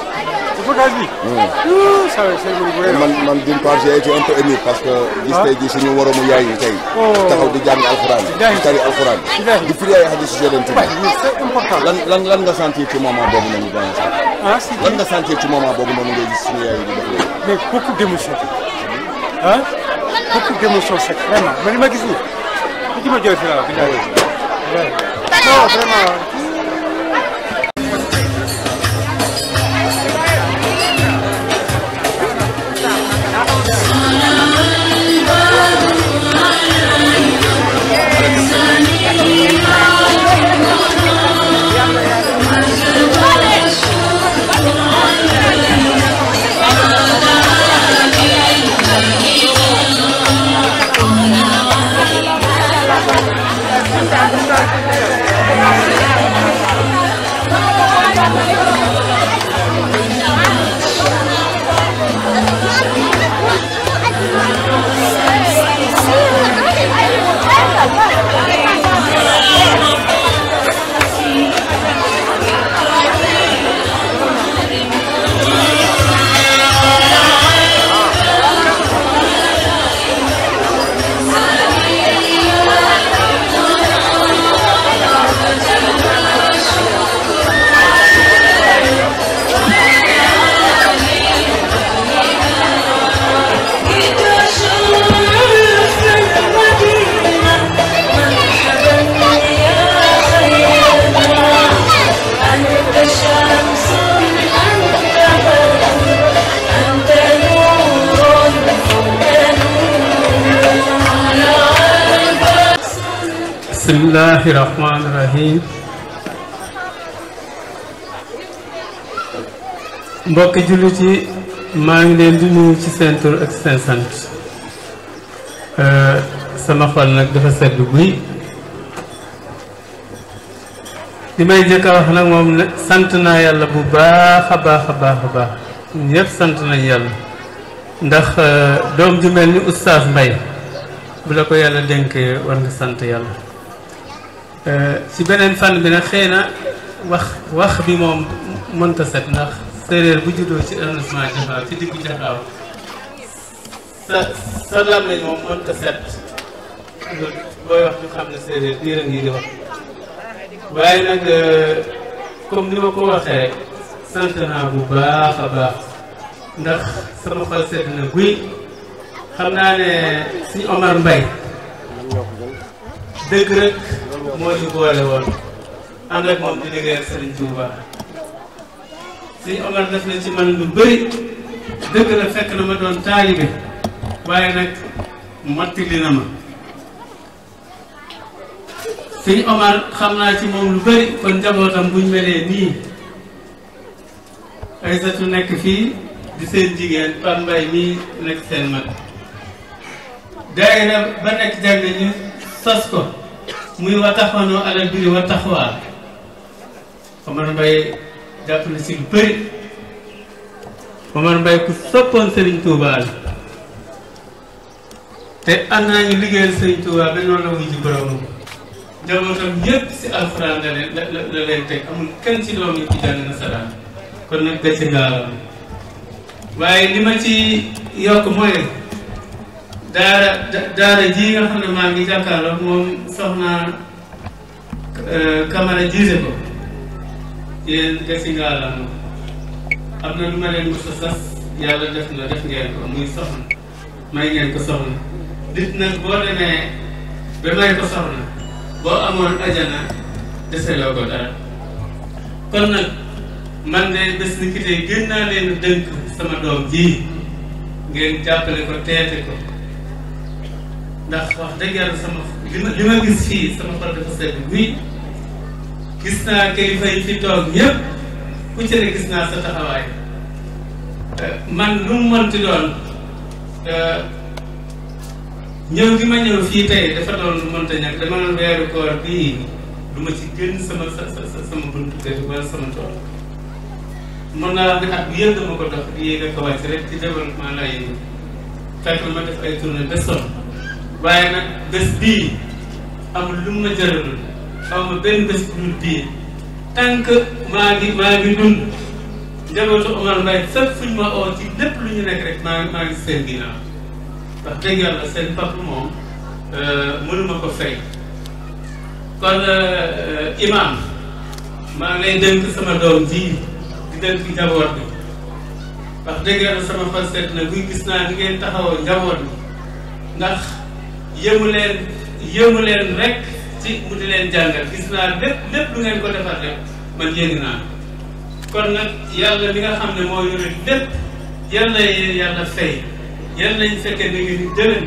reportage hmm. bi. man man d'une part j'ai été parce que. gis ah. tey ji suñu moromu yaay yi tey. Oh. taxaw di jàng alxuraan. di tari alxuraan. di firi ay hadis si Yonent bi. lan lan lan nga sentir ci moment boobu noonu. ah si lan nga sentir ci moment boobu noonu ngay gis suñu yaay di def mais ah beaucoup d'émotion c'est vraiment man li ma gis nii li ci ma jëlee fi la waaw bi ñu non vraiment. bismillahi rahmaani rahim mbokki jullit yi maa ngi leen di nuyu ci seen tur ak seen sant euh, sama xol nag dafa sedd buy li may jëkk a wax nag moom ne sant naa yàlla bu baax a baax a baax a baax ñëpp sant nañ yàlla ndax euh, doom ju mel ni oustaz Mbaye bu la ko yàlla dénkee war nga sant yàlla Euh, si beneen fànn bi nag xëy na wax wax bi moom mënta set ndax séeréer bu juddoo ci arrondissement Diafara ci diggu Diafara sa sa làmmiñ moom waaye nag euh, comme ni ma ko waxee rek sant bu baax a baax ndax sama xol sedd na guy xam naa ne si Omar Mbaye dëgg rek moo ñu boole woon ànd ak moom di liggéeyal Serigne Touba suñu Omar def na ci man lu bëri dëgg la fekk na ma doon taalibe waaye nag mottali na ma suñu Omar xam naa ci moom lu bëri kon njabootam buñ melee nii Aysatu nekk fii di seen jigéen Pam Mbay mii nekk seen mag daayira ba nekk jàng ñu sos ko muy wa taxawanoo alal birri wa taxwa Omar Mbaye jàpp na si lu bëri Omar Mbaye ku soppoon Serigne Touba te am naa ñu liggéeyal Serigne Touba ba noonu la wuy ji boromam njabootam yëpp si alxuraan la leen la la leen teg amul kenn si doom yi ci nasaraan kon nag gëcc ngaalam waaye li ma ci yokk mooy. daara daara ji nga xam ne maa ngi jàkkaarloo moom soxna Kamara euh, jiise ko yéen gasi ngaalam am na lu ma leen mos def na ngeen ko muy soxna may ngeen ko soxna nit nag boo demee may ko soxna boo amoon ajana deseloo ko dara kon nag man de bés ni ki tey gën naa leen sama doom ji ngeen jàppale ko teete ko ndax wax dëgg yàlla sama li ma li ma gis fii sama xol dafa sedd buy gis naa kilifa yi fi toog ñëpp ku ci ne gis naa man lu mu euh, gi ma ñëw fii tey dafa doon lu mënta ñàkk dama doon weeru koor bii du ma ci gën sama sa sa sama buntu sama tool mën naa wax ne at bu yëg dama ko dox di yéeg ak wàcc rek ma def ay tournée waaye nag bés bii amul lu ma jaralul aw ma benn bés bu dul bii tant maa ngi maa ngi dund njabootu Omar Mbaye fépp fu ñu ma oo ci lépp lu ñu nekk rek maa maa ngi seen ginnaaw wax dëgg yàlla seen papa moom euh, mënuma ko fay kon euh, euh, imaam maa ngi lay sama doom ji di dënk njaboot bi wax dëgg yàlla sama fas seet na buy gis naa ni ngeen taxawoo njaboot bi ndax yëmu leen yëmu leen rek ci mu di leen jàngal gis naa lépp lépp lu ngeen ko defar rek man yëngu kon nag yàlla mi nga xam ne moo yore lépp yàlla yéen yàlla fay yàlla nañ fekkee da ngeen di jëlee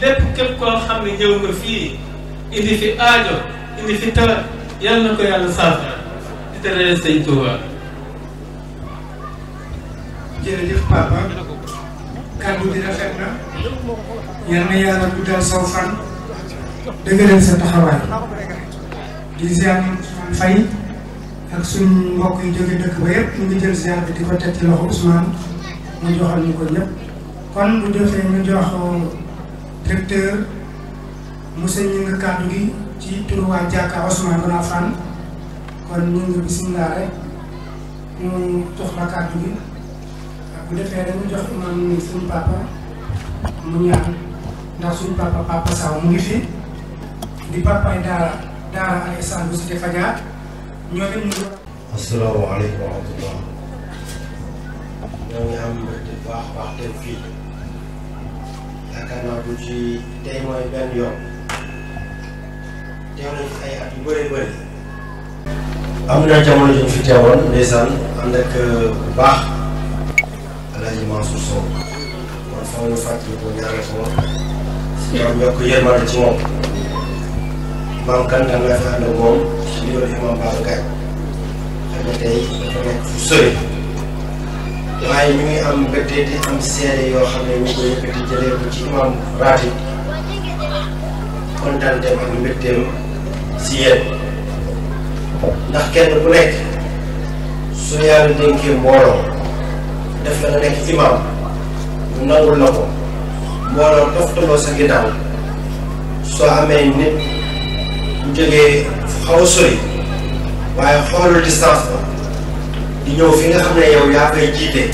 lépp képp koo xam ne ñëw nga fii indi fi aajo indi fi tawat yàlla na ko yàlla saafara di tere sëñ Tuuba. jërëjëf papa kàddu gi rafet na. yal na yàlla guddal saw fan dëgëral sa taxawaay di ziar fay ak suñ mbokk yi jóge dëkk ba yëpp ñu ngi jël ziar bi di ko ci loxo Ousmane mu joxal ñu ko ñëpp kon bu jox directeur monsieur ñu ngi kàddu ci turu waa kon ñu ngi bisimilah rek jox la kàddu gi papa mu ñaan ndax suñu papa papa Sow mu ngi fi di papaay Daara Daara al Ihsan bu cité Fadia ñoo dem ñu. asalaamaaleykum wa rahmatulah. ñoo ngi am mbégte bu baax baax tey fii yaakaar naa bu ci tey mooy benn yoon teew nañu ay at yu bëree bëri. am na jamono ju fi teewoon ndeysaan ànd ak euh, bu baax El Hadj Mansour Sow. foo ñu fàttali ko ñaanal ko moom. yokk yërmande ci moom. maam Kantan laa fi ànd ak moom ci ndigal imam Babacar xam nga tey dafa nekk fu sori. waaye ñu ngi am mbégte di am seede yoo xam ne ñu ngi koy yëkkati jëlee ko ci imam Raati kontaan te ak mbégteem si yéen ndax kenn ku nekk su yàlla dénkee mbooloo def la nga nekk imam. nangul la ko mbooloo toftaloo sa ginnaaw soo amee nit bu jógee xaw a sori waaye xoolul distance ba di ñëw fi nga xam ne yow yaa koy jiite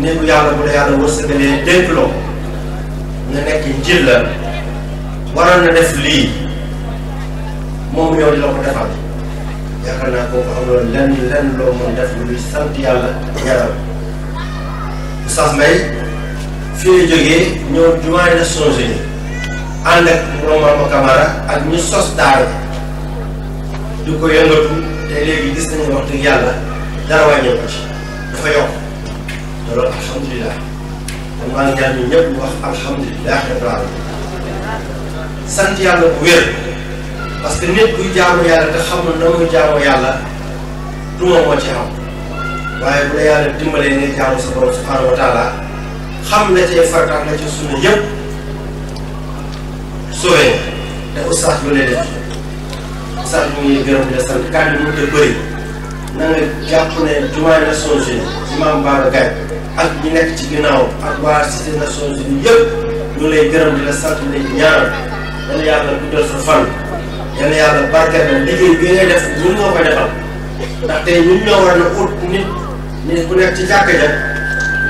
néegu yàlla bu la yàlla wërsëgalee dégg loo nga nekk njiit la waroon na def lii moom ñëw di ko defal yaakaar naa kooku amuloo lenn lenn loo mën def luy sant yàlla ñaanal Oustaz fi ñu jógee ñëw jumaa Nations Unies ànd ak Mouhamadou Camara ak ñu sos daara di ko yëngatu te léegi gis nañu wax dëgg yàlla dara wàññeeku ko ci dafa yokk te loolu alhamdulilah ngi ñëpp wax alhamdulilah rabbil alamin sant yàlla bu wér parce que nit buy yàlla te xamul na muy jaamu yàlla duma moo ci am waaye bu la yàlla dimbalee ngay jaamu sa borom subhanahu wa xam la cee farataak la ca sunna yëpp sowee te ustaas lu ne def ustaas mu ngi gërëm la sant kàddu mu te bëri na nga jàpp ne jumaa Nations Unies imam Bara Gaye ak ñi nekk ci ginnaaw ak waa cité Nations Unies yëpp ñu lay gërëm di la sant di ñaan dana yàlla guddal sa fan dana yàlla barkeel na liggéey bi ngay def ñun ñoo ko defal ndax ñun ñoo war na ut nit nit ku nekk ci jàkka ja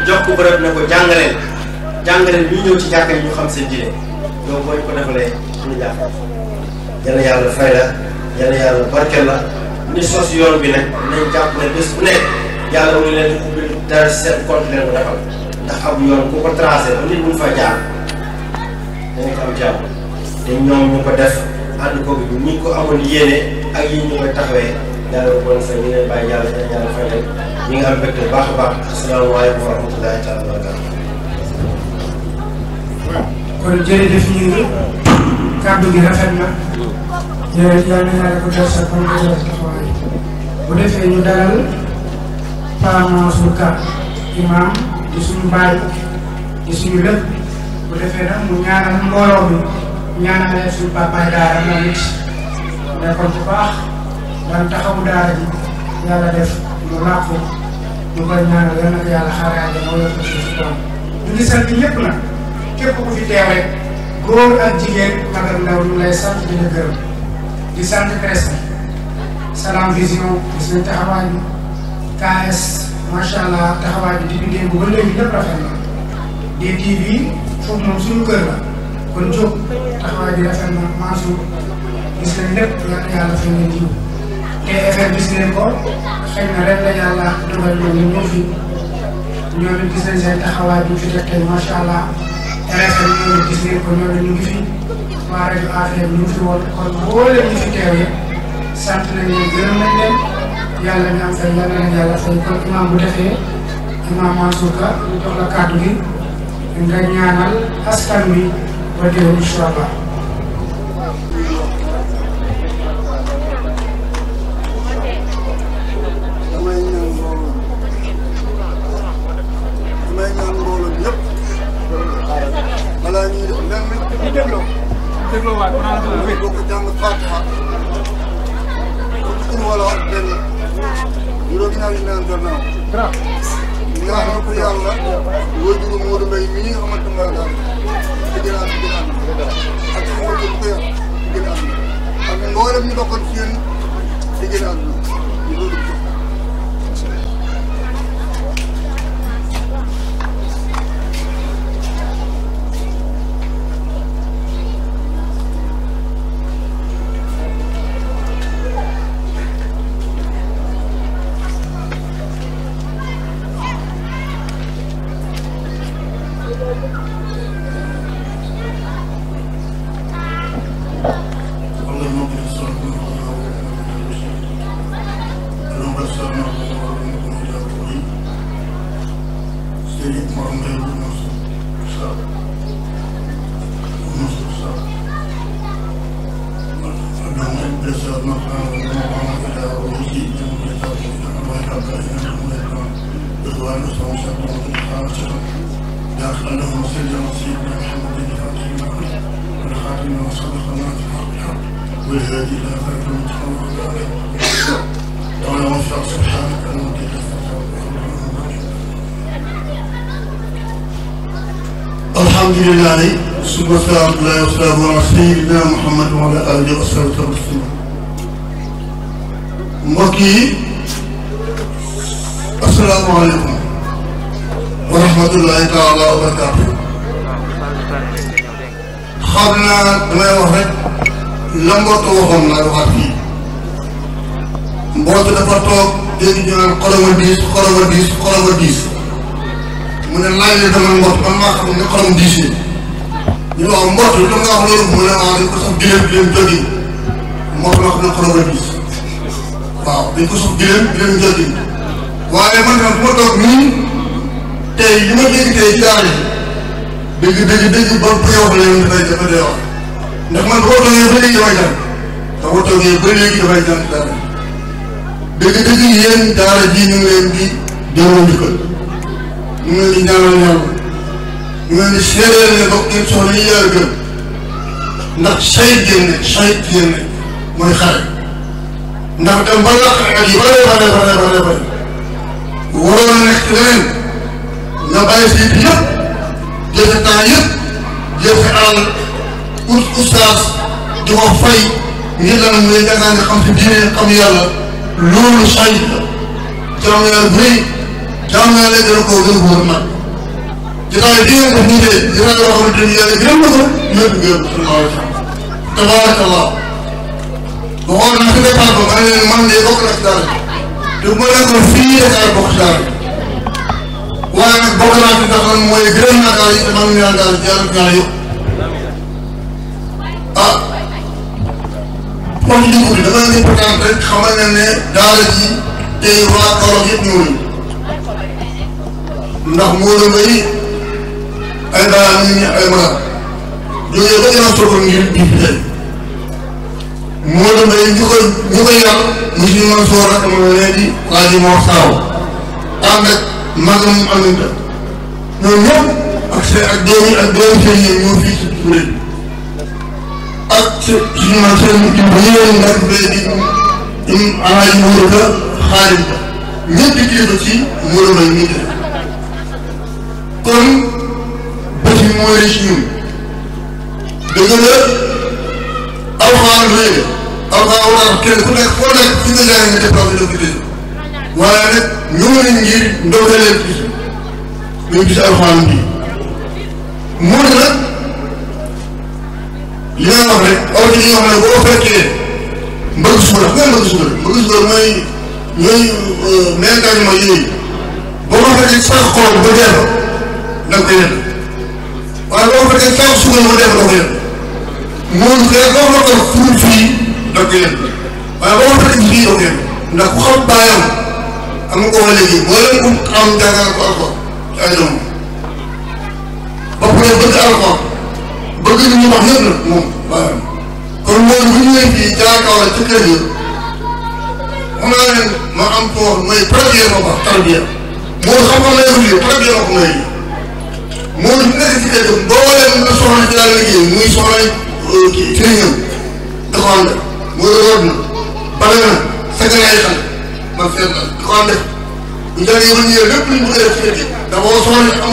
jox ko bërëb ne ko jàngaleen jàngaleen ñuy ñëw ci jàkka yi ñu xam seen diine yow booy ko defalee am na jàpp yal fay la yal na yàlla barkeel la ni sos yoon bi nag nañ jàpp ne bés bu nekk yàlla mu leen di ko fa jaar dañu am jàmm te ñoom ñu ko def ànd ko bi ñu ko amoon yéene ak yi ñu koy taxawee yàlla bu bon fay ñu leen bàyyi yàlla ñu yàlla fay leen ngi am mbégte bu baax a baax asalaamaaleykum wa rahmatulahi taala wa barakaatu. kon jërëjëf ñu ngi kàddu gi rafet na. jërëjëf yàlla na yàlla ko def sa taxawaay bu defee ñu dalal Pa Mansour Ka imaam di suñu baay di suñu lépp bu defee nag mu ñaanal mbooloo mi ñaanal suñu papa daara moom it nekkoon baax. daan taxawu daara ji yàlla def mu nàpp ñu koy ñaanal yal na yàlla xaaraaje moo yor ko suuf si doom ñu ngi sant ñëpp nag képp fi teew góor ak jigéen mag ndaw ñu lay di la di sant presse bi Salam Vision gis nañ taxawaay bi KS allah taxawaay bi depuis démb ba léegi lépp rafet na foofu moom suñu kër la kon jóg taxawaay bi rafet na Mansour gis nañ lépp yàlla yàlla feeñ leen TFM e gis ko xëy na ren la yàlla dogal ñoom ñu fi ñoo gis nañ seen taxawaay bu fi teg tey macha allah RFM ñoo gis ngeen ko ñu ngi fi waa rajo AFM ñu fi woon kon boole ñu fi teewee sant nañ leen gërëm nañ leen yàlla ñu am fay yàlla nañ yàlla fay imaam bu defee imaam Mansour Ka ñu jox la kàddu gi nga ñaanal askan wi ba déwén incha boo ko jàng Fatiha ko wala benn juróomi ñaari naan gannaaw ñaan ko yàlla wóor juru Modou Mbaye mii nga xamante nga daal di gën a am gën a am ak su ma ko ko yàq di gën a am ak mboolem ñu bokkoon ci yéen di gën a am salatu wa salaamatullahi wa salaamu ala sayyidina Muhammad wa ala alihi wa sahbihi taslima mbokk yi asalaamaaleykum wa rahmatullahi taala wa barakaatu xam naa damay wax rek la mbootu waxoon naa waxaat fii mbootu dafa toog dégg ñu naan xoloma diis xoloma diis xoloma diis mu ne laaj la dama mbootu man maa xam ne xolam diis li ma wax mboq bi nga wax loolu la ah dañ ko suuf gileem gileem joggi mboq la ko doon xarala gis waaw dañ ko suuf gileem gileem joggi waaye man tam bu ma toog nii tey li ma dégg tey ci daara dégg dégg ba bu ñu wax leen dafay dafa doy wax ndax man boo toogee ba léegi damay jàng te boo toogee ba léegi damay jàng daara di delloo njukkal ñu ngi di ñaanal yàlla ñu ngi seedeel ne bokk ngeen yi yàlla gën ndax say génne say génne mooy xare ndax dem ba laq bare bare bare bare bare waroon nekk leneen nga bàyyi si bi yëpp jël sa temps yëpp jël sa alal ut ustaas di ko fay ngir lan muy dangaa nga xam si diine xam say la jaamu yàlla bu rëy jaamu yàlla dana koo gën a wóor jotaay bii nga def nii de jotaay boo xamante ni yàlla gërëm na ko ñëpp gërëm na ko tabaarakallah waxoon naa fi départ ba ma ne te bu ma fii Dakar bokk ci waaye nag bokk naa fi ndax man mooy naa daara yi te man ñaan daara ci yàlla ñaan ah. yëpp ah comme ndax Mawla Mbaye ay daal ñu ay mara jógee ba gën a toog ngir biir moo dem ba ñu koy ñu koy yàq ma léegi waa ji moo saaw ànd ak magam aminta ñoom ñëpp ak seen ak doom yi ak doom yi ñoo fii ci ak suñu man seen bu ñu leen ndax bee di im alaay muur ka xaarim di kilifa ci mu dem ba ñu kon ni mooy rëcc ñun dëgg la alxuraan a kenn ku nekk foo nekk fi nga jaay nga waaye nag ñëw nañ ngir ndoxee leen gis ñu gis mu ne nag li nga wax rek aw ci li nga mooy ñooy meññaay mooy euh, yooyu boo ko fekkee sax xool ba jeex da nga waaye boo ko defee taw suuna mu def doo ko yëg moom day boo ko def pour fii doo ko yëg waaye boo ko def fii doo ko yëg ndax ku xam bàyyam am nga ko wala léegi boo leen ko xam jàngal ko alko ci àjjuma ba pare moom bàyyam kon moom bu ñëwee fii jaakaar la ci kër yi xam naa ne ma am ko mooy premier ma wax tarbiya moo xam-xam lay wut moo nekk ci dëkkam booleem lu soxla ci daal liggéey muy soxla sëriñam da ko ànd muy root na bale na fekk na ay xale man fekk na da yi ñu yëre lépp luñ ma yu moo fa ko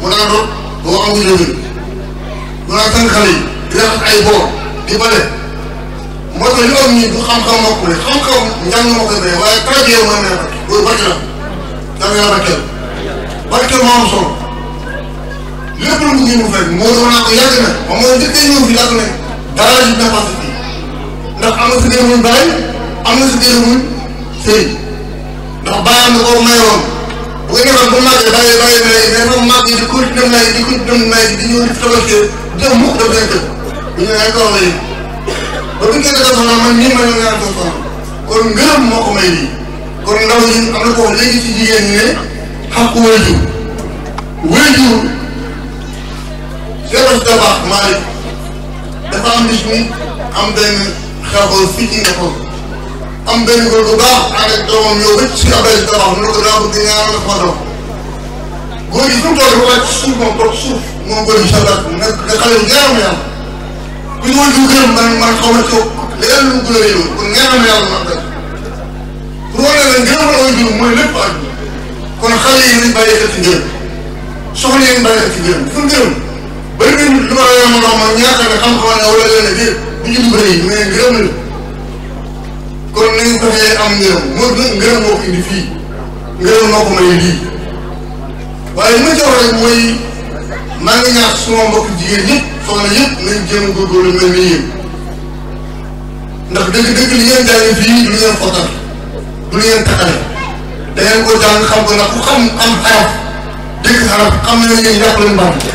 mu daan root mu daan sànq xale yi di raxas boor di bale moo tax li am nii bu xam-xam moo ko xam-xam njàng moo koy bay waaye traité yow mën na yàq loolu barke la danga yàlla barke moo am solo lépp lu mu mu fekk moo doon naa ko yàgg na moom mooy njëkk a ñëw fi yàgg dara ji dina fàtte fii ndax am na si dee muy bàyyi am na si dee muy sëy ndax bàyyi bàyyi nay mais moom màggee di ko dem nay ko dem nay ko may lii kon ndaw ñi am na ko léegi ci jigéen ñi xaqu wéyjur wéyjur Cheikh Anta Ba Malick dafa am bis ni am benn xew fii ci Ndefleng am benn góor bu baax ànd ak doomam yow rek suñu abdoulaye mu ne ko daa bëgg ñaar la fa doom suuf moom toog suuf moom góor yi sabat na na xale yu ñaaram man man xaw ma lu gën a yow kon ñaaram yàlla man rek pour wane la ngërëm la wëndu mooy lépp kon xale yi nañ bàyyi xel ci soxla yi nañ bàyyi xel ci ngërëm dafa ngërëm ma la ma ne wala leen a biir am ngërëm moo gën ngërëm moo ko indi fii ngërëm moo ko may lii waaye li ma jox rek mooy maa ngi ñaax suma mbokk jigéen ñëpp soxna yëpp nañ jéem a góorgóorlu mel ni yéen ndax dëgg-dëgg li ngeen jaay fii du ngeen xotal du ngeen takkale da ngeen ko jàng xam ko ndax ku xam am xaraf dégg xaraf xam nañ ne yàqu leen baatu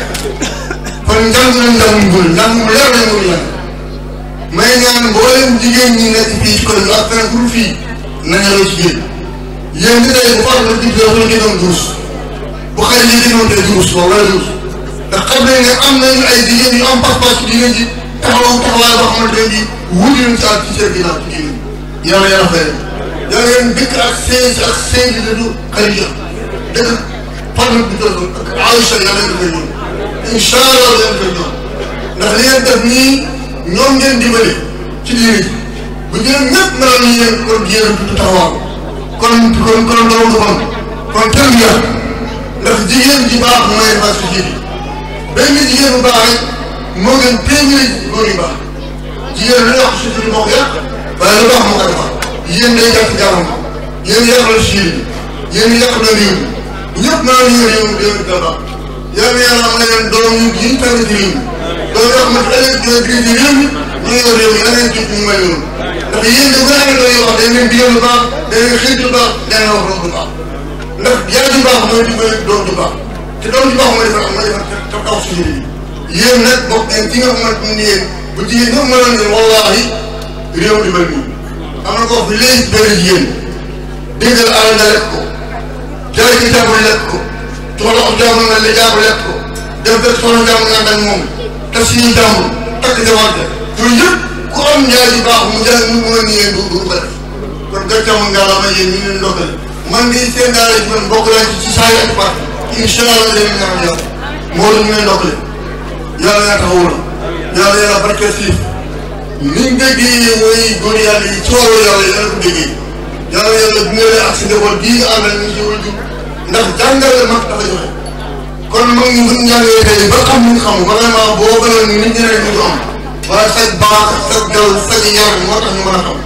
kon njàng nañ njàngum góor leer lañ ko jàng may ñaan mboolem jigéen ñi nekk fii ci commune ak feneen pour fii la ci génn yéen di tey bu faatu la digle wala ndax xam nañ ne am nañu ay jigéen yu am pas-pas ci jigéen ji taxawu taxawaay boo xamante ne bii wuti nañ ci àgg ci seen ginnaaw ci jigéen yàlla yàlla fayal da ngeen dëkk ak seize ak seize dëddu Xadija dëkk Fatou bi toll ak Aïcha yàlla ngeen koy ñëw incha allah ngeen koy ñëw ndax li ngeen def nii ñoom ngeen dimbale ci diine bu jëlee ñëpp meloon nañu leen kon jigéen du taxawal kon kon kon doomu du bon kon tarbiya baax mooy fas ci jiitu benn jigéen bu baax rek moo gën téeméeri góor yu baax jigéen lu wax surtout moo ko yàq baax moo ko yéen day yàq jaram yéen yàq la Chine yéen yàq na réew ñëpp naa ñu réew déwén dara yàlla yàlla am na leen doom yu ñu tànn ci réew doom yoo xamante ëllëg dina gën ci réew mi ñu yor réew la leen jub ñu may yoon ndax yéen da nga xam ne yoo wax dañ leen digal lu baax dañ leen xëy lu baax dañ leen wax lu baax ndax yaa ju baax mooy dimbali doom ju baax te doom ju baax mooy defar mooy defar ca kaw suñu yi yéen nag bokk ngeen ci nga xamante ni yéen bu jigéen ñëpp mënoon ngeen wallaahi réew di mel nii am na ko wax bi léegi bëri yéen déggal alal nga lekk ko jaay ki jàmbur lekk ko soxla ko jàmbur nga ne jàmbur lekk ko dem fekk soxla jàmbur nga ànd ak moom tas yi jàmbur takk jawante yooyu ku am njaay yu baax mu jaay mu mën a nii du du ko def kon la ma yéen ñu leen ndokkale man di seen daara man bokk naa ci ci saa yàq baax incha allah dégg nga am yàlla moo la ñu leen ndokkale yaa taxawul yàlla yàlla barkeel siif liñ déggee mooy góor yàlla yi coow yàlla yàlla ko déggee yàlla yàlla bu ngeen ak si njaboot bii ànd ak ñu si waju ndax jàngale mag dafa joxe kon mag ñu suñ jàngee tey ba xam ñu xam vraiment boo gënoon nit ñi rek ñu am waaye sag baax sag dal sag yar moo tax ñu mën a xam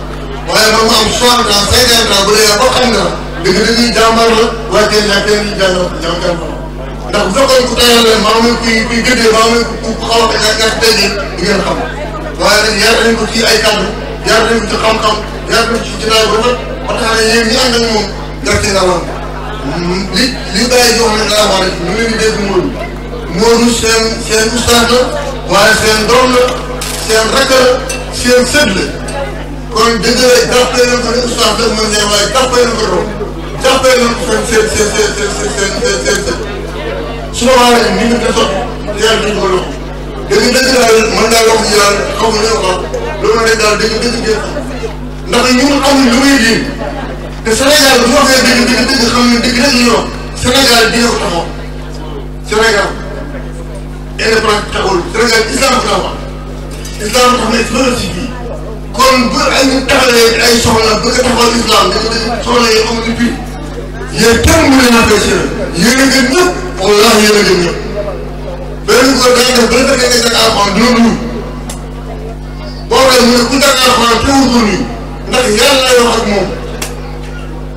waaye ba mu am soixante ans cinquante ans bu dee ba xam nga dëgg dëgg jàmbar la waaye tey ñaa kenn ñu jàng jàngal ko ndax bu fekkoon ku tayal maa muy kuy kuy gëddee maa muy ku xaw a fekk ak ngeen xam waaye nag yar ko ci ay kàddu yar nañ ko ci xam-xam yar nañ ko ci jotaay bu rafet moom gerte nga lool li li bàyyi jox ne dara wax rek ñu leen di dégg Modou seen seen ustaas la waaye seen doom la seen rakk la seen sët la kon dëgg la ko ne ustaas la mën ngeen waaye jàppee ko doom jàppee seen seen su ma waxee ni ñu ko sotti teel nañ ko dañuy dëgg daal mën naa wax ñu daal xaw ma loolu day daal dañuy dëgg dëgg ndax ñun amuñ lu muy diin te Sénégal bu ma fee dëgg dëgg dëgg xam ne dëgg dëgg ñoo Sénégal dina ko taxaw Sénégal indépendance taxawul Sénégal islam taxaw islam tax na ci si bii kon bu ay ñu ay soxla bëgg a taxawal islam dëgg dëgg soxla yi amul depuis yéen kenn mënu leen a fay si yéen a gën ñëpp wallaahi yéen gën ñëpp beneen góor dañuy def ba nga fekkee nga jàng alxuraan dina nuyu boo xam ne ku jàng alxuraan teewul ko nuyu ndax yàlla yoo xam moom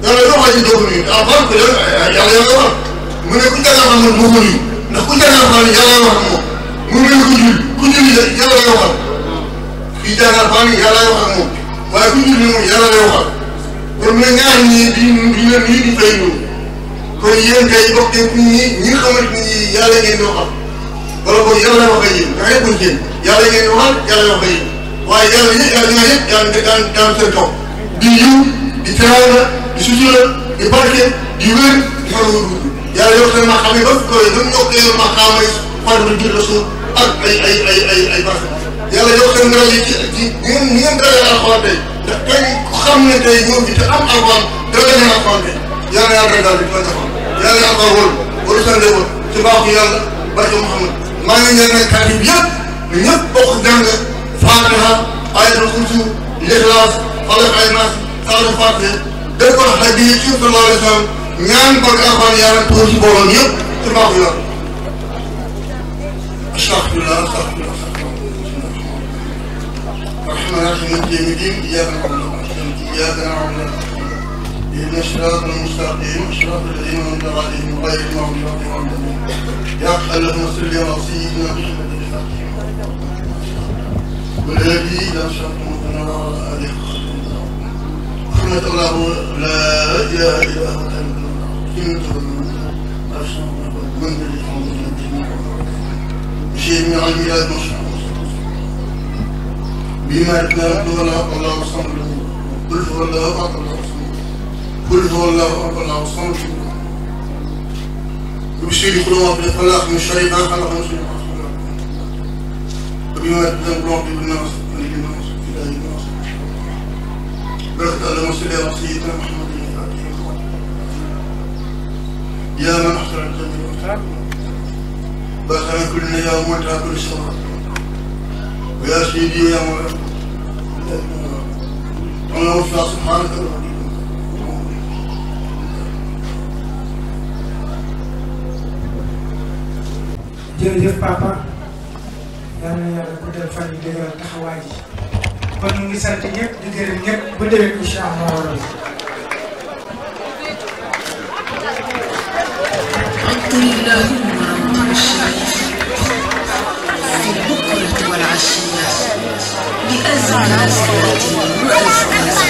yàlla yoo xam ne doo ko nuyu alxuraan ko yàlla yoo xam mu ne ku jàng alxuraan moom ah doo ko nuyu ndax ku jàng alxuraan yàlla yoo xam moom mu ne ku julli ku julli yàlla yoo xam kii jàng alxuraan yàlla yoo xam moom waaye ku julli moom yàlla yoo xam kon mu ne ñaar ñii di di leen di fay ñëw kon yéen kay bokk ñi ñi nga xamante ni yàlla ngeen yoo xam. wala boog yàlla wax ak yéen dafay buñ génn yàlla ngeen waxal yàlla wax ak yéen waaye yàlla yëpp di yiw di teraanga di sutura di barke di wér di fan wóor yàlla yokk na ma xam ne ba koy ñoom ñoo koy ma xaamay fàttali biir rasul ak ay ay ay ay ay barke yàlla yokk na yi ci ci ngeen ngeen dalee alxuraan tey ndax tey ku xam ne tey ñoom bi te am alxuraan dalee na alxuraan tey yàlla yàlla daal di ko defal yàlla yàlla ko wóor wóor sànni woon ci maa ngi leen ne kàddu gi yëpp ñëpp bokk jàng Faatiha ayatul kursi Lixlaas Falaq ay Naas Saaru Faatiha dañ ko xaj bi ci sallallahu alayhi wa sallam ñaan ko Alxuraan yàlla tuur ci borom yëpp ci mbaaxu yoon. astaghfirullah astaghfirullah astaghfirullah rahmaan rahiim maliki yawmi diin اهدنا الصراط المستقيم صراط الذين انعمت عليهم غير المغضوب عليهم يا اللهم صل على سيدنا محمد والذي لا شرط مطلع عليه رحمة الله لا اله الا هو سنة من بشيء من عميات مصر بما يتنبه ولا حق الله وصمد قل هو الله حق الله وصمد قل هو الله ربنا وصمد وبشير قلوب الخلاق من شيء ما خلق من شيء وبما تدم رعب بالناس ملك الناس إله الناس بارك على مسجد سيدنا محمد يا من أحسن الجميع بارك كلنا يا مولى كل السماء ويا سيدي يا مولى اللهم صل سبحانك اللهم jërëjëf papa yal na yàlla guddal fan yi dëgëral taxawaay ji kon ñu ngi sant ñëpp di gërëm ñëpp ba déwén incha allah. alhamdulilah. العشية بأزمة وأزمة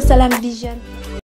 sur Salam